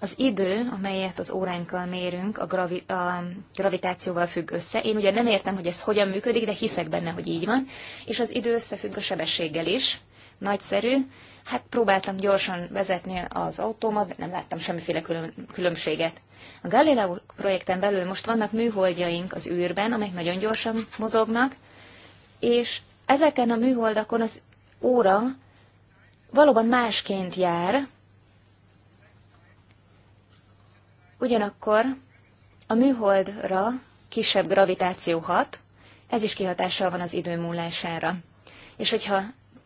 az idő, amelyet az óránkkal mérünk, a, gravi- a gravitációval függ össze. Én ugye nem értem, hogy ez hogyan működik, de hiszek benne, hogy így van. És az idő összefügg a sebességgel is. Nagyszerű. Hát próbáltam gyorsan vezetni az autómat, de nem láttam semmiféle külön- különbséget. A Galileo projekten belül most vannak műholdjaink az űrben, amelyek nagyon gyorsan mozognak, és ezeken a műholdakon az óra valóban másként jár, ugyanakkor a műholdra kisebb gravitáció hat, ez is kihatással van az idő múlására. És hogyha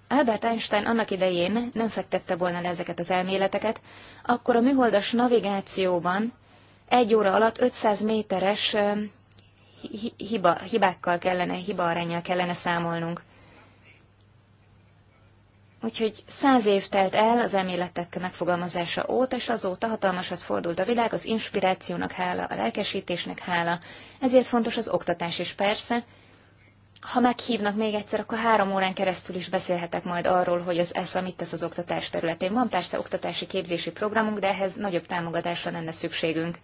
Albert Einstein annak idején nem fektette volna le ezeket az elméleteket, akkor a műholdas navigációban egy óra alatt 500 méteres hiba, hibákkal kellene, hibaarányjal kellene számolnunk. Úgyhogy száz év telt el az elméletek megfogalmazása óta, és azóta hatalmasat fordult a világ, az inspirációnak hála, a lelkesítésnek hála. Ezért fontos az oktatás is persze, ha meghívnak még egyszer, akkor három órán keresztül is beszélhetek majd arról, hogy az ESZA mit tesz az oktatás területén. Van persze oktatási képzési programunk, de ehhez nagyobb támogatásra lenne szükségünk.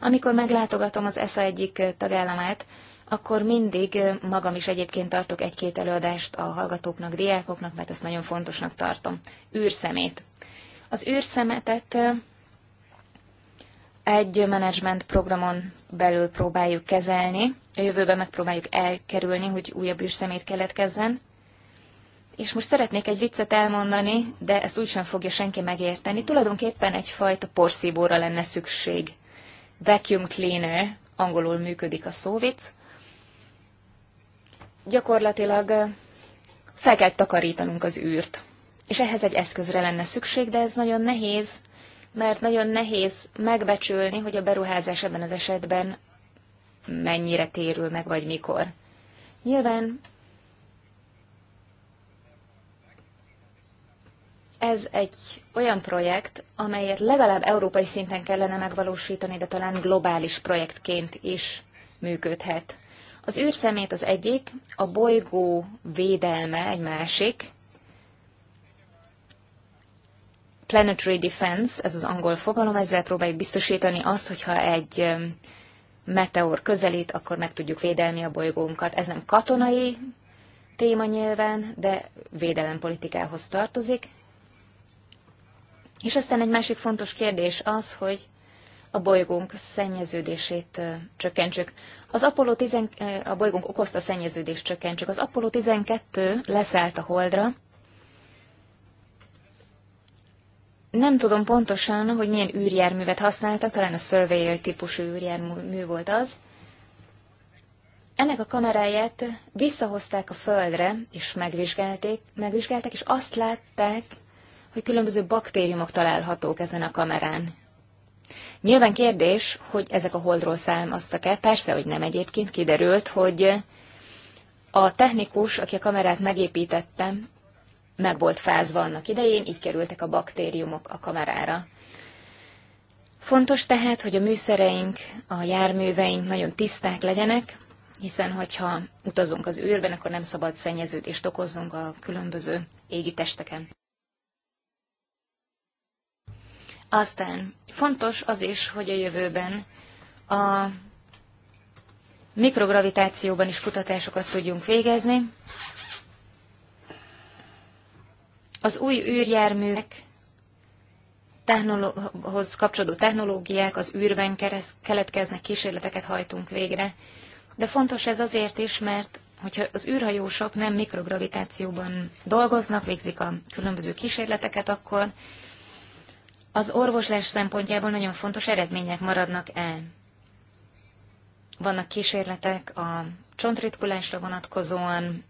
Amikor meglátogatom az ESZA egyik tagállamát, akkor mindig magam is egyébként tartok egy-két előadást a hallgatóknak, diákoknak, mert ezt nagyon fontosnak tartom. Űrszemét. Az űrszemetet egy menedzsment programon belül próbáljuk kezelni, a jövőben megpróbáljuk elkerülni, hogy újabb űrszemét keletkezzen. És most szeretnék egy viccet elmondani, de ezt úgysem fogja senki megérteni. Tulajdonképpen egyfajta porszívóra lenne szükség. Vacuum cleaner, angolul működik a szóvic. Gyakorlatilag fel kell takarítanunk az űrt. És ehhez egy eszközre lenne szükség, de ez nagyon nehéz, mert nagyon nehéz megbecsülni, hogy a beruházás ebben az esetben mennyire térül meg, vagy mikor. Nyilván ez egy olyan projekt, amelyet legalább európai szinten kellene megvalósítani, de talán globális projektként is működhet. Az űrszemét az egyik, a bolygó védelme egy másik, Planetary Defense, ez az angol fogalom, ezzel próbáljuk biztosítani azt, hogyha egy meteor közelít, akkor meg tudjuk védelni a bolygónkat. Ez nem katonai téma nyilván, de védelempolitikához tartozik. És aztán egy másik fontos kérdés az, hogy a bolygónk szennyeződését csökkentsük. Az Apollo 10, a bolygónk okozta szennyeződést csökkentsük. Az Apollo 12 leszállt a Holdra, Nem tudom pontosan, hogy milyen űrjárművet használtak, talán a Surveyor típusú űrjármű volt az. Ennek a kameráját visszahozták a földre, és megvizsgálták, megvizsgálták, és azt látták, hogy különböző baktériumok találhatók ezen a kamerán. Nyilván kérdés, hogy ezek a holdról származtak-e. Persze, hogy nem egyébként. Kiderült, hogy a technikus, aki a kamerát megépítette, meg volt fázva annak idején, így kerültek a baktériumok a kamerára. Fontos tehát, hogy a műszereink, a járműveink nagyon tiszták legyenek, hiszen hogyha utazunk az űrben, akkor nem szabad szennyeződést okozzunk a különböző égi testeken. Aztán fontos az is, hogy a jövőben a mikrogravitációban is kutatásokat tudjunk végezni, az új űrjárművek technolo- kapcsolódó technológiák az űrben kereszt, keletkeznek, kísérleteket hajtunk végre. De fontos ez azért is, mert hogyha az űrhajósok nem mikrogravitációban dolgoznak, végzik a különböző kísérleteket, akkor az orvoslás szempontjából nagyon fontos eredmények maradnak el. Vannak kísérletek a csontritkulásra vonatkozóan,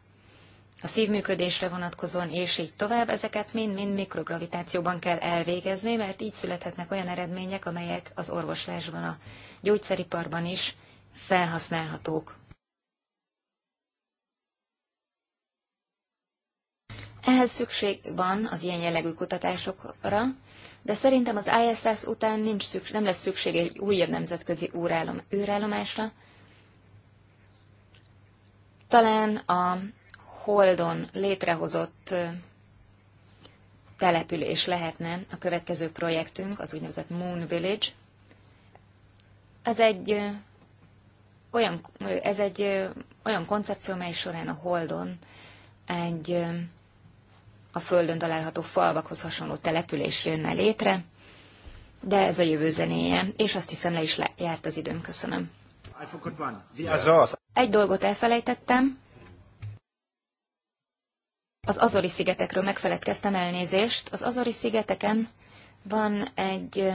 a szívműködésre vonatkozóan, és így tovább, ezeket mind-mind mikrogravitációban kell elvégezni, mert így születhetnek olyan eredmények, amelyek az orvoslásban, a gyógyszeriparban is felhasználhatók. Ehhez szükség van az ilyen jellegű kutatásokra, de szerintem az ISS után nincs szükség, nem lesz szükség egy újabb nemzetközi űrállomásra. Talán a Holdon létrehozott település lehetne a következő projektünk, az úgynevezett Moon Village. Ez egy olyan, ez egy olyan koncepció, mely során a Holdon egy a Földön található falvakhoz hasonló település jönne létre, de ez a jövő zenéje, és azt hiszem le is le, járt az időm, köszönöm. Egy dolgot elfelejtettem, az Azori szigetekről megfeledkeztem elnézést. Az Azori szigeteken van egy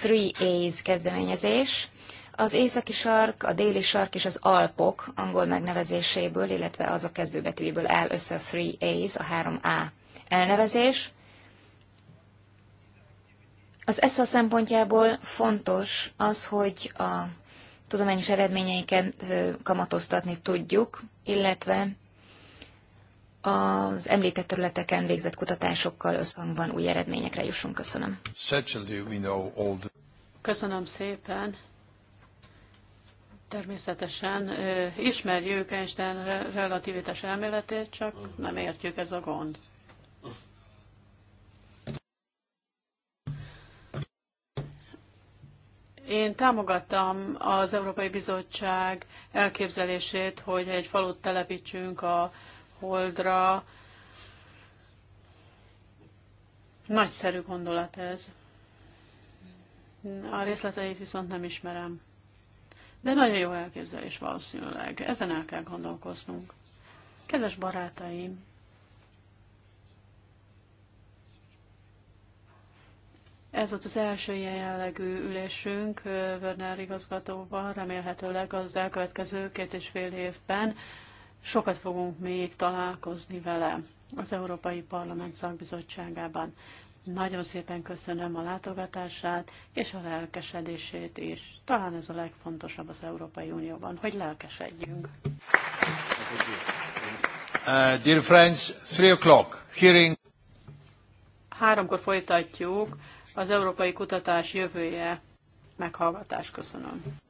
Three A's kezdeményezés. Az északi sark, a déli sark és az Alpok angol megnevezéséből, illetve azok kezdőbetűjéből áll össze a Three A's, a 3A elnevezés. Az ESSA szempontjából fontos az, hogy a tudományos eredményeiket kamatoztatni tudjuk, illetve az említett területeken végzett kutatásokkal összhangban új eredményekre jussunk. Köszönöm. Köszönöm szépen. Természetesen ismerjük Einstein relativitás elméletét, csak nem értjük ez a gond. Én támogattam az Európai Bizottság elképzelését, hogy egy falut telepítsünk a holdra. Nagyszerű gondolat ez. A részleteit viszont nem ismerem. De nagyon jó elképzelés valószínűleg. Ezen el kell gondolkoznunk. Kedves barátaim, Ez volt az első ilyen jellegű ülésünk Werner igazgatóval, remélhetőleg az elkövetkező két és fél évben Sokat fogunk még találkozni vele az Európai Parlament szakbizottságában. Nagyon szépen köszönöm a látogatását és a lelkesedését is. Talán ez a legfontosabb az Európai Unióban, hogy lelkesedjünk. Uh, dear friends, three o'clock hearing. Háromkor folytatjuk az Európai Kutatás jövője meghallgatás Köszönöm.